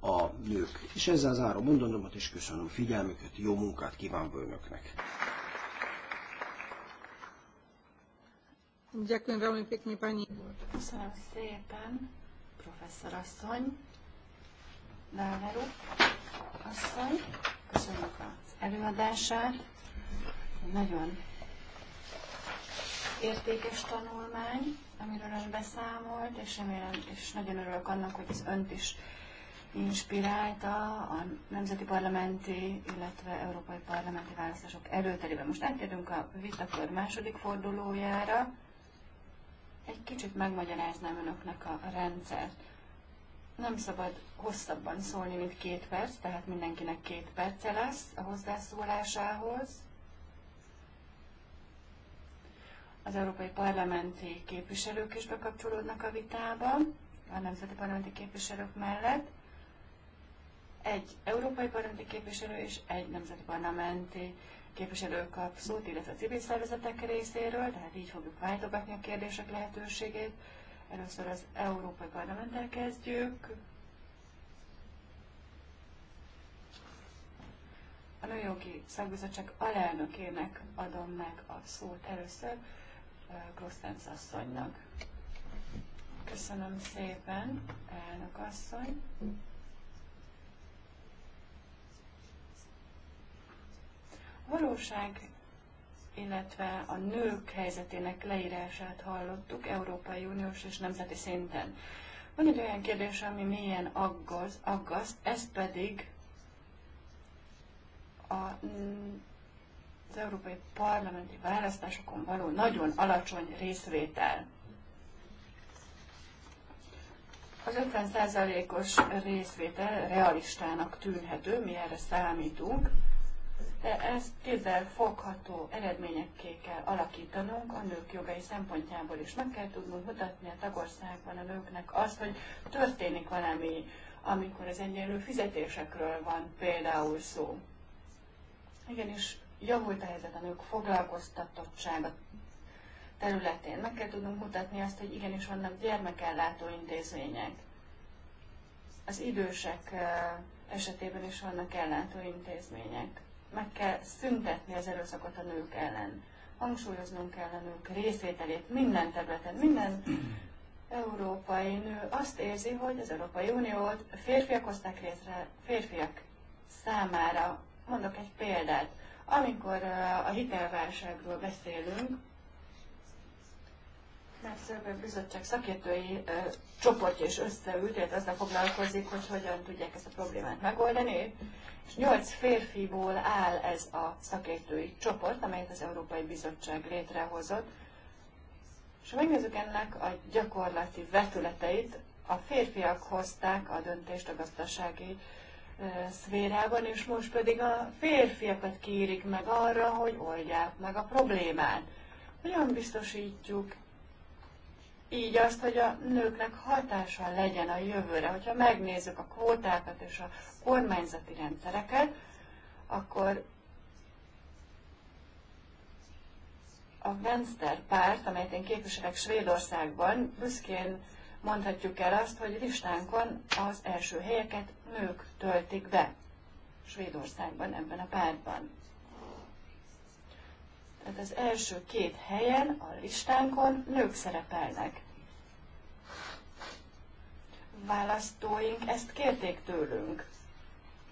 a nők. És ezzel zárom mondanomat, és köszönöm figyelmüket, jó munkát kívánok önöknek! Ďakujem veľmi pekne, pani. Köszönöm szépen, professzor asszony, Dáveru asszony, köszönjük az előadását. Nagyon értékes tanulmány, amiről ön beszámolt, és remélem, és nagyon örülök annak, hogy ez önt is inspirálta a nemzeti parlamenti, illetve európai parlamenti választások előterében. Most átérünk a vitakör második fordulójára. Egy kicsit megmagyaráznám önöknek a rendszert. Nem szabad hosszabban szólni, mint két perc, tehát mindenkinek két perce lesz a hozzászólásához. az európai parlamenti képviselők is bekapcsolódnak a vitába, a nemzeti parlamenti képviselők mellett. Egy európai parlamenti képviselő és egy nemzeti parlamenti képviselő kap szót, illetve a civil szervezetek részéről, tehát így fogjuk váltogatni a kérdések lehetőségét. Először az Európai Parlamenttel kezdjük. A Nőjogi Szakbizottság alelnökének adom meg a szót először. Grosszánc asszonynak. Köszönöm szépen, elnök asszony. A valóság, illetve a nők helyzetének leírását hallottuk Európai Uniós és nemzeti szinten. Van egy olyan kérdés, ami milyen aggaz, aggaszt ez pedig a az európai parlamenti választásokon való nagyon alacsony részvétel. Az 50%-os részvétel realistának tűnhető, mi erre számítunk, de ezt kézzel fogható eredményekké kell alakítanunk a nők jogai szempontjából is. Meg kell tudnunk mutatni a tagországban a nőknek azt, hogy történik valami, amikor az egyenlő fizetésekről van például szó. Igenis javult a helyzet a nők foglalkoztatottsága területén. Meg kell tudnunk mutatni azt, hogy igenis vannak gyermekellátó intézmények. Az idősek esetében is vannak ellátó intézmények. Meg kell szüntetni az erőszakot a nők ellen. Hangsúlyoznunk kell a nők részvételét minden területen, minden európai nő azt érzi, hogy az Európai Uniót férfiak hozták részre, férfiak számára. Mondok egy példát. Amikor a hitelválságról beszélünk, Megszervezett bizottság szakértői ö, csoportja is összeült, illetve azzal foglalkozik, hogy hogyan tudják ezt a problémát megoldani. És nyolc férfiból áll ez a szakértői csoport, amelyet az Európai Bizottság létrehozott. És ha megnézzük ennek a gyakorlati vetületeit, a férfiak hozták a döntést a gazdasági szférában, és most pedig a férfiakat kérik meg arra, hogy oldják meg a problémát. Hogyan biztosítjuk így azt, hogy a nőknek hatása legyen a jövőre. Hogyha megnézzük a kvótákat és a kormányzati rendszereket, akkor a Venster párt, amelyet én képviselek Svédországban, büszkén mondhatjuk el azt, hogy listánkon az első helyeket nők töltik be Svédországban ebben a pártban. Tehát az első két helyen a listánkon nők szerepelnek. Választóink ezt kérték tőlünk.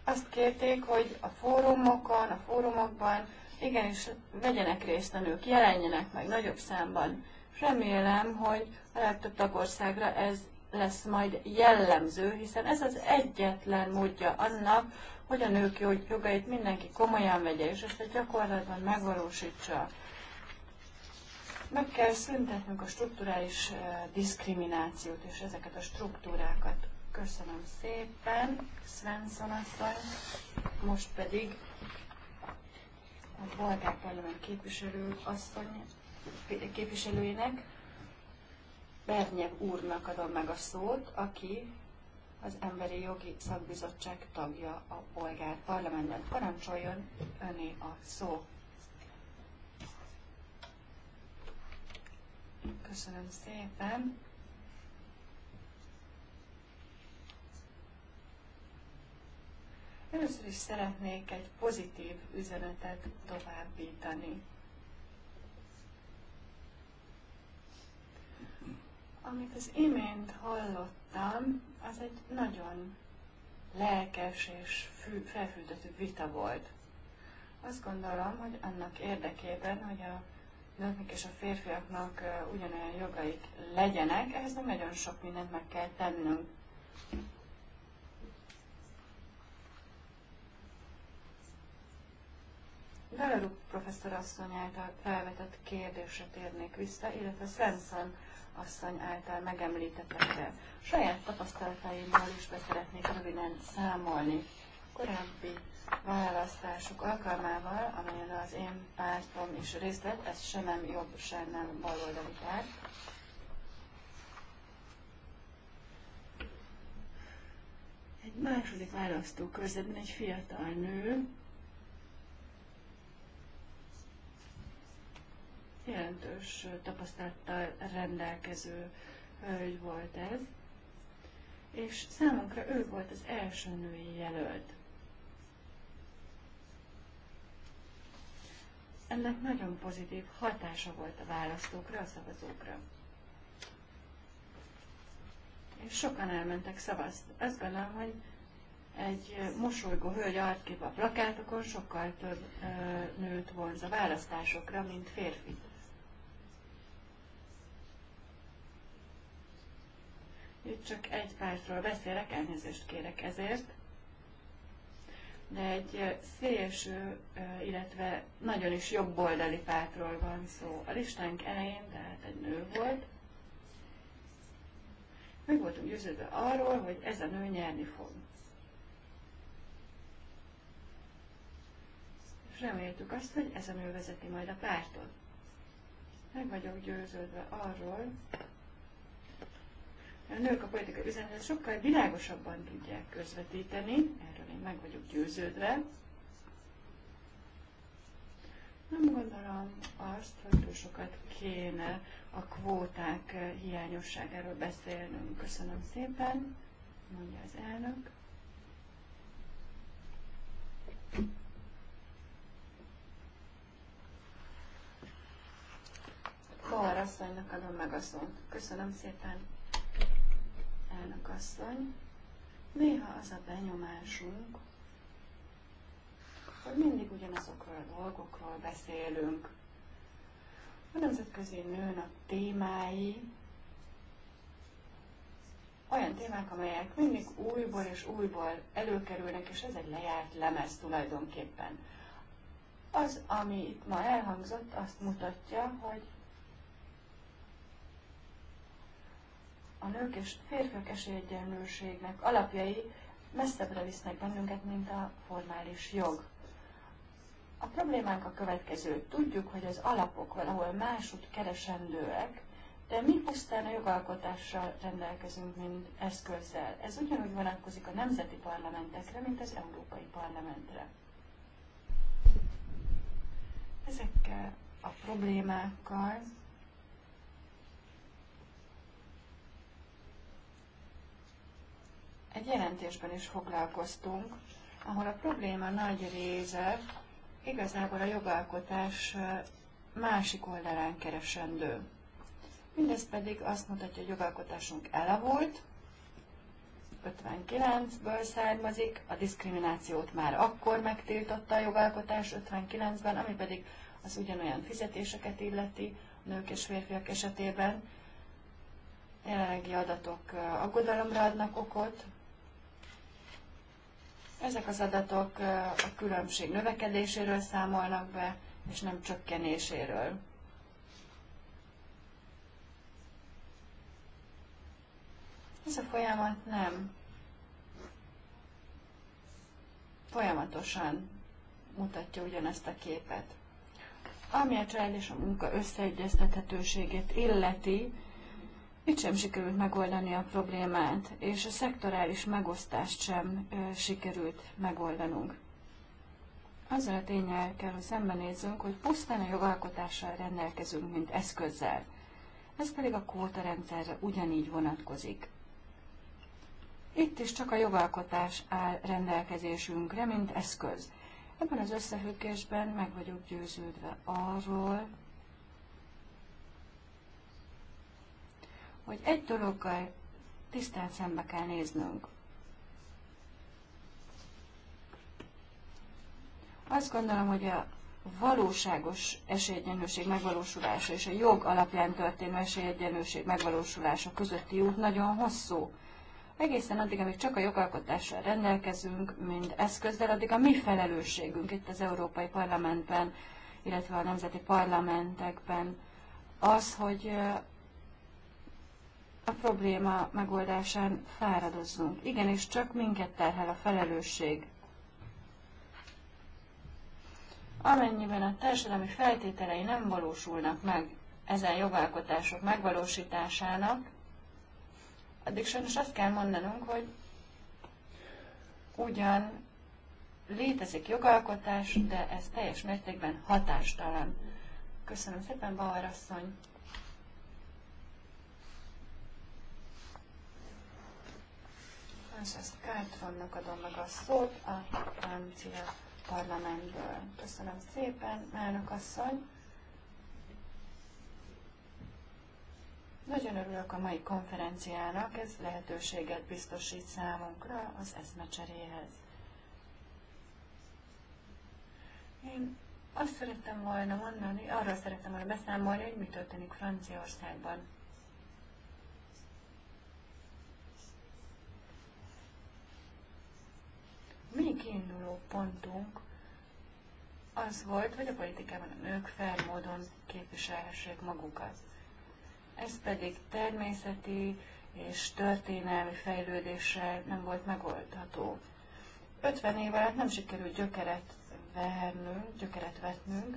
Azt kérték, hogy a fórumokon, a fórumokban igenis vegyenek részt a nők, jelenjenek meg nagyobb számban. Remélem, hogy a legtöbb tagországra ez lesz majd jellemző, hiszen ez az egyetlen módja annak, hogy a nők jogait mindenki komolyan vegye, és ezt a gyakorlatban megvalósítsa. Meg kell szüntetnünk a strukturális eh, diszkriminációt és ezeket a struktúrákat. Köszönöm szépen, Svensson asszony. Most pedig a bolgár parlament képviselő asszony képviselőjének Bernyek úrnak adom meg a szót, aki az Emberi Jogi Szakbizottság tagja a polgár Parlamentben. Parancsoljon öné a szó. Köszönöm szépen. Először is szeretnék egy pozitív üzenetet továbbítani. Amit az imént hallottam, az egy nagyon lelkes és felfűtött vita volt. Azt gondolom, hogy annak érdekében, hogy a nőknek és a férfiaknak ugyanolyan jogaik legyenek, ehhez nem nagyon sok mindent meg kell tennünk. Belarú professzor asszony által felvetett kérdésre térnék vissza, illetve Svensson asszony által megemlítettekkel. Saját tapasztalataimból is be szeretnék röviden számolni. Korábbi választások alkalmával, amelyen az én pártom is részt vett, ez sem nem jobb, sem nem baloldali párt, Egy második választókörzetben egy fiatal nő jelentős tapasztalattal rendelkező hölgy volt ez, és számunkra ő volt az első női jelölt. Ennek nagyon pozitív hatása volt a választókra, a szavazókra. És sokan elmentek szavazni. Azt gondolom, hogy egy mosolygó hölgy arckép a plakátokon sokkal több ö, nőt vonz a választásokra, mint férfit. Itt csak egy pártról beszélek, elnézést kérek ezért. De egy szélső, illetve nagyon is jobboldali pártról van szó. A listánk elején, tehát egy nő volt. Meg voltunk győződve arról, hogy ez a nő nyerni fog. És reméltük azt, hogy ez a nő vezeti majd a pártot. Meg vagyok győződve arról, a nők a politikai üzenetet sokkal világosabban tudják közvetíteni, erről én meg vagyok győződve. Nem gondolom azt, hogy túl sokat kéne a kvóták hiányosságáról beszélnünk. Köszönöm szépen, mondja az elnök. Kohar asszonynak adom meg a szót. Köszönöm szépen elnök asszony. Néha az a benyomásunk, hogy mindig ugyanazokról a dolgokról beszélünk. A nemzetközi nőnap témái olyan témák, amelyek mindig újból és újból előkerülnek, és ez egy lejárt lemez tulajdonképpen. Az, ami itt ma elhangzott, azt mutatja, hogy a nők és férfiak esélyegyenlőségnek alapjai messzebbre visznek bennünket, mint a formális jog. A problémánk a következő. Tudjuk, hogy az alapok valahol máshogy keresendőek, de mi pusztán a jogalkotással rendelkezünk, mint eszközzel. Ez ugyanúgy vonatkozik a nemzeti parlamentekre, mint az Európai Parlamentre. Ezekkel a problémákkal egy jelentésben is foglalkoztunk, ahol a probléma nagy része igazából a jogalkotás másik oldalán keresendő. Mindez pedig azt mutatja, hogy jogalkotásunk elavult, 59-ből származik, a diszkriminációt már akkor megtiltotta a jogalkotás 59-ben, ami pedig az ugyanolyan fizetéseket illeti nők és férfiak esetében. Jelenlegi adatok aggodalomra adnak okot, ezek az adatok a különbség növekedéséről számolnak be, és nem csökkenéséről. Ez a folyamat nem folyamatosan mutatja ugyanezt a képet. Ami a család és a munka összeegyeztethetőségét illeti, itt sem sikerült megoldani a problémát, és a szektorális megosztást sem sikerült megoldanunk. Azzal a tényel kell, hogy szembenézzünk, hogy pusztán a jogalkotással rendelkezünk, mint eszközzel. Ez pedig a kóta rendszerre ugyanígy vonatkozik. Itt is csak a jogalkotás áll rendelkezésünkre, mint eszköz. Ebben az összefüggésben meg vagyok győződve arról, hogy egy dologgal tisztán szembe kell néznünk. Azt gondolom, hogy a valóságos esélyegyenlőség megvalósulása és a jog alapján történő esélyegyenlőség megvalósulása közötti út nagyon hosszú. Egészen addig, amíg csak a jogalkotással rendelkezünk, mint eszközzel, addig a mi felelősségünk itt az Európai Parlamentben, illetve a nemzeti parlamentekben az, hogy a probléma megoldásán fáradozzunk. Igen, és csak minket terhel a felelősség. Amennyiben a társadalmi feltételei nem valósulnak meg ezen jogalkotások megvalósításának, addig sajnos azt kell mondanunk, hogy ugyan létezik jogalkotás, de ez teljes mértékben hatástalan. Köszönöm szépen, Bauer asszony! kárt Kártvannak adom meg a szót a francia parlamentből. Köszönöm szépen, elnök asszony. Nagyon örülök a mai konferenciának, ez lehetőséget biztosít számunkra az eszmecseréhez. Én azt szerettem volna mondani, arról szerettem volna beszámolni, hogy mi történik Franciaországban. mi kiinduló pontunk az volt, hogy a politikában a nők fel módon képviselhessék magukat. Ez pedig természeti és történelmi fejlődéssel nem volt megoldható. 50 év alatt nem sikerült gyökeret vernünk, gyökeret vetnünk,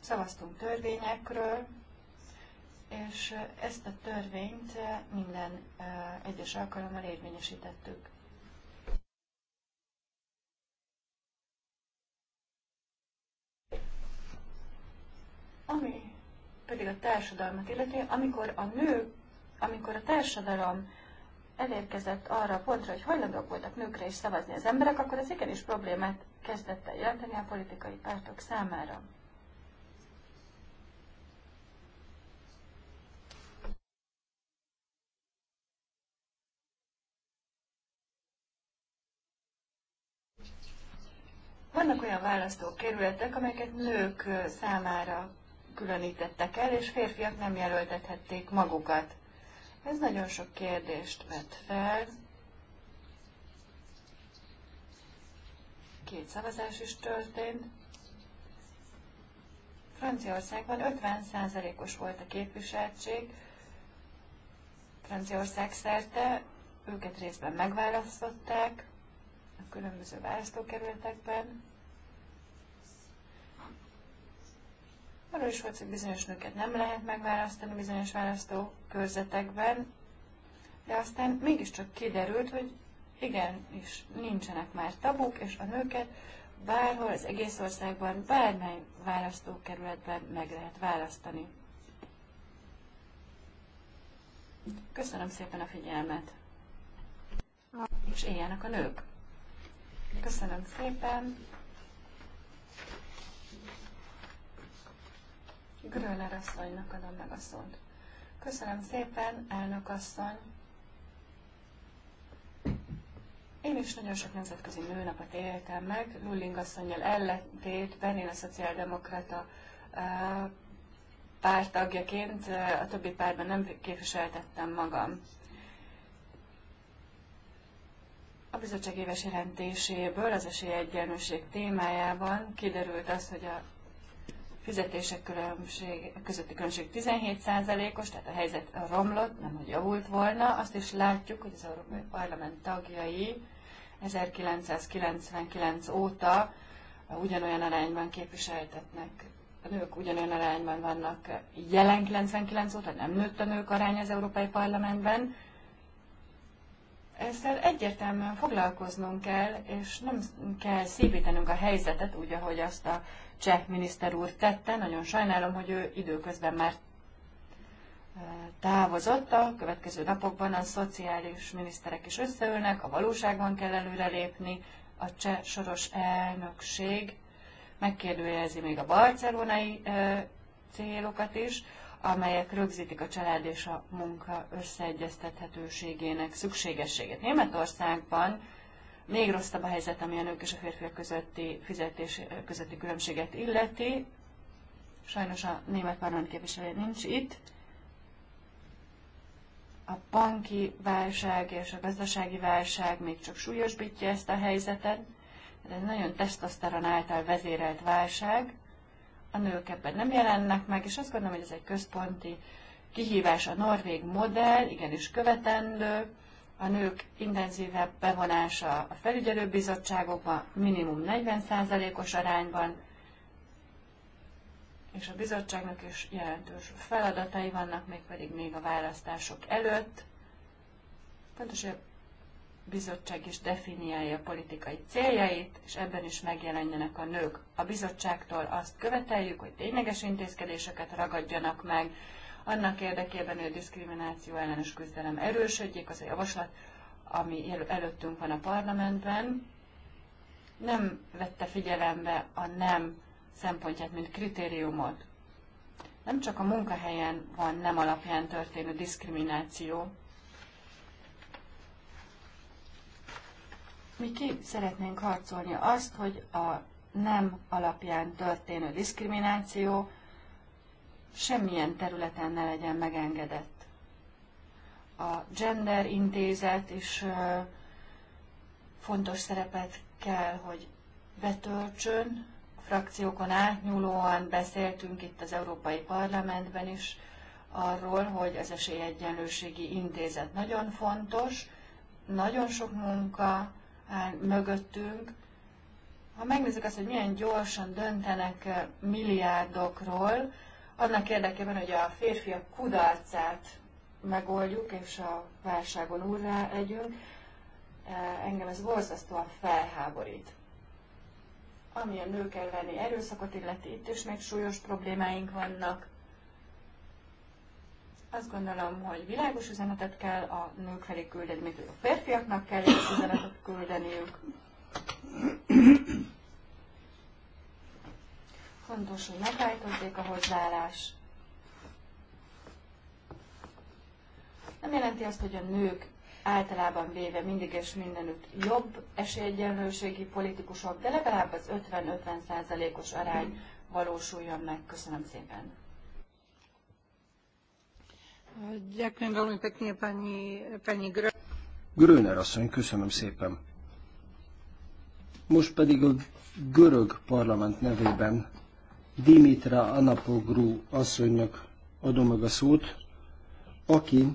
szavaztunk törvényekről, és eh, ezt a törvényt eh, minden eh, egyes alkalommal érvényesítettük. Ami pedig a társadalmat illeti, amikor a nő, amikor a társadalom elérkezett arra a pontra, hogy hajlandók voltak nőkre is szavazni az emberek, akkor ez igenis problémát kezdett el jelenteni a politikai pártok számára. Vannak olyan választókerületek, amelyeket nők számára különítettek el, és férfiak nem jelöltethették magukat. Ez nagyon sok kérdést vet fel. Két szavazás is történt. Franciaországban 50%-os volt a képviseltség. Franciaország szerte őket részben megválasztották, a különböző választókerületekben. Arról is volt, hogy bizonyos nőket nem lehet megválasztani bizonyos választókörzetekben, de aztán mégiscsak kiderült, hogy igen, és nincsenek már tabuk, és a nőket bárhol az egész országban, bármely választókerületben meg lehet választani. Köszönöm szépen a figyelmet! És éljenek a nők! Köszönöm szépen. Gröner asszonynak adom meg a szót. Köszönöm szépen, elnök asszony. Én is nagyon sok nemzetközi nőnapot éltem meg, Lulling asszonynal ellentétben, én a szociáldemokrata pártagjaként a többi pártban nem képviseltettem magam. A bizottság éves jelentéséből az esélyegyenlőség témájában kiderült az, hogy a fizetések különbség, közötti különbség 17%-os, tehát a helyzet romlott, nem hogy javult volna. Azt is látjuk, hogy az Európai Parlament tagjai 1999 óta ugyanolyan arányban képviseltetnek a nők ugyanolyan arányban vannak jelen 99 óta, nem nőtt a nők arány az Európai Parlamentben, ezzel egyértelműen foglalkoznunk kell, és nem kell szépítenünk a helyzetet, úgy, ahogy azt a cseh miniszter úr tette. Nagyon sajnálom, hogy ő időközben már e, távozott. A következő napokban a szociális miniszterek is összeülnek, a valóságban kell előrelépni. A cseh soros elnökség megkérdőjelzi még a barcelonai e, célokat is amelyek rögzítik a család és a munka összeegyeztethetőségének szükségességét. Németországban még rosszabb a helyzet, ami a nők és a férfiak közötti fizetés közötti különbséget illeti. Sajnos a német parlament képviselője nincs itt. A banki válság és a gazdasági válság még csak súlyosbítja ezt a helyzetet. Ez egy nagyon tesztoszteron által vezérelt válság, a nők ebben nem jelennek meg, és azt gondolom, hogy ez egy központi kihívás a norvég modell, igenis követendő, a nők intenzívebb bevonása a felügyelőbizottságokba minimum 40%-os arányban, és a bizottságnak is jelentős feladatai vannak, mégpedig még a választások előtt. Pontosabb bizottság is definiálja a politikai céljait, és ebben is megjelenjenek a nők. A bizottságtól azt követeljük, hogy tényleges intézkedéseket ragadjanak meg, annak érdekében, hogy a diszkrimináció ellenes küzdelem erősödjék, az a javaslat, ami előttünk van a parlamentben, nem vette figyelembe a nem szempontját, mint kritériumot. Nem csak a munkahelyen van nem alapján történő diszkrimináció, Mi ki szeretnénk harcolni azt, hogy a nem alapján történő diszkrimináció semmilyen területen ne legyen megengedett. A gender intézet is fontos szerepet kell, hogy betöltsön. A frakciókon átnyúlóan beszéltünk itt az Európai Parlamentben is arról, hogy az esélyegyenlőségi intézet nagyon fontos, nagyon sok munka áll mögöttünk. Ha megnézzük azt, hogy milyen gyorsan döntenek milliárdokról, annak érdekében, hogy a férfiak kudarcát megoldjuk, és a válságon úrrá legyünk, engem ez borzasztóan felháborít. Ami a nők elleni erőszakot illeti, itt is még súlyos problémáink vannak. Azt gondolom, hogy világos üzenetet kell a nők felé küldeni, mint a férfiaknak kell egy üzenetet küldeniük. Fontos, hogy megváltozzék a hozzáállás. Nem jelenti azt, hogy a nők általában véve mindig és mindenütt jobb esélyegyenlőségi politikusok, de legalább az 50-50 százalékos -50 arány valósuljon meg. Köszönöm szépen! Ďakujem veľmi pekne pani, pani Gröner. Gröner asszony, köszönöm szépen. Most pedig a görög parlament nevében Dimitra Anapogru asszonynak adom meg a szót, aki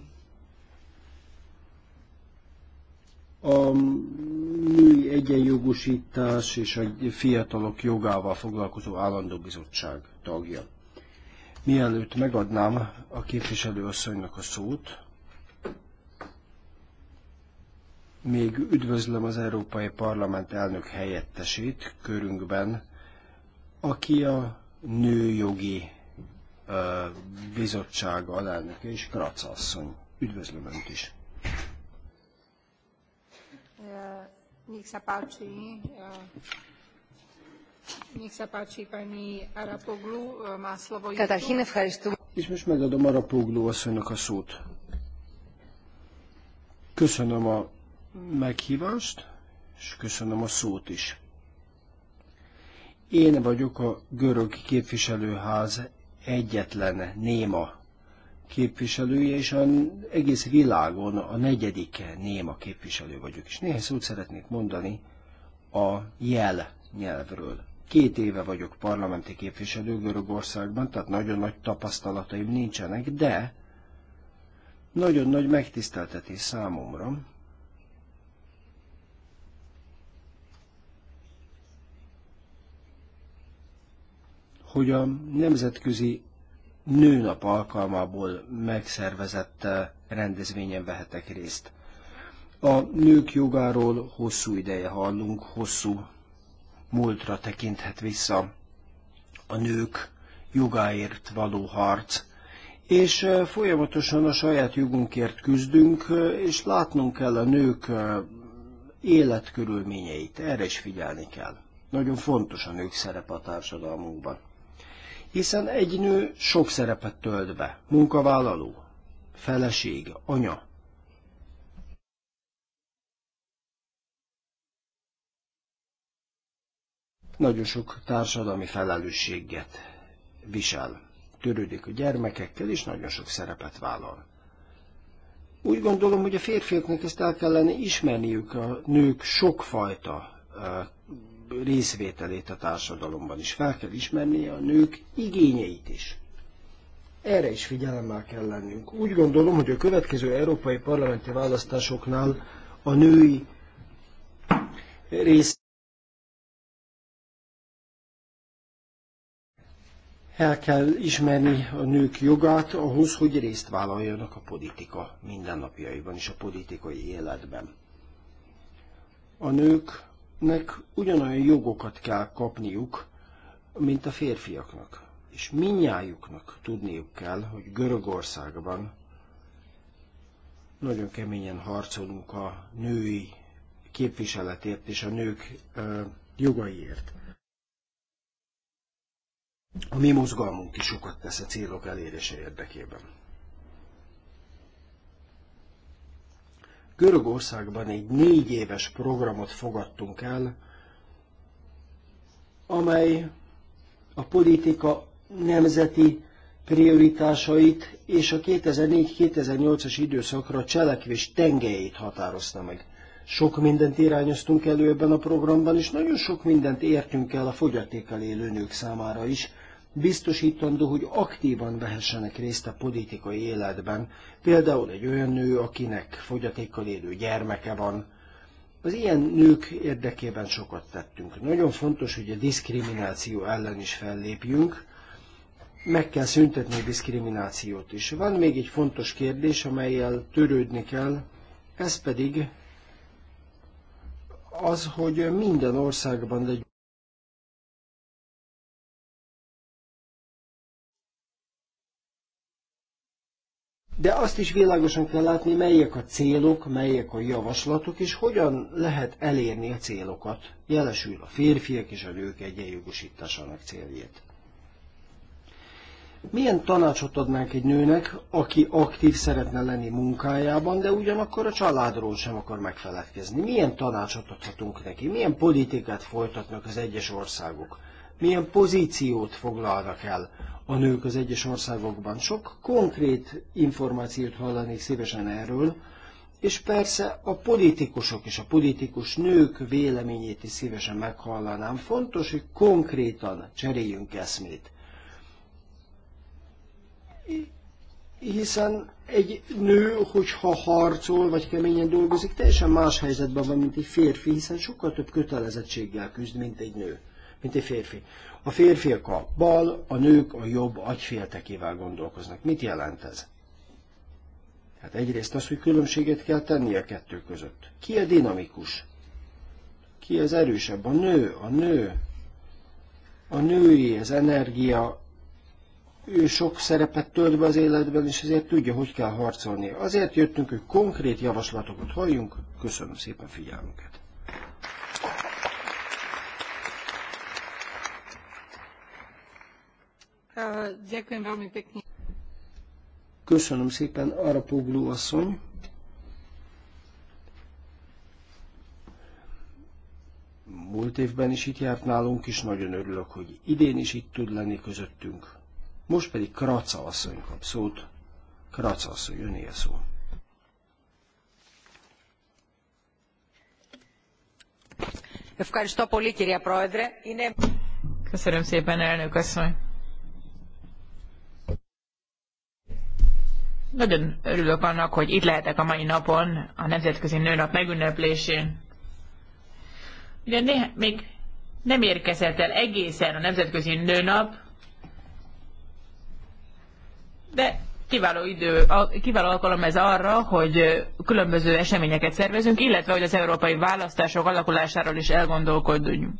a női egyenjogosítás és a fiatalok jogával foglalkozó állandó bizottság tagja. Mielőtt megadnám a képviselőasszonynak a szót, még üdvözlöm az Európai Parlament elnök helyettesét körünkben, aki a nőjogi ö, bizottság alelnöke és Kratz asszony. Üdvözlöm Önt is. Uh, Καταρχήν ευχαριστούμε. E, és megadom Arapogló asszonynak a szót. Köszönöm a meghívást, és köszönöm a szót is. Én vagyok a görög képviselőház egyetlen néma képviselője, és az egész világon a negyedik néma képviselő vagyok. És néhány szót szeretnék mondani a jel nyelvről. Két éve vagyok parlamenti képviselő Görögországban, tehát nagyon nagy tapasztalataim nincsenek, de nagyon nagy megtiszteltetés számomra, hogy a nemzetközi nőnap alkalmából megszervezett eh, rendezvényen vehetek részt. A nők jogáról hosszú ideje hallunk, hosszú múltra tekinthet vissza a nők jogáért való harc, és folyamatosan a saját jogunkért küzdünk, és látnunk kell a nők életkörülményeit, erre is figyelni kell. Nagyon fontos a nők szerepe a társadalmunkban. Hiszen egy nő sok szerepet tölt be, munkavállaló, feleség, anya, nagyon sok társadalmi felelősséget visel. Törődik a gyermekekkel, és nagyon sok szerepet vállal. Úgy gondolom, hogy a férfiaknak ezt el kellene ismerniük a nők sokfajta e, részvételét a társadalomban is. Fel kell ismernie a nők igényeit is. Erre is figyelemmel kell lennünk. Úgy gondolom, hogy a következő európai parlamenti választásoknál a női rész El kell ismerni a nők jogát ahhoz, hogy részt vállaljanak a politika mindennapjaiban és a politikai életben. A nőknek ugyanolyan jogokat kell kapniuk, mint a férfiaknak. És minnyájuknak tudniuk kell, hogy Görögországban nagyon keményen harcolunk a női képviseletért és a nők jogaiért a mi mozgalmunk is sokat tesz a célok elérése érdekében. Görögországban egy négy éves programot fogadtunk el, amely a politika nemzeti prioritásait és a 2004-2008-as időszakra cselekvés tengelyét határozta meg. Sok mindent irányoztunk elő ebben a programban, és nagyon sok mindent értünk el a fogyatékkal élő nők számára is, biztosítandó, hogy aktívan vehessenek részt a politikai életben. Például egy olyan nő, akinek fogyatékkal élő gyermeke van. Az ilyen nők érdekében sokat tettünk. Nagyon fontos, hogy a diszkrimináció ellen is fellépjünk. Meg kell szüntetni a diszkriminációt is. Van még egy fontos kérdés, amelyel törődni kell, ez pedig az, hogy minden országban de azt is világosan kell látni, melyek a célok, melyek a javaslatok, és hogyan lehet elérni a célokat, jelesül a férfiak és a nők egyenjogosításának céljét. Milyen tanácsot adnánk egy nőnek, aki aktív szeretne lenni munkájában, de ugyanakkor a családról sem akar megfeledkezni? Milyen tanácsot adhatunk neki? Milyen politikát folytatnak az egyes országok? milyen pozíciót foglalnak el a nők az egyes országokban. Sok konkrét információt hallanék szívesen erről, és persze a politikusok és a politikus nők véleményét is szívesen meghallanám. Fontos, hogy konkrétan cseréljünk eszmét. Hiszen egy nő, hogyha harcol vagy keményen dolgozik, teljesen más helyzetben van, mint egy férfi, hiszen sokkal több kötelezettséggel küzd, mint egy nő mint egy férfi. A férfiak a bal, a nők a jobb agyféltekével gondolkoznak. Mit jelent ez? Hát egyrészt az, hogy különbséget kell tenni a kettő között. Ki a dinamikus? Ki az erősebb? A nő, a nő. A női, az energia, ő sok szerepet tölt be az életben, és ezért tudja, hogy kell harcolni. Azért jöttünk, hogy konkrét javaslatokat halljunk. Köszönöm szépen figyelmüket. Köszönöm szépen, Arapogló asszony. Múlt évben is itt járt nálunk, és nagyon örülök, hogy idén is itt tud lenni közöttünk. Most pedig Kraca asszony kap szót. Kraca asszony, öné a szó. Köszönöm szépen, elnök asszony. Nagyon örülök annak, hogy itt lehetek a mai napon, a Nemzetközi Nőnap megünneplésén. Ugye néha, még nem érkezett el egészen a Nemzetközi Nőnap, de kiváló idő, kiváló alkalom ez arra, hogy különböző eseményeket szervezünk, illetve hogy az európai választások alakulásáról is elgondolkodjunk.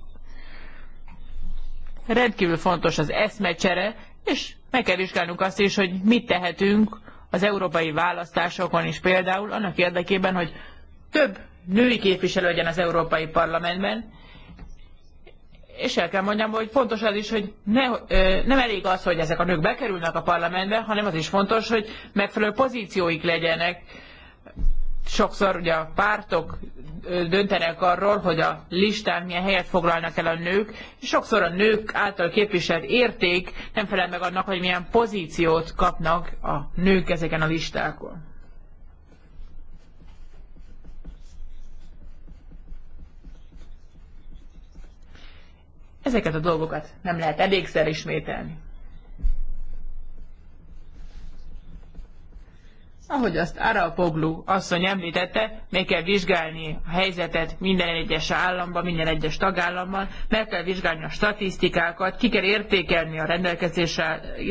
Rendkívül fontos az eszmecsere, és meg kell vizsgálnunk azt is, hogy mit tehetünk az európai választásokon is például, annak érdekében, hogy több női képviselő legyen az Európai Parlamentben, és el kell mondjam, hogy fontos az is, hogy ne, ö, nem elég az, hogy ezek a nők bekerülnek a parlamentbe, hanem az is fontos, hogy megfelelő pozícióik legyenek, sokszor ugye a pártok döntenek arról, hogy a listán milyen helyet foglalnak el a nők, és sokszor a nők által képviselt érték nem felel meg annak, hogy milyen pozíciót kapnak a nők ezeken a listákon. Ezeket a dolgokat nem lehet elégszer ismételni. Ahogy azt Arapoglu asszony említette, meg kell vizsgálni a helyzetet minden egyes államban, minden egyes tagállamban, meg kell vizsgálni a statisztikákat, ki kell értékelni a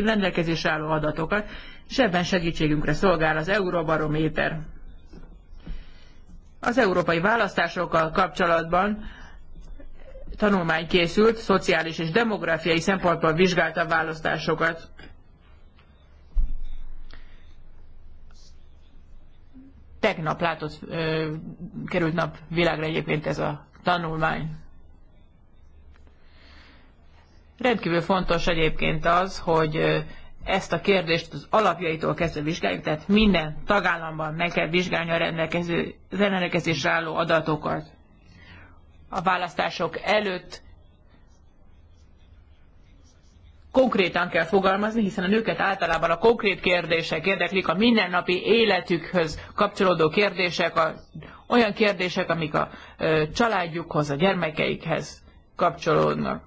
rendelkezésre álló adatokat, és ebben segítségünkre szolgál az Euróbarométer. Az európai választásokkal kapcsolatban tanulmány készült, szociális és demográfiai szempontból vizsgálta a választásokat. tegnap látott, ö, került nap világra egyébként ez a tanulmány. Rendkívül fontos egyébként az, hogy ezt a kérdést az alapjaitól kezdve vizsgáljuk, tehát minden tagállamban meg kell vizsgálni a rendelkező, rendelkezésre álló adatokat. A választások előtt konkrétan kell fogalmazni, hiszen a nőket általában a konkrét kérdések érdeklik, a mindennapi életükhöz kapcsolódó kérdések, a, olyan kérdések, amik a ö, családjukhoz, a gyermekeikhez kapcsolódnak.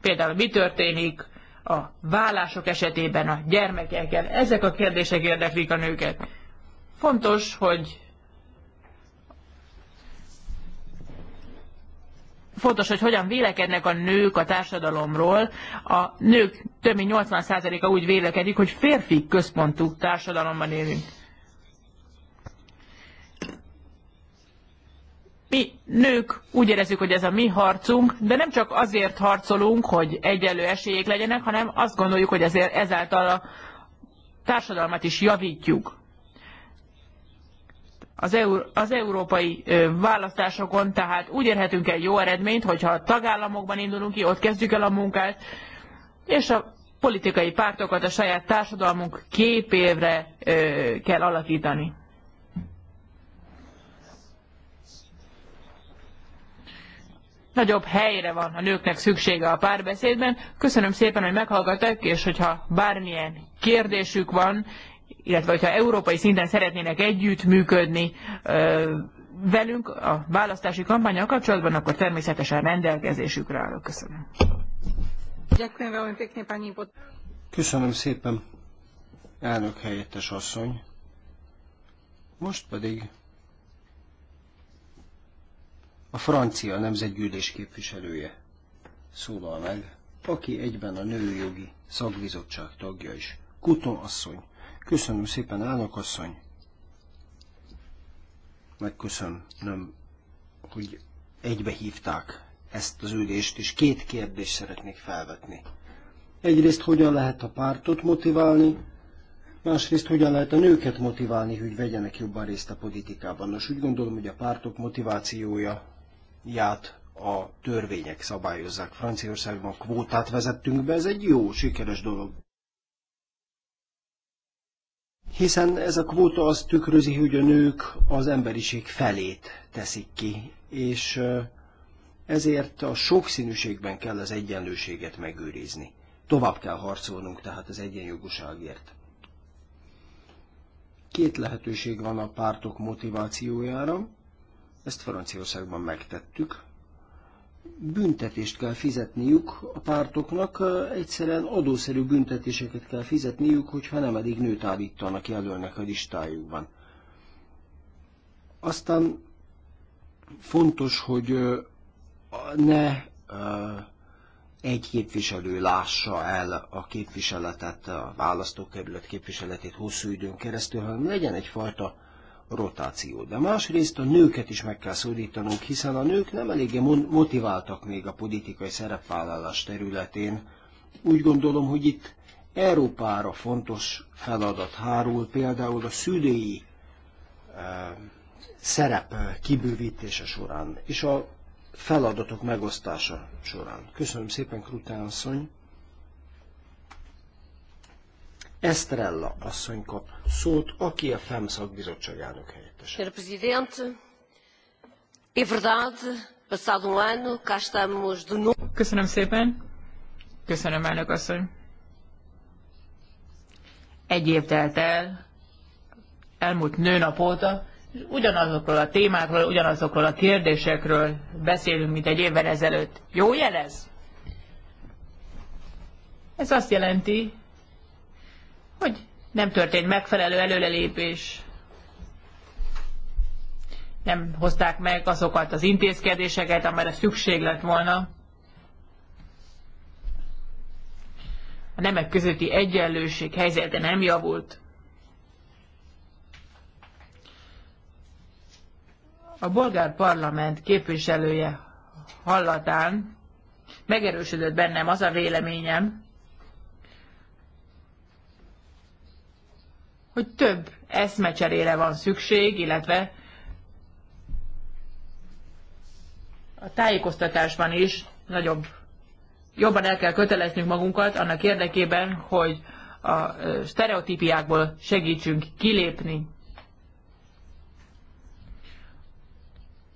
Például mi történik a vállások esetében a gyermekekkel? Ezek a kérdések érdeklik a nőket. Fontos, hogy fontos, hogy hogyan vélekednek a nők a társadalomról. A nők több mint 80%-a úgy vélekedik, hogy férfi központú társadalomban élünk. Mi nők úgy érezzük, hogy ez a mi harcunk, de nem csak azért harcolunk, hogy egyenlő esélyek legyenek, hanem azt gondoljuk, hogy ezért ezáltal a társadalmat is javítjuk az, eur az európai választásokon, tehát úgy érhetünk el jó eredményt, hogyha a tagállamokban indulunk ki, ott kezdjük el a munkát, és a politikai pártokat a saját társadalmunk képévre kell alakítani. Nagyobb helyre van a nőknek szüksége a párbeszédben. Köszönöm szépen, hogy meghallgattak, és hogyha bármilyen kérdésük van, illetve hogyha európai szinten szeretnének együttműködni velünk a választási kampányal kapcsolatban, akkor természetesen rendelkezésükre állok. Köszönöm. Köszönöm szépen, elnök helyettes asszony. Most pedig a francia nemzetgyűlés képviselője szólal meg, aki egyben a nőjogi szakbizottság tagja is. Kuton asszony, Köszönöm szépen, elnök asszony. Megköszönöm, hogy egybe hívták ezt az ülést, és két kérdést szeretnék felvetni. Egyrészt, hogyan lehet a pártot motiválni, másrészt, hogyan lehet a nőket motiválni, hogy vegyenek jobban részt a politikában. Nos, úgy gondolom, hogy a pártok motivációja ját a törvények szabályozzák. Franciaországban kvótát vezettünk be, ez egy jó, sikeres dolog hiszen ez a kvóta azt tükrözi, hogy a nők az emberiség felét teszik ki, és ezért a sokszínűségben kell az egyenlőséget megőrizni. Tovább kell harcolnunk tehát az egyenjogúságért. Két lehetőség van a pártok motivációjára, ezt Franciaországban megtettük, büntetést kell fizetniük a pártoknak, egyszerűen adószerű büntetéseket kell fizetniük, hogyha nem eddig nőt állítanak jelölnek a listájukban. Aztán fontos, hogy ne egy képviselő lássa el a képviseletet, a választókerület képviseletét hosszú időn keresztül, hanem legyen egyfajta rotáció. De másrészt a nőket is meg kell szólítanunk, hiszen a nők nem eléggé motiváltak még a politikai szerepvállalás területén. Úgy gondolom, hogy itt Európára fontos feladat hárul, például a szülői e, szerep eh, kibővítése során, és a feladatok megosztása során. Köszönöm szépen, Krutánszony! asszony! Estrella asszony szót, aki a FEM szakbizottság helyettes. Herr Presidente, é verdade, passado um ano, cá estamos de novo. Köszönöm szépen. Köszönöm, elnök asszony. Egy év telt el, elmúlt nőnap óta, és ugyanazokról a témákról, ugyanazokról a kérdésekről beszélünk, mint egy évvel ezelőtt. Jó jelez? Ez azt jelenti, hogy nem történt megfelelő előrelépés. Nem hozták meg azokat az intézkedéseket, amelyre szükség lett volna. A nemek közötti egyenlőség helyzete nem javult. A bolgár parlament képviselője hallatán megerősödött bennem az a véleményem, hogy több eszmecserére van szükség, illetve a tájékoztatásban is nagyobb, jobban el kell köteleznünk magunkat annak érdekében, hogy a sztereotípiákból segítsünk kilépni.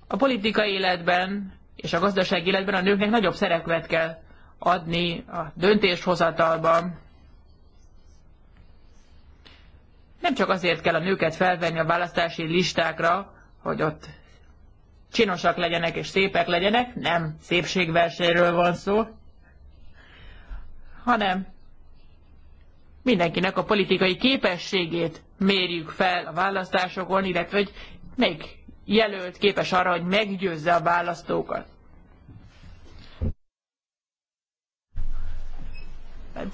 A politikai életben és a gazdasági életben a nőknek nagyobb szerepet kell adni a döntéshozatalban, Nem csak azért kell a nőket felvenni a választási listákra, hogy ott csinosak legyenek és szépek legyenek, nem szépségversenyről van szó, hanem mindenkinek a politikai képességét mérjük fel a választásokon, illetve hogy melyik jelölt képes arra, hogy meggyőzze a választókat.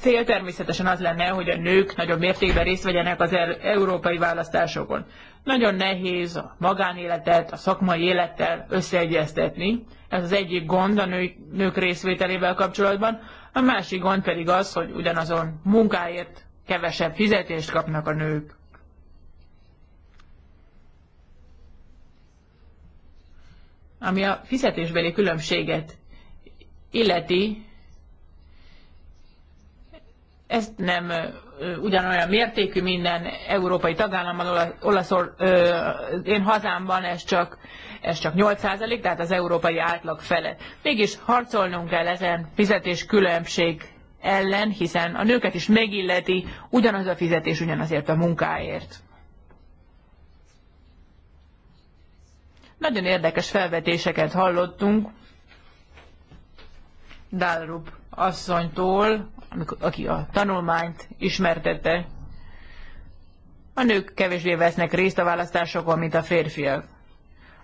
cél természetesen az lenne, hogy a nők nagyobb mértékben részt vegyenek az er- európai választásokon. Nagyon nehéz a magánéletet, a szakmai élettel összeegyeztetni. Ez az egyik gond a nők részvételével kapcsolatban. A másik gond pedig az, hogy ugyanazon munkáért kevesebb fizetést kapnak a nők. Ami a fizetésbeli különbséget illeti, ezt nem ugyanolyan mértékű minden európai tagállamban, olaszor, én hazámban ez csak, ez csak 8%, tehát az európai átlag fele. Mégis harcolnunk kell ezen fizetés különbség ellen, hiszen a nőket is megilleti ugyanaz a fizetés ugyanazért a munkáért. Nagyon érdekes felvetéseket hallottunk Dálrup asszonytól amikor, aki a tanulmányt ismertette. A nők kevésbé vesznek részt a választásokon, mint a férfiak.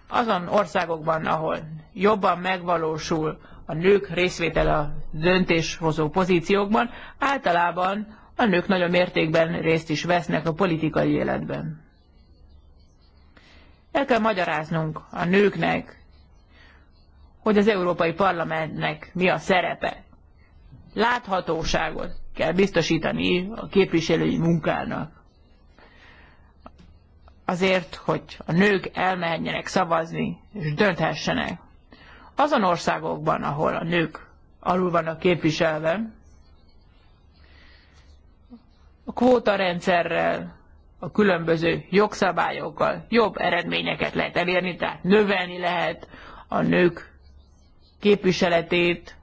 Azon országokban, ahol jobban megvalósul a nők részvétele a döntéshozó pozíciókban, általában a nők nagyon mértékben részt is vesznek a politikai életben. El kell magyaráznunk a nőknek, hogy az Európai Parlamentnek mi a szerepe láthatóságot kell biztosítani a képviselői munkának. Azért, hogy a nők elmehetjenek szavazni, és dönthessenek. Azon országokban, ahol a nők alul vannak képviselve, a kvótarendszerrel, a különböző jogszabályokkal jobb eredményeket lehet elérni, tehát növelni lehet a nők képviseletét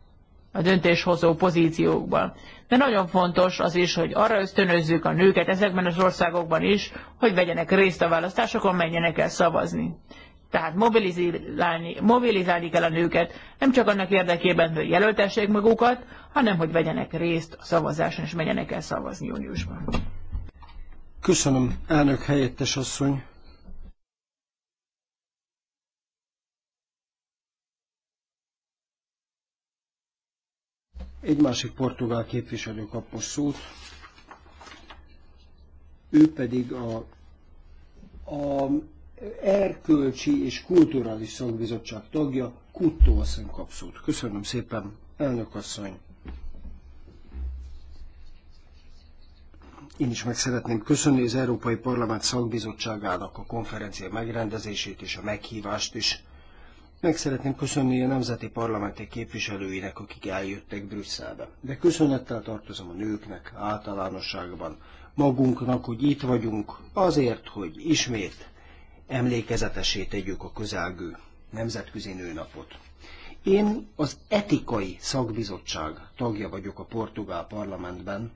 a döntéshozó pozíciókban. De nagyon fontos az is, hogy arra ösztönözzük a nőket ezekben az országokban is, hogy vegyenek részt a választásokon, menjenek el szavazni. Tehát mobilizálni, mobilizálni kell a nőket, nem csak annak érdekében, hogy jelöltessék magukat, hanem hogy vegyenek részt a szavazáson és menjenek el szavazni júniusban. Köszönöm, elnök helyettes asszony. Egy másik portugál képviselő kap most szót, ő pedig a, a erkölcsi és kulturális szakbizottság tagja, Kuttó asszony kap szót. Köszönöm szépen, elnök asszony. Én is meg szeretném köszönni az Európai Parlament szakbizottságának a konferencia megrendezését és a meghívást is. Meg szeretném köszönni a nemzeti parlamenti képviselőinek, akik eljöttek Brüsszelbe. De köszönettel tartozom a nőknek általánosságban, magunknak, hogy itt vagyunk, azért, hogy ismét emlékezetesé tegyük a közelgő nemzetközi nőnapot. Én az etikai szakbizottság tagja vagyok a portugál parlamentben,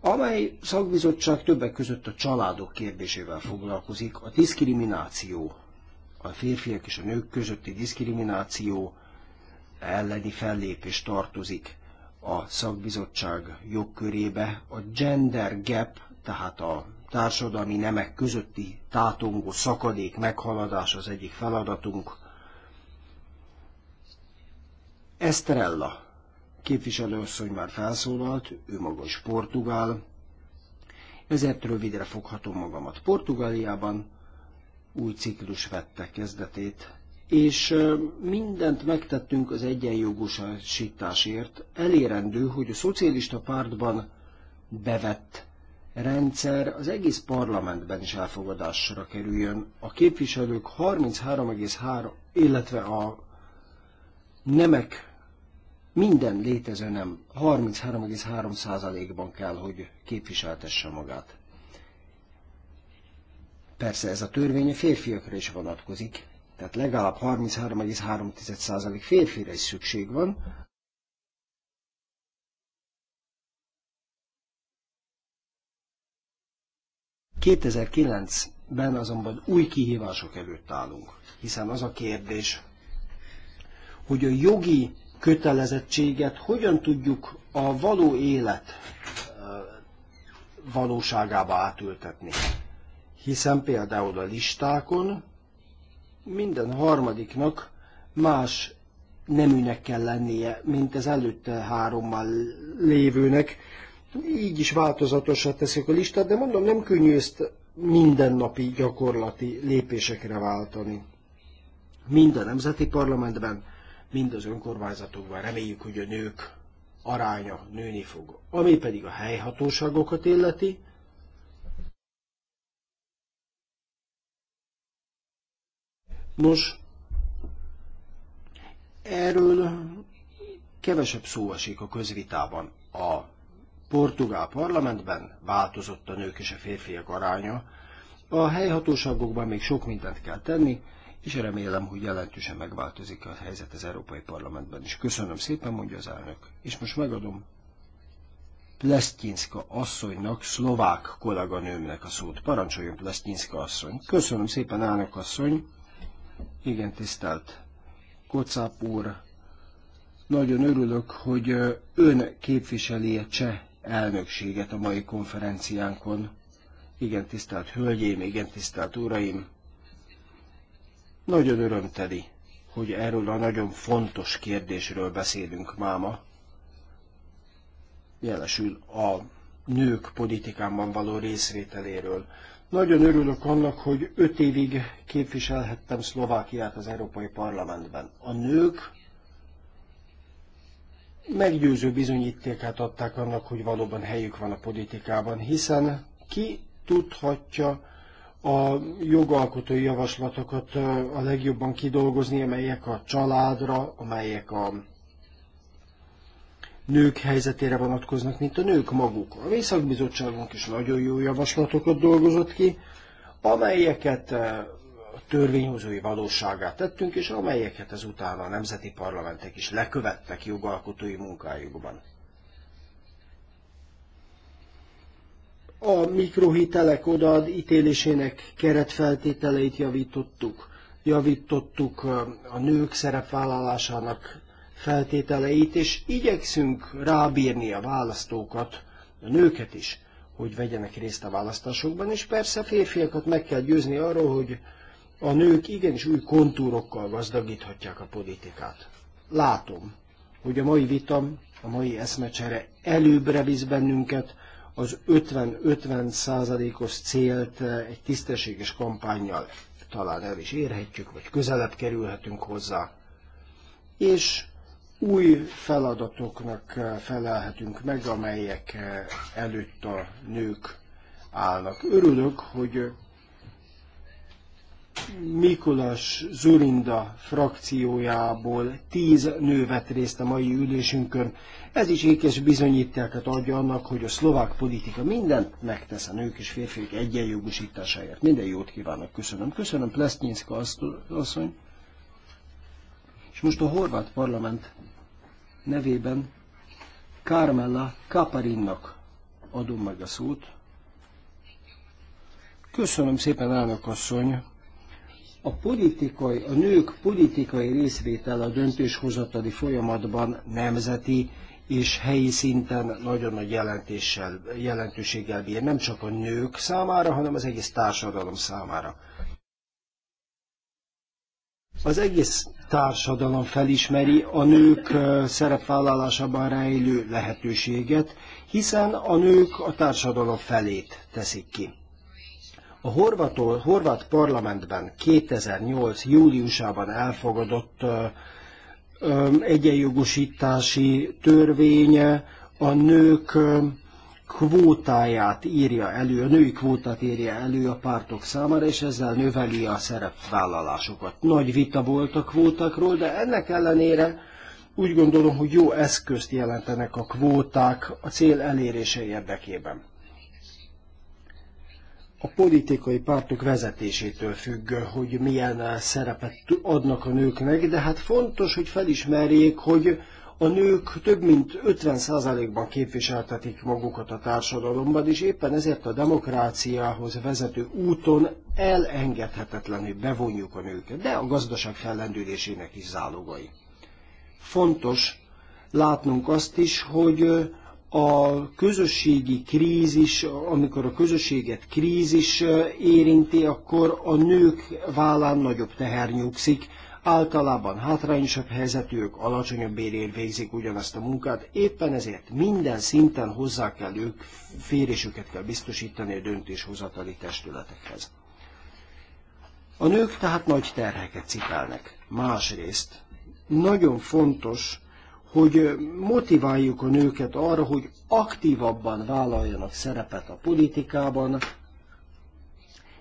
amely szakbizottság többek között a családok kérdésével foglalkozik, a diszkrimináció a férfiak és a nők közötti diszkrimináció elleni fellépés tartozik a szakbizottság jogkörébe. A gender gap, tehát a társadalmi nemek közötti tátongó szakadék meghaladás az egyik feladatunk. Esterella képviselőasszony már felszólalt, ő maga is portugál, ezért rövidre foghatom magamat. Portugáliában új ciklus vette kezdetét, és mindent megtettünk az egyenjogosításért. Elérendő, hogy a szocialista pártban bevett rendszer az egész parlamentben is elfogadásra kerüljön. A képviselők 33,3, illetve a nemek minden létező nem 33,3%-ban kell, hogy képviseltesse magát. Persze ez a törvény a férfiakra is vonatkozik, tehát legalább 33,3% férfire is szükség van, ben azonban új kihívások előtt állunk, hiszen az a kérdés, hogy a jogi kötelezettséget hogyan tudjuk a való élet valóságába átültetni hiszen például a listákon minden harmadiknak más neműnek kell lennie, mint az előtte hárommal lévőnek. Így is változatosra teszik a listát, de mondom, nem könnyű ezt mindennapi gyakorlati lépésekre váltani. Mind a nemzeti parlamentben, mind az önkormányzatokban reméljük, hogy a nők aránya nőni fog. Ami pedig a helyhatóságokat illeti, Nos, erről kevesebb szó esik a közvitában. A portugál parlamentben változott a nők és a férfiak aránya, a helyhatóságokban még sok mindent kell tenni, és remélem, hogy jelentősen megváltozik a helyzet az Európai Parlamentben is. Köszönöm szépen, mondja az elnök. És most megadom Plesztyinszka asszonynak, szlovák kolléganőmnek a szót. Parancsoljon Plesztyinszka asszony. Köszönöm szépen, elnök asszony. Igen, tisztelt Kocáp úr, nagyon örülök, hogy ön képviseli a cseh elnökséget a mai konferenciánkon. Igen, tisztelt hölgyeim, igen, tisztelt uraim. Nagyon örömteli, hogy erről a nagyon fontos kérdésről beszélünk máma. Jelesül a nők politikában való részvételéről. Nagyon örülök annak, hogy öt évig képviselhettem Szlovákiát az Európai Parlamentben. A nők meggyőző bizonyítékát adták annak, hogy valóban helyük van a politikában, hiszen ki tudhatja a jogalkotói javaslatokat a legjobban kidolgozni, amelyek a családra, amelyek a nők helyzetére vonatkoznak, mint a nők maguk. A Vészakbizottságunk is nagyon jó javaslatokat dolgozott ki, amelyeket eh, a törvényhozói valóságát tettünk, és amelyeket ezután a nemzeti parlamentek is lekövettek jogalkotói munkájukban. A mikrohitelek odaad ítélésének keretfeltételeit javítottuk, javítottuk eh, a nők szerepvállalásának feltételeit, és igyekszünk rábírni a választókat, a nőket is, hogy vegyenek részt a választásokban, és persze férfiakat meg kell győzni arról, hogy a nők igenis új kontúrokkal gazdagíthatják a politikát. Látom, hogy a mai vitam, a mai eszmecsere előbbre visz bennünket, az 50-50 százalékos -50 célt egy tisztességes kampányjal talán el is érhetjük, vagy közelebb kerülhetünk hozzá. És új feladatoknak eh, felelhetünk meg, amelyek eh, előtt a nők állnak. Örülök, hogy eh, Mikulás Zurinda frakciójából tíz nő vett részt a mai ülésünkön. Ez is ékes bizonyítéket adja annak, hogy a szlovák politika mindent megtesz a nők és férfiak egyenjogosításáért. Minden jót kívánok, köszönöm. Köszönöm Plesznyinszka asszony. És most a horvát parlament nevében Carmella Kaparinnak adom meg a szót. Köszönöm szépen, elnök asszony! A, politikai, a nők politikai részvétel a döntéshozatali folyamatban nemzeti és helyi szinten nagyon nagy jelentéssel, jelentőséggel bír, nem csak a nők számára, hanem az egész társadalom számára. Az egész társadalom felismeri a nők szerepvállalásában rejlő lehetőséget, hiszen a nők a társadalom felét teszik ki. A horvatol, horvát parlamentben 2008. júliusában elfogadott egyenjogosítási törvénye a nők kvótáját írja elő, a női kvótát írja elő a pártok számára, és ezzel növeli a szerepvállalásokat. Nagy vita volt a kvótakról, de ennek ellenére úgy gondolom, hogy jó eszközt jelentenek a kvóták a cél elérése érdekében. A politikai pártok vezetésétől függ, hogy milyen szerepet adnak a nőknek, de hát fontos, hogy felismerjék, hogy a nők több mint 50%-ban képviseltetik magukat a társadalomban, és éppen ezért a demokráciához vezető úton elengedhetetlen, hogy bevonjuk a nőket, de a gazdaság fellendülésének is zálogai. Fontos látnunk azt is, hogy a közösségi krízis, amikor a közösséget krízis érinti, akkor a nők vállán nagyobb teher nyugszik, általában hátrányosabb helyzetűek, alacsonyabb bérért végzik ugyanazt a munkát, éppen ezért minden szinten hozzá kell ők, férésüket kell biztosítani a döntéshozatali testületekhez. A nők tehát nagy terheket cipelnek. Másrészt nagyon fontos, hogy motiváljuk a nőket arra, hogy aktívabban vállaljanak szerepet a politikában.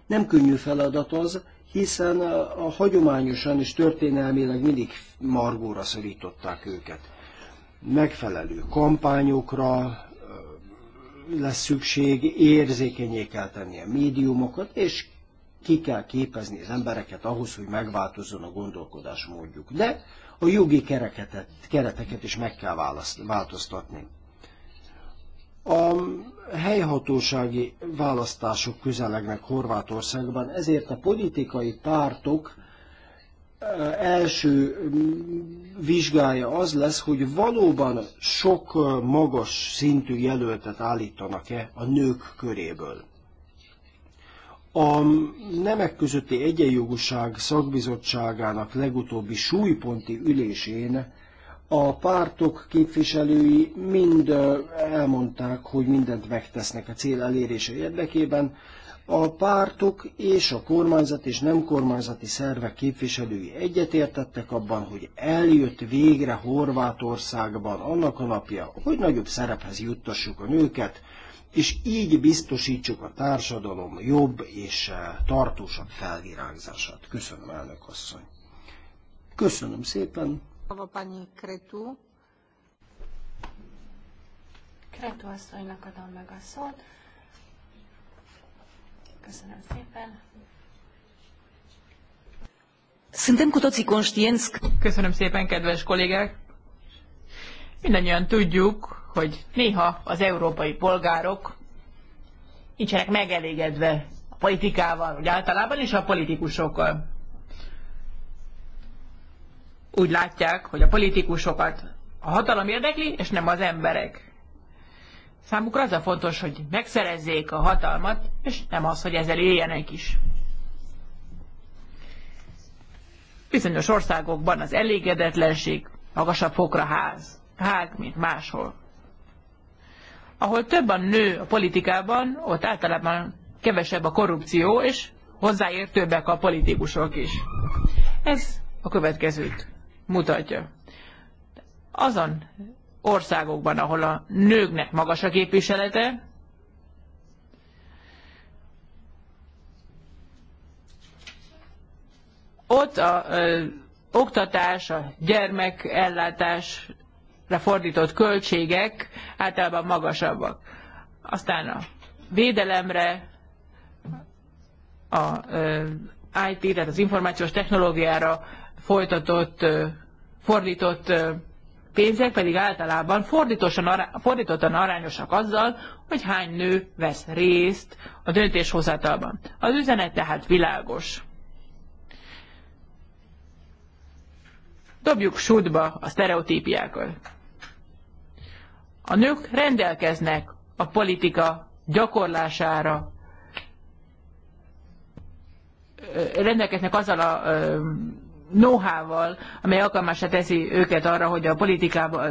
Nem könnyű feladat az, hiszen a, a hagyományosan és történelmileg mindig margóra szorították őket. Megfelelő kampányokra lesz szükség, érzékenyé kell tenni a médiumokat, és ki kell képezni az embereket ahhoz, hogy megváltozzon a gondolkodás módjuk. De a jogi kereketet, kereteket is meg kell választ, változtatni. A helyhatósági választások közelegnek Horvátországban, ezért a politikai pártok első vizsgája az lesz, hogy valóban sok magas szintű jelöltet állítanak-e a nők köréből. A Nemek közötti Egyenjogúság szakbizottságának legutóbbi súlyponti ülésén a pártok képviselői mind elmondták, hogy mindent megtesznek a cél elérése érdekében. A pártok és a kormányzat és nem kormányzati szervek képviselői egyetértettek abban, hogy eljött végre Horvátországban annak a napja, hogy nagyobb szerephez juttassuk a nőket, és így biztosítsuk a társadalom jobb és tartósabb felvirágzását. Köszönöm, elnök asszony! Köszönöm szépen! Pani Kretu. Kretu asszonynak adom meg a szót. Köszönöm szépen. Suntem cu toții Köszönöm szépen, kedves kollégák! Mindannyian tudjuk, hogy néha az európai polgárok nincsenek megelégedve a politikával, úgy általában is a politikusokkal úgy látják, hogy a politikusokat a hatalom érdekli, és nem az emberek. Számukra az a fontos, hogy megszerezzék a hatalmat, és nem az, hogy ezzel éljenek is. Bizonyos országokban az elégedetlenség magasabb fokra ház, hág, mint máshol. Ahol több a nő a politikában, ott általában kevesebb a korrupció, és hozzáértőbbek a politikusok is. Ez a következőt mutatja. Azon országokban, ahol a nőknek magas a képviselete, ott a ö, oktatás, a gyermekellátásra fordított költségek általában magasabbak. Aztán a védelemre, a IT, tehát az információs technológiára folytatott, fordított pénzek pedig általában fordítottan arányosak azzal, hogy hány nő vesz részt a döntéshozatalban. Az üzenet tehát világos. Dobjuk sútba a sztereotípiákat. A nők rendelkeznek a politika gyakorlására, rendelkeznek azzal a know-how-val, amely alkalmasra teszi őket arra, hogy a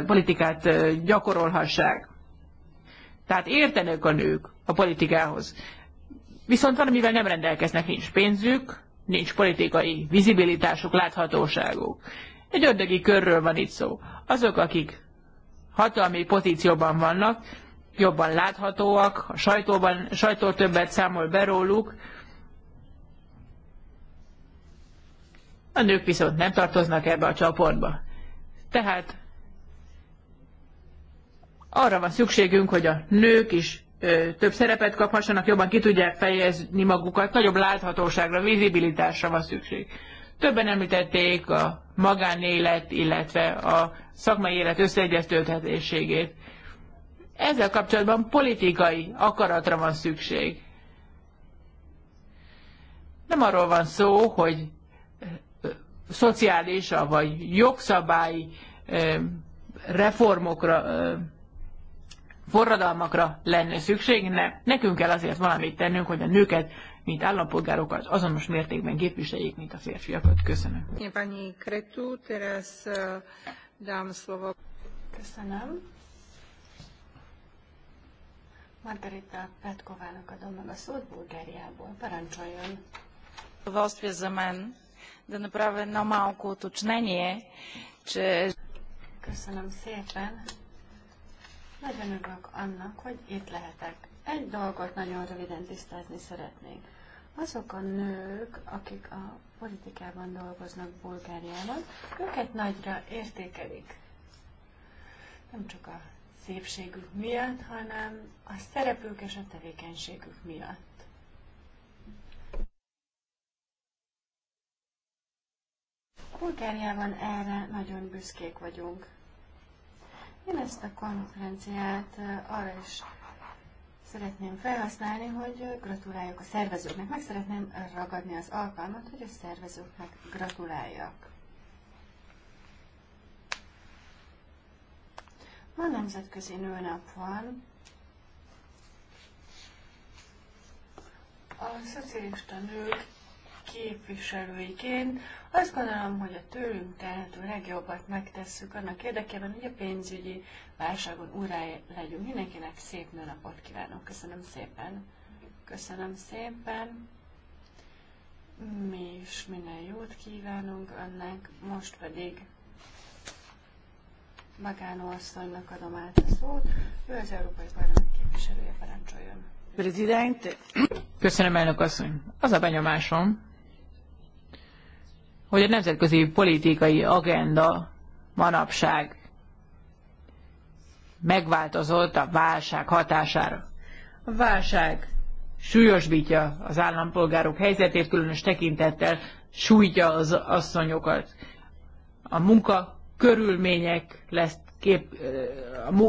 politikát gyakorolhassák. Tehát értenek a nők a politikához. Viszont valamivel nem rendelkeznek, nincs pénzük, nincs politikai vizibilitásuk, láthatóságuk. Egy ördögi körről van itt szó. Azok, akik hatalmi pozícióban vannak, jobban láthatóak, a sajtóban, sajtó többet számol be róluk, a nők viszont nem tartoznak ebbe a csoportba. Tehát arra van szükségünk, hogy a nők is ö, több szerepet kaphassanak, jobban ki tudják fejezni magukat, nagyobb láthatóságra, vizibilitásra van szükség. Többen említették a magánélet, illetve a szakmai élet összeegyeztethetőségét. Ezzel kapcsolatban politikai akaratra van szükség. Nem arról van szó, hogy szociális, vagy jogszabályi reformokra, forradalmakra lenne szükség, ne. nekünk kell azért valamit tennünk, hogy a nőket, mint állampolgárokat azonos mértékben képviseljék, mint a férfiakat. Köszönöm. Köszönöm. Margarita Petkovának adom meg a szót Bulgáriából. Parancsoljon. Vastvizemen да направя едно малко уточнение, че... Köszönöm szépen. Nagyon örülök annak, hogy itt lehetek. Egy dolgot nagyon röviden tisztázni szeretnék. Azok a nők, akik a politikában dolgoznak Bulgáriában, őket nagyra értékelik. Nem csak a szépségük miatt, hanem a szerepük és a tevékenységük miatt. Bulgáriában erre nagyon büszkék vagyunk. Én ezt a konferenciát arra is szeretném felhasználni, hogy gratuláljuk a szervezőknek. Meg szeretném ragadni az alkalmat, hogy a szervezőknek gratuláljak. Ma nemzetközi nőnap van. A szocialista nők képviselőiként azt gondolom, hogy a tőlünk tehető legjobbat megtesszük annak érdekében, hogy a pénzügyi válságon úrá legyünk. Mindenkinek szép napot kívánok. Köszönöm szépen. Köszönöm szépen. Mi is minden jót kívánunk önnek, most pedig Magánországnak adom át a szót, ő az Európai Parlament képviselője, parancsoljon. Presidente. Köszönöm, elnök asszony. Az a benyomásom, hogy a nemzetközi politikai agenda manapság megváltozott a válság hatására. A válság súlyosbítja az állampolgárok helyzetét, különös tekintettel sújtja az asszonyokat. A munka körülmények lesz kép,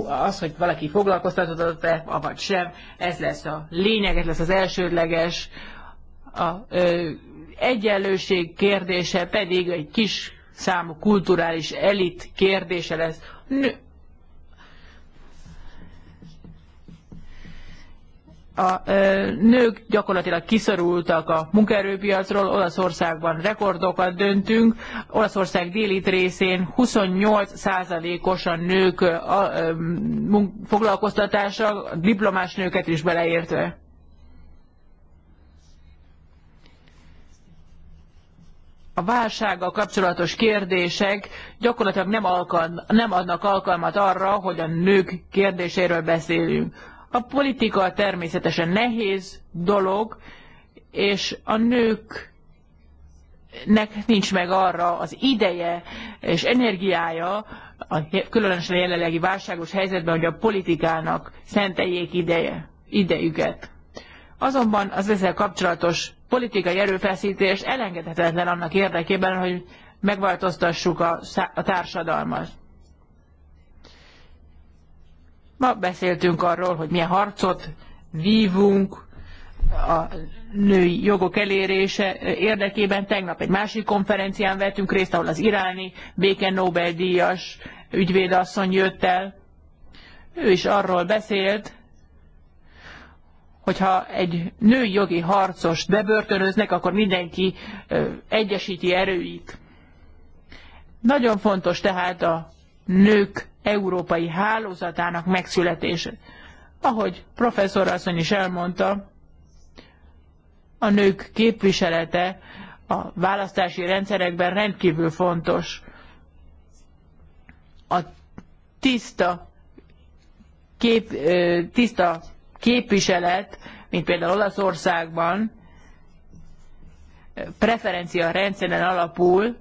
az, hogy valaki foglalkoztatott-e, avagy sem, ez lesz a lényeg, ez lesz az elsődleges, a egyenlőség kérdése pedig egy kis számú kulturális elit kérdése lesz. Nő. A nők gyakorlatilag kiszorultak a munkaerőpiacról, Olaszországban rekordokat döntünk, Olaszország déli részén 28%-os a nők a, a, foglalkoztatása, diplomás nőket is beleértve. a válsággal kapcsolatos kérdések gyakorlatilag nem, alkal, nem adnak alkalmat arra, hogy a nők kérdéséről beszéljünk. A politika természetesen nehéz dolog, és a nők nek nincs meg arra az ideje és energiája, a, különösen jelenlegi válságos helyzetben, hogy a politikának szenteljék ideje, idejüket. Azonban az ezzel kapcsolatos politikai erőfeszítés elengedhetetlen annak érdekében, hogy megváltoztassuk a, a társadalmat. Ma beszéltünk arról, hogy milyen harcot vívunk a női jogok elérése érdekében. Tegnap egy másik konferencián vettünk részt, ahol az iráni béke Nobel-díjas ügyvédasszony jött el. Ő is arról beszélt, hogyha egy női jogi harcos bebörtönöznek, akkor mindenki egyesíti erőit. Nagyon fontos tehát a nők európai hálózatának megszületése. Ahogy professzor asszony is elmondta, a nők képviselete a választási rendszerekben rendkívül fontos. A tiszta, kép, tiszta képviselet, mint például Olaszországban, preferencia rendszeren alapul,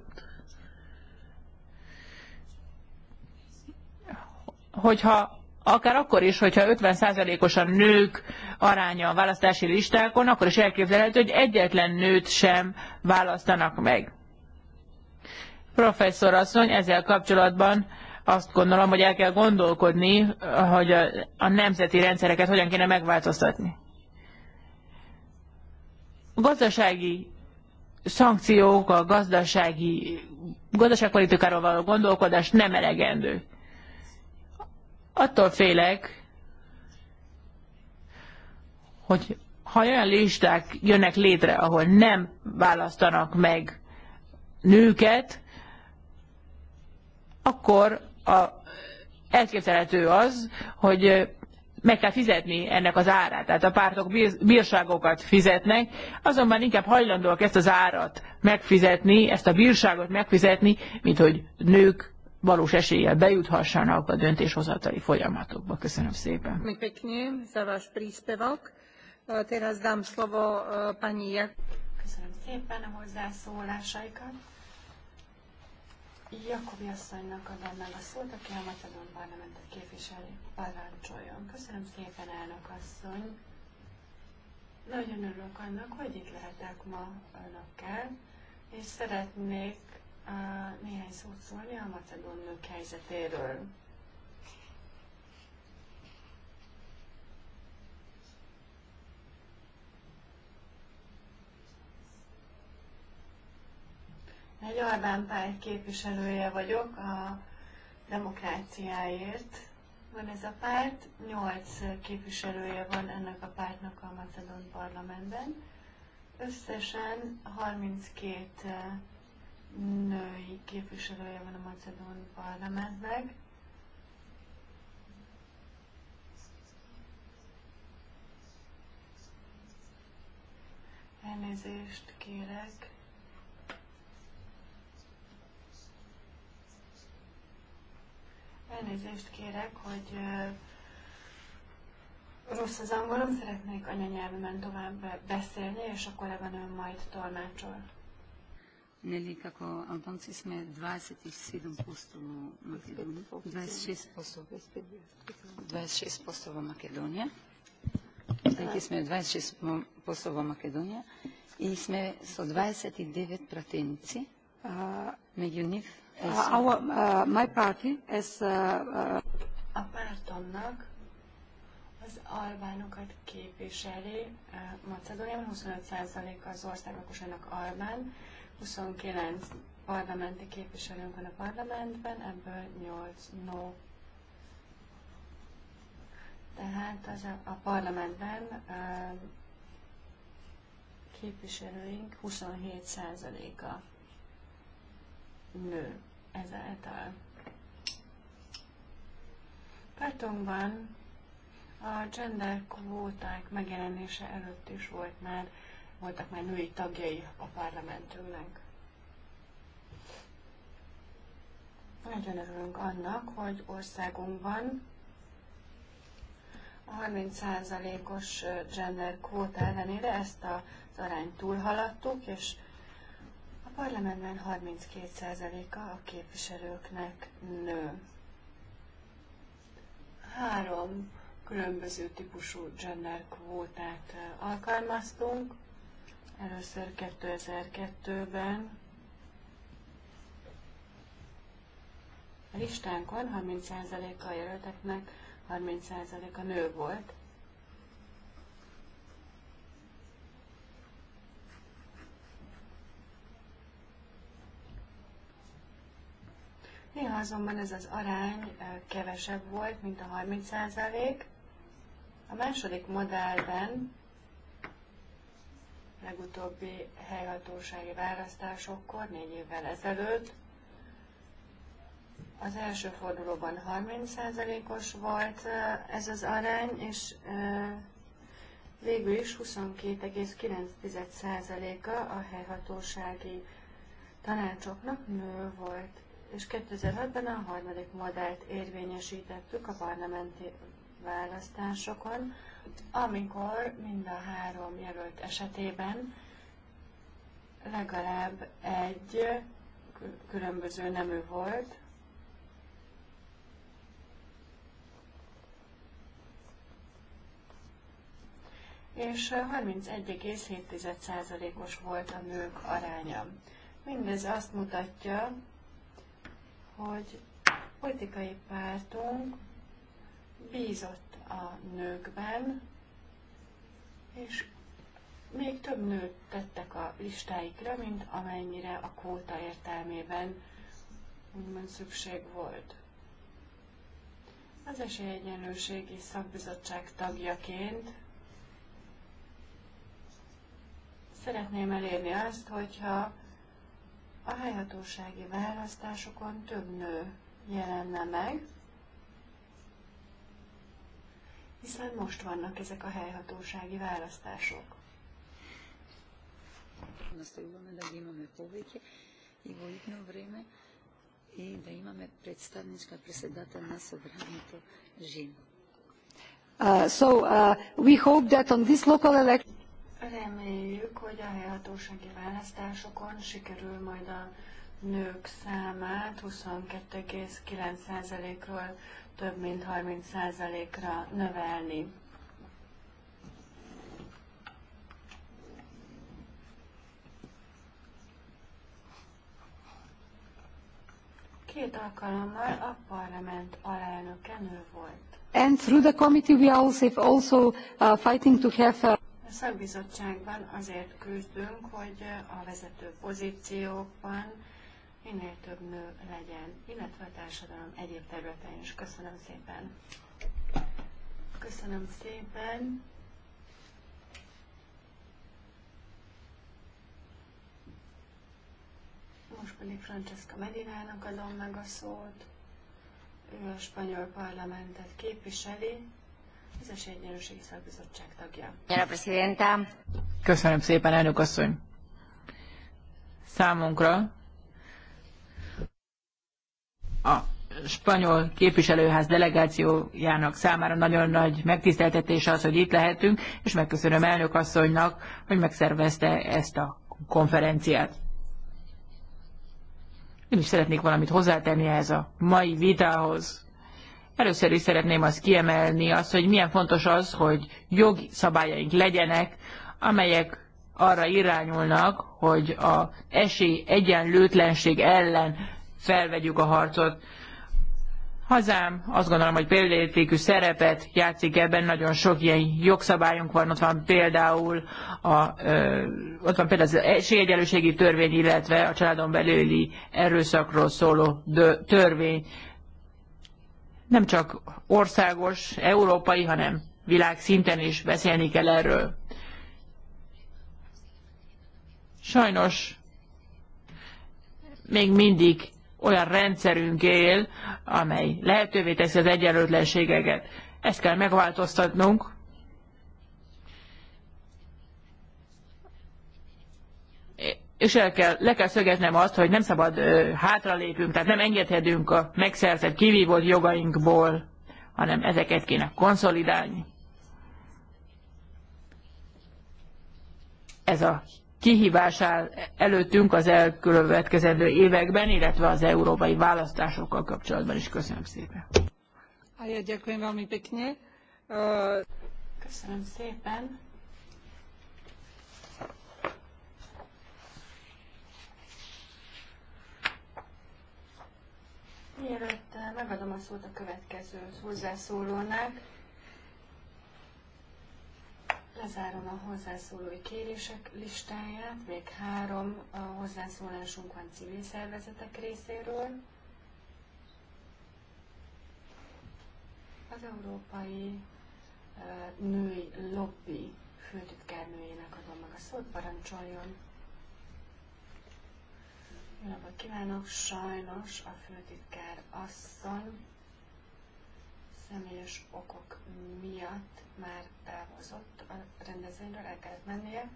hogyha akár akkor is, hogyha 50%-os a nők aránya a választási listákon, akkor is elképzelhető, hogy egyetlen nőt sem választanak meg. Professzor asszony ezzel kapcsolatban azt gondolom, hogy el kell gondolkodni, hogy a, a nemzeti rendszereket hogyan kéne megváltoztatni. A gazdasági szankciók, a gazdasági gazdaságpolitikáról való gondolkodás nem elegendő. Attól félek, hogy ha olyan listák jönnek létre, ahol nem választanak meg nőket, akkor a, elképzelhető az, hogy meg kell fizetni ennek az árát. Tehát a pártok bírságokat fizetnek, azonban inkább hajlandóak ezt az árat megfizetni, ezt a bírságot megfizetni, mint hogy nők valós eséllyel bejuthassanak a döntéshozatali folyamatokba. Köszönöm szépen. E, Köszönöm szépen a hozzászólásaikat. Jakobi asszonynak adom meg a szót, aki a Macedon parlamentet képviseli, parancsoljon. Köszönöm szépen, elnök asszony. Nagyon örülök annak, hogy itt lehetek ma önökkel, és szeretnék uh, néhány szót szólni a macedon nők helyzetéről. Egy Orbán Pály képviselője vagyok a demokráciáért. Van ez a párt, nyolc képviselője van ennek a pártnak a Macedon parlamentben. Összesen 32 eh, női képviselője van a Macedon parlamentnek. Elnézést kérek. Elnézést kérek, hogy rossz az angolom, szeretnék anyanyelvemen tovább beszélni, és akkor ebben ön majd tolmácsol. Nelik, ako on tom si sme 27 postov v 26 postov, 26 postov v Makedónii, tak sme 26 postov Makedonija. Makedónii, i sme so 29 pratenici, a medzi Uh, our, uh, my party as, uh, uh, a pártomnak az albánokat képviseli uh, Macedóniában, 25% az ország lakosának albán, 29 parlamenti képviselőnk van a parlamentben, ebből 8 no. Tehát az a, a parlamentben uh, képviselőink 27%-a nő ezáltal. Pártunkban a gender kvóták megjelenése előtt is volt már, voltak már női tagjai a parlamentünknek. Nagyon örülünk annak, hogy országunkban a 30%-os gender kvóta ellenére ezt az arányt túlhaladtuk, és parlamentben 32%-a a képviselőknek nő. Három különböző típusú gender kvótát alkalmaztunk. Először 2002-ben a listánkon 30% a jelölteknek 30% a nő volt, azonban ez az arány kevesebb volt, mint a 30%. A második modellben, legutóbbi helyhatósági választásokkor, négy évvel ezelőtt, az első fordulóban 30%-os volt ez az arány, és végül is 22,9%-a a helyhatósági tanácsoknak nő volt és 2006-ban a harmadik modellt érvényesítettük a parlamenti választásokon, amikor mind a három jelölt esetében legalább egy különböző nemű volt, és 31,7%-os volt a nők aránya. Mindez azt mutatja, hogy politikai pártunk bízott a nőkben, és még több nőt tettek a listáikra, mint amennyire a kóta értelmében úgymond szükség volt. Az Esélyegyenlőségi Szakbizottság tagjaként szeretném elérni azt, hogyha a helyhatósági választásokon több nő jelenne meg, hiszen most vannak ezek a helyhatósági választások. и да имаме представничка председател на Uh, so uh, we hope that on this local election Reméljük, hogy a helyhatósági választásokon sikerül majd a nők számát 22,9%-ról több mint 30%-ra növelni. Két alkalommal a parlament alelnöke nő volt. And through the committee we are also, also uh, fighting to have uh, a szakbizottságban azért küzdünk, hogy a vezető pozíciókban minél több nő legyen, illetve a társadalom egyéb területein is. Köszönöm szépen! Köszönöm szépen! Most pedig Francesca Medinának adom meg a szót. Ő a spanyol parlamentet képviseli az Esélyegyenlőségi Szakbizottság tagja. Köszönöm szépen, elnök asszony. Számunkra a spanyol képviselőház delegációjának számára nagyon nagy megtiszteltetés az, hogy itt lehetünk, és megköszönöm elnök asszonynak, hogy megszervezte ezt a konferenciát. Én is szeretnék valamit hozzátenni ehhez a mai vitához. Először is szeretném azt kiemelni, az, hogy milyen fontos az, hogy jogi szabályaink legyenek, amelyek arra irányulnak, hogy a esély egyenlőtlenség ellen felvegyük a harcot. Hazám azt gondolom, hogy példaértékű szerepet játszik ebben, nagyon sok ilyen jogszabályunk van, ott van például, a, ö, ott van például az esélyegyenlőségi törvény, illetve a családon belüli erőszakról szóló törvény nem csak országos, európai, hanem világszinten is beszélni kell erről. Sajnos még mindig olyan rendszerünk él, amely lehetővé teszi az egyenlőtlenségeket. Ezt kell megváltoztatnunk, és el kell, le kell szögeznem azt, hogy nem szabad ö, hátralépünk, tehát nem engedhetünk a megszerzett, kivívott jogainkból, hanem ezeket kéne konszolidálni. Ez a kihívás áll előttünk az elkövetkezendő években, illetve az európai választásokkal kapcsolatban is. Köszönöm szépen. Köszönöm szépen. Mielőtt eh, megadom a szót a következő hozzászólónak, lezárom a hozzászólói kérések listáját. Még három eh, hozzászólásunk van civil szervezetek részéről. Az Európai eh, Női Lobby főtitkárnőjének adom meg a szót, parancsoljon. Jó napot kívánok! Sajnos a főtitkár asszony személyes okok miatt már távozott a rendezvényről, el kellett mennie.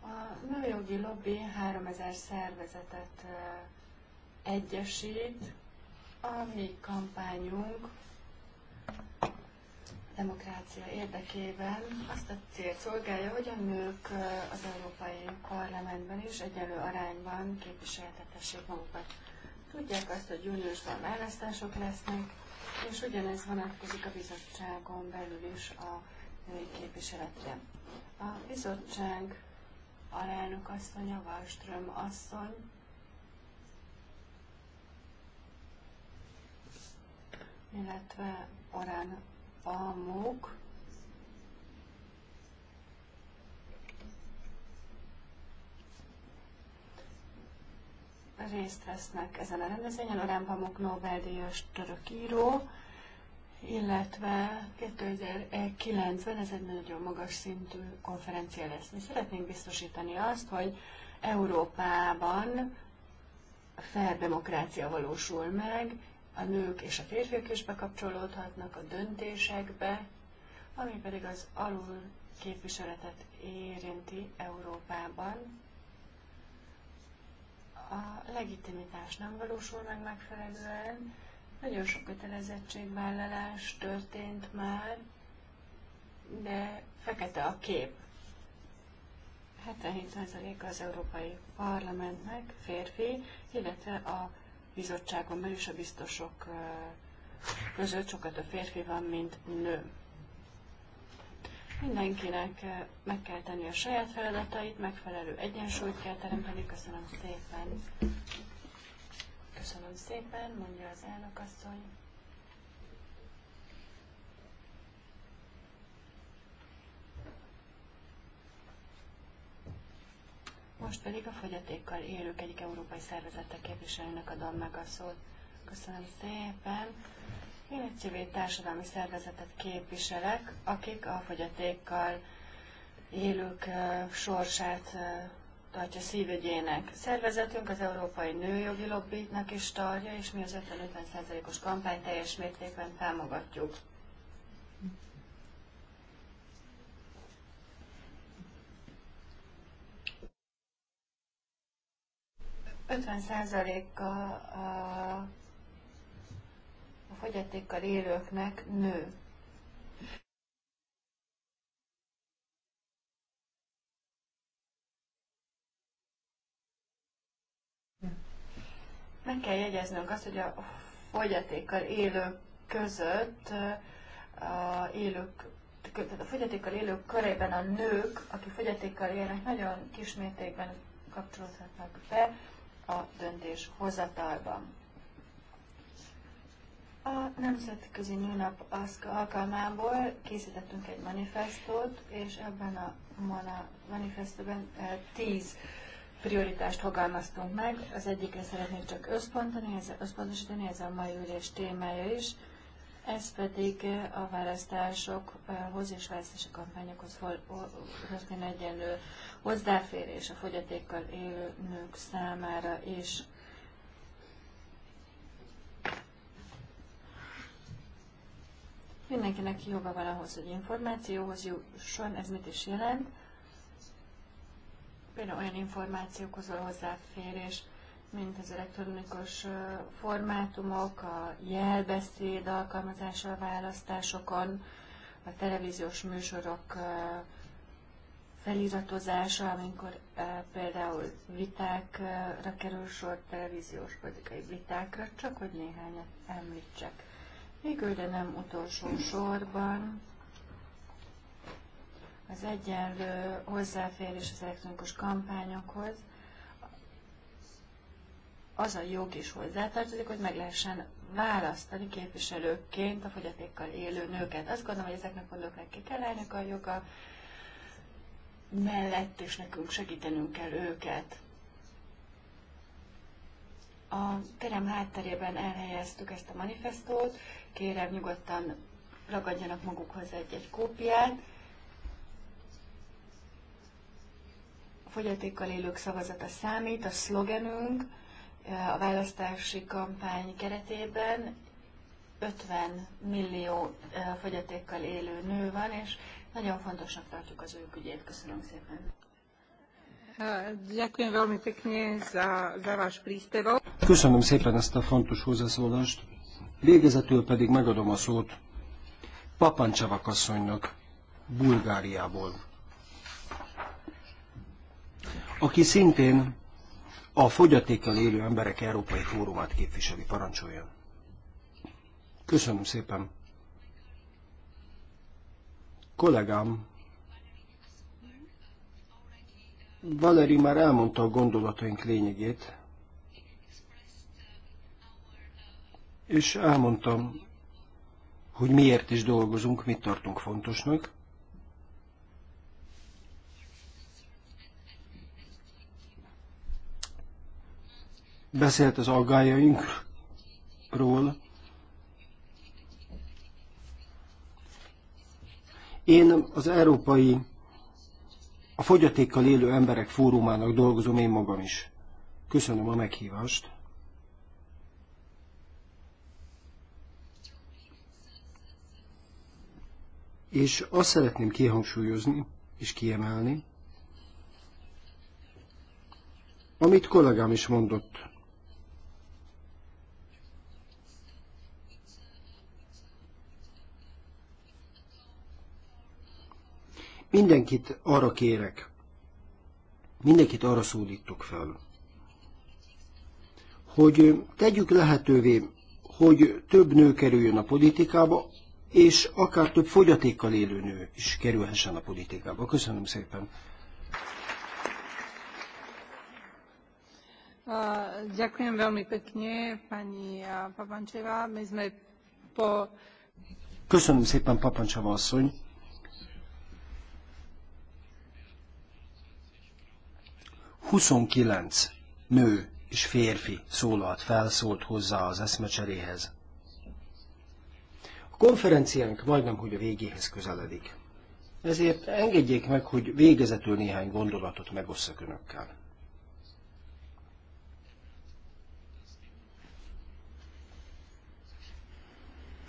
A nőjogi lobby 3000 szervezetet egyesít, a mi kampányunk demokrácia érdekében azt a célt szolgálja, hogy a nők az Európai Parlamentben is egyenlő arányban képviseltetessék magukat. Tudják azt, hogy júniusban választások lesznek, és ugyanez vonatkozik a bizottságon belül is a női képviseletre. A bizottság alelnök asszony, a Wallström asszony illetve Orán a részt vesznek ezen a rendezvényen. a Rembamok Nobel-díjas török író, illetve 2009-ben ez egy nagyon magas szintű konferencia lesz. Mi szeretnénk biztosítani azt, hogy Európában fair demokrácia valósul meg, a nők és a férfiak is bekapcsolódhatnak a döntésekbe, ami pedig az alul képviseletet érinti Európában. A legitimitás nem valósul meg megfelelően, nagyon sok kötelezettségvállalás történt már, de fekete a kép. 77% az Európai Parlamentnek férfi, illetve a bizottságon belül is a biztosok között sokat a férfi van, mint nő. Mindenkinek meg kell tenni a saját feladatait, megfelelő egyensúlyt kell teremteni. Köszönöm szépen. Köszönöm szépen, mondja az elnök asszony. Most pedig a fogyatékkal élők egyik európai szervezete képviselőnek adom meg a szót. Köszönöm szépen. Én egy civil társadalmi szervezetet képviselek, akik a fogyatékkal élők sorsát tartja szívügyének. Szervezetünk az Európai Nőjogi Lobbynak is tartja, és mi az 50-50%-os kampány teljes mértékben támogatjuk. 50%-a a, a fogyatékkal élőknek nő. Meg kell jegyeznünk azt, hogy a fogyatékkal élők között a élők tehát a fogyatékkal élők körében a nők, akik fogyatékkal élnek, nagyon kismértékben kapcsolódhatnak be a döntéshozatalban. A Nemzetközi Nőnap alkalmából készítettünk egy manifestót, és ebben a manifestóban tíz prioritást fogalmaztunk meg. Az egyikre szeretnék csak összpontani, ez, összpontosítani, ez a mai ülés témája is – ez pedig eh, a választásokhoz és választási kampányokhoz történő egyenlő hozzáférés a fogyatékkal élő nők számára is. Mindenkinek joga van ahhoz, hogy információhoz jusson, ez mit is jelent. Például olyan információkhoz a hozzáférés, mint az elektronikus formátumok, a jelbeszéd alkalmazása a választásokon, a televíziós műsorok feliratozása, amikor például vitákra kerül sor, televíziós politikai vitákra, csak hogy néhányat említsek. Végül, de nem utolsó sorban, az egyenlő hozzáférés az elektronikus kampányokhoz, az a jog is hozzátartozik, hogy meg lehessen választani képviselőként a fogyatékkal élő nőket. Azt gondolom, hogy ezeknek a nőknek ki kell állnak a joga mellett, és nekünk segítenünk kell őket. A terem hátterében elhelyeztük ezt a manifestót, kérem nyugodtan ragadjanak magukhoz egy-egy kópiát. A fogyatékkal élők szavazata számít, a szlogenünk, a választási kampány keretében 50 millió fogyatékkal élő nő van, és nagyon fontosnak tartjuk az ők ügyét. Köszönöm szépen. Köszönöm szépen ezt a fontos hozzászólást. Végezetül pedig megadom a szót Papancsavak asszonynak Bulgáriából, aki szintén a fogyatékkal élő emberek európai fórumát képviseli. Parancsoljon! Köszönöm szépen! Kollégám, Valeri már elmondta a gondolataink lényegét, és elmondtam, hogy miért is dolgozunk, mit tartunk fontosnak. beszélt az aggájainkról. Én az Európai a Fogyatékkal Élő Emberek Fórumának dolgozom én magam is. Köszönöm a meghívást. És azt szeretném kihangsúlyozni és kiemelni, amit kollégám is mondott. Mindenkit arra kérek, mindenkit arra szólítok fel, hogy tegyük lehetővé, hogy több nő kerüljön a politikába, és akár több fogyatékkal élő nő is kerülhessen a politikába. Köszönöm szépen! Ďakujem veľmi pekne, pani Papančeva. My sme po... Köszönöm szépen, Papančeva asszony. 29 nő és férfi szólalt felszólt hozzá az eszmecseréhez. A konferenciánk majdnem, hogy a végéhez közeledik. Ezért engedjék meg, hogy végezetül néhány gondolatot megosszak önökkel.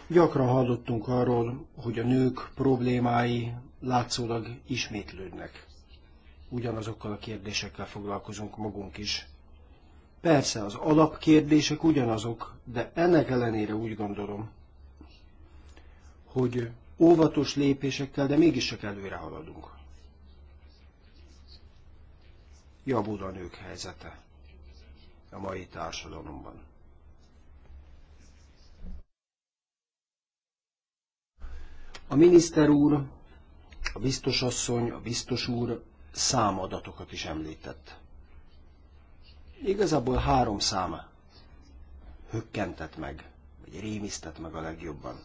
Gyakran hallottunk arról, hogy a nők problémái látszólag ismétlődnek ugyanazokkal a kérdésekkel foglalkozunk magunk is. Persze az alapkérdések ugyanazok, de ennek ellenére úgy gondolom, hogy óvatos lépésekkel, de mégiscsak előre haladunk. Javul a nők helyzete a mai társadalomban. A miniszter úr, a biztos asszony, a biztos úr számadatokat is említett. Igazából három szám hökkentett meg, vagy rémisztett meg a legjobban.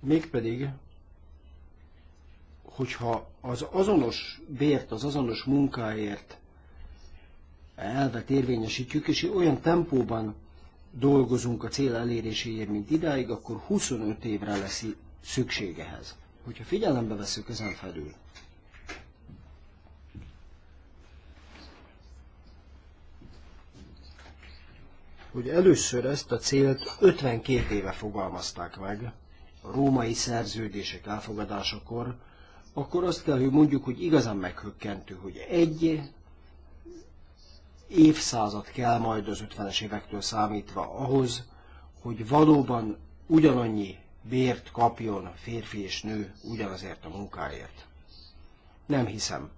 Mégpedig, hogyha az azonos bért, az azonos munkáért elvet érvényesítjük, és olyan tempóban dolgozunk a cél eléréséért, mint idáig, akkor 25 évre lesz szükségehez. Hogyha figyelembe veszük ezen felül, hogy először ezt a célt 52 éve fogalmazták meg, a római szerződések elfogadásakor, akkor azt kell, hogy mondjuk, hogy igazán meghökkentő, hogy egy évszázad kell majd az 50-es évektől számítva ahhoz, hogy valóban ugyanannyi bért kapjon férfi és nő ugyanazért a munkáért. Nem hiszem,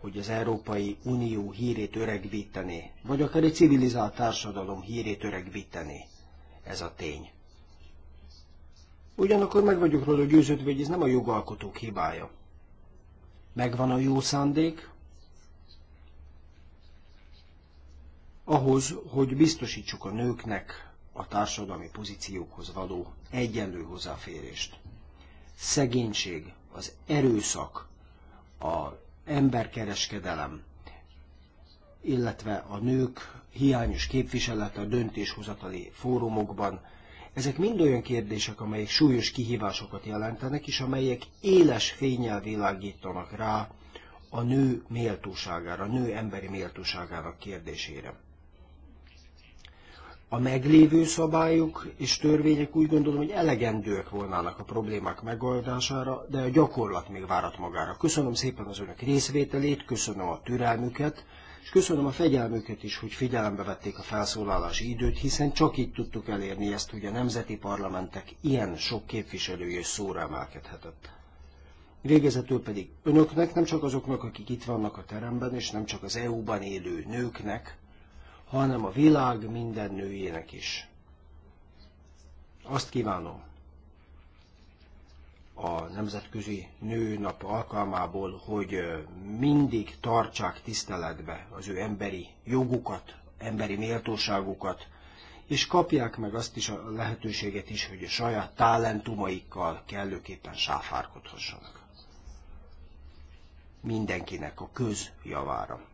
hogy az Európai Unió hírét öregbítené, vagy akár egy civilizált társadalom hírét öregbítené. Ez a tény. Ugyanakkor meg vagyok róla győződve, hogy ez nem a jogalkotók hibája. Megvan a jó szándék, ahhoz, hogy biztosítsuk a nőknek a társadalmi pozíciókhoz való egyenlő hozzáférést. Szegénység, az erőszak, az emberkereskedelem, illetve a nők hiányos képviselete a döntéshozatali fórumokban, ezek mind olyan kérdések, amelyek súlyos kihívásokat jelentenek, és amelyek éles fényel világítanak rá a nő méltóságára, a nő emberi méltóságának kérdésére a meglévő szabályok és törvények úgy gondolom, hogy elegendőek volnának a problémák megoldására, de a gyakorlat még várat magára. Köszönöm szépen az önök részvételét, köszönöm a türelmüket, és köszönöm a fegyelmüket is, hogy figyelembe vették a felszólalási időt, hiszen csak így tudtuk elérni ezt, hogy a nemzeti parlamentek ilyen sok képviselője szóra emelkedhetett. Végezetül pedig önöknek, nem csak azoknak, akik itt vannak a teremben, és nem csak az EU-ban élő nőknek, hanem a világ minden nőjének is. Azt kívánom a Nemzetközi Nőnap alkalmából, hogy mindig tartsák tiszteletbe az ő emberi jogukat, emberi méltóságukat, és kapják meg azt is a lehetőséget is, hogy a saját talentumaikkal kellőképpen sáfárkodhassanak. Mindenkinek a köz javára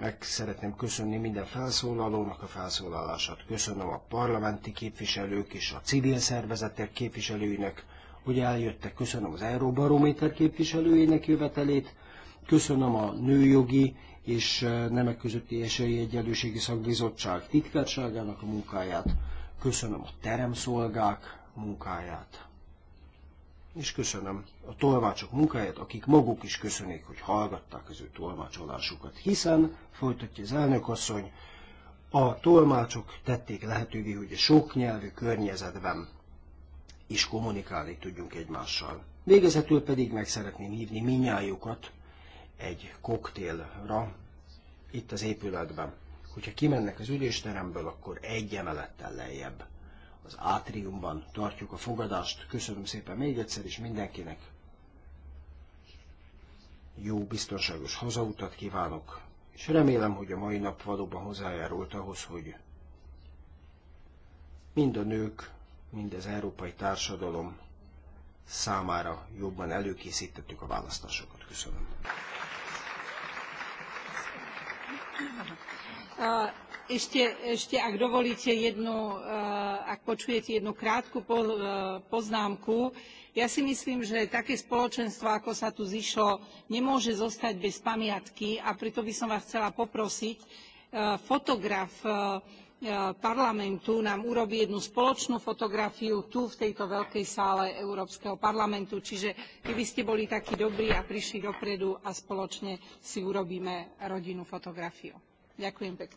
meg szeretném köszönni minden felszólalónak a felszólalását. Köszönöm a parlamenti képviselők és a civil szervezetek képviselőinek, hogy eljöttek. Köszönöm az Euróbarométer képviselőjének jövetelét. Köszönöm a nőjogi és eh, nemek közötti Egyenlőségi szakbizottság titkárságának a munkáját. Köszönöm a teremszolgák munkáját és köszönöm a tolmácsok munkáját, akik maguk is köszönik, hogy hallgatták az ő tolmácsolásukat, hiszen, folytatja az elnökasszony, a tolmácsok tették lehetővé, hogy a sok nyelvű környezetben is kommunikálni tudjunk egymással. Végezetül pedig meg szeretném hívni minnyájukat egy koktélra itt az épületben. Hogyha kimennek az ülésteremből, akkor egy emelettel lejjebb az átriumban tartjuk a fogadást. Köszönöm szépen még egyszer, is mindenkinek jó, biztonságos hazautat kívánok, és remélem, hogy a mai nap valóban hozzájárult ahhoz, hogy mind a nők, mind az európai társadalom számára jobban előkészítettük a választásokat. Köszönöm. Uh ešte, ešte, ak dovolíte jednu, eh, ak počujete jednu krátku eh, poznámku. Ja si myslím, že také spoločenstvo, ako sa tu zišlo, nemôže zostať bez pamiatky a preto by som vás chcela poprosiť, eh, fotograf parlamentu nám urobí jednu spoločnú fotografiu tu v tejto veľkej sále Európskeho parlamentu. Čiže keby ste boli takí dobrí a prišli dopredu a spoločne si urobíme rodinnú fotografiu. Ďakujem pekne.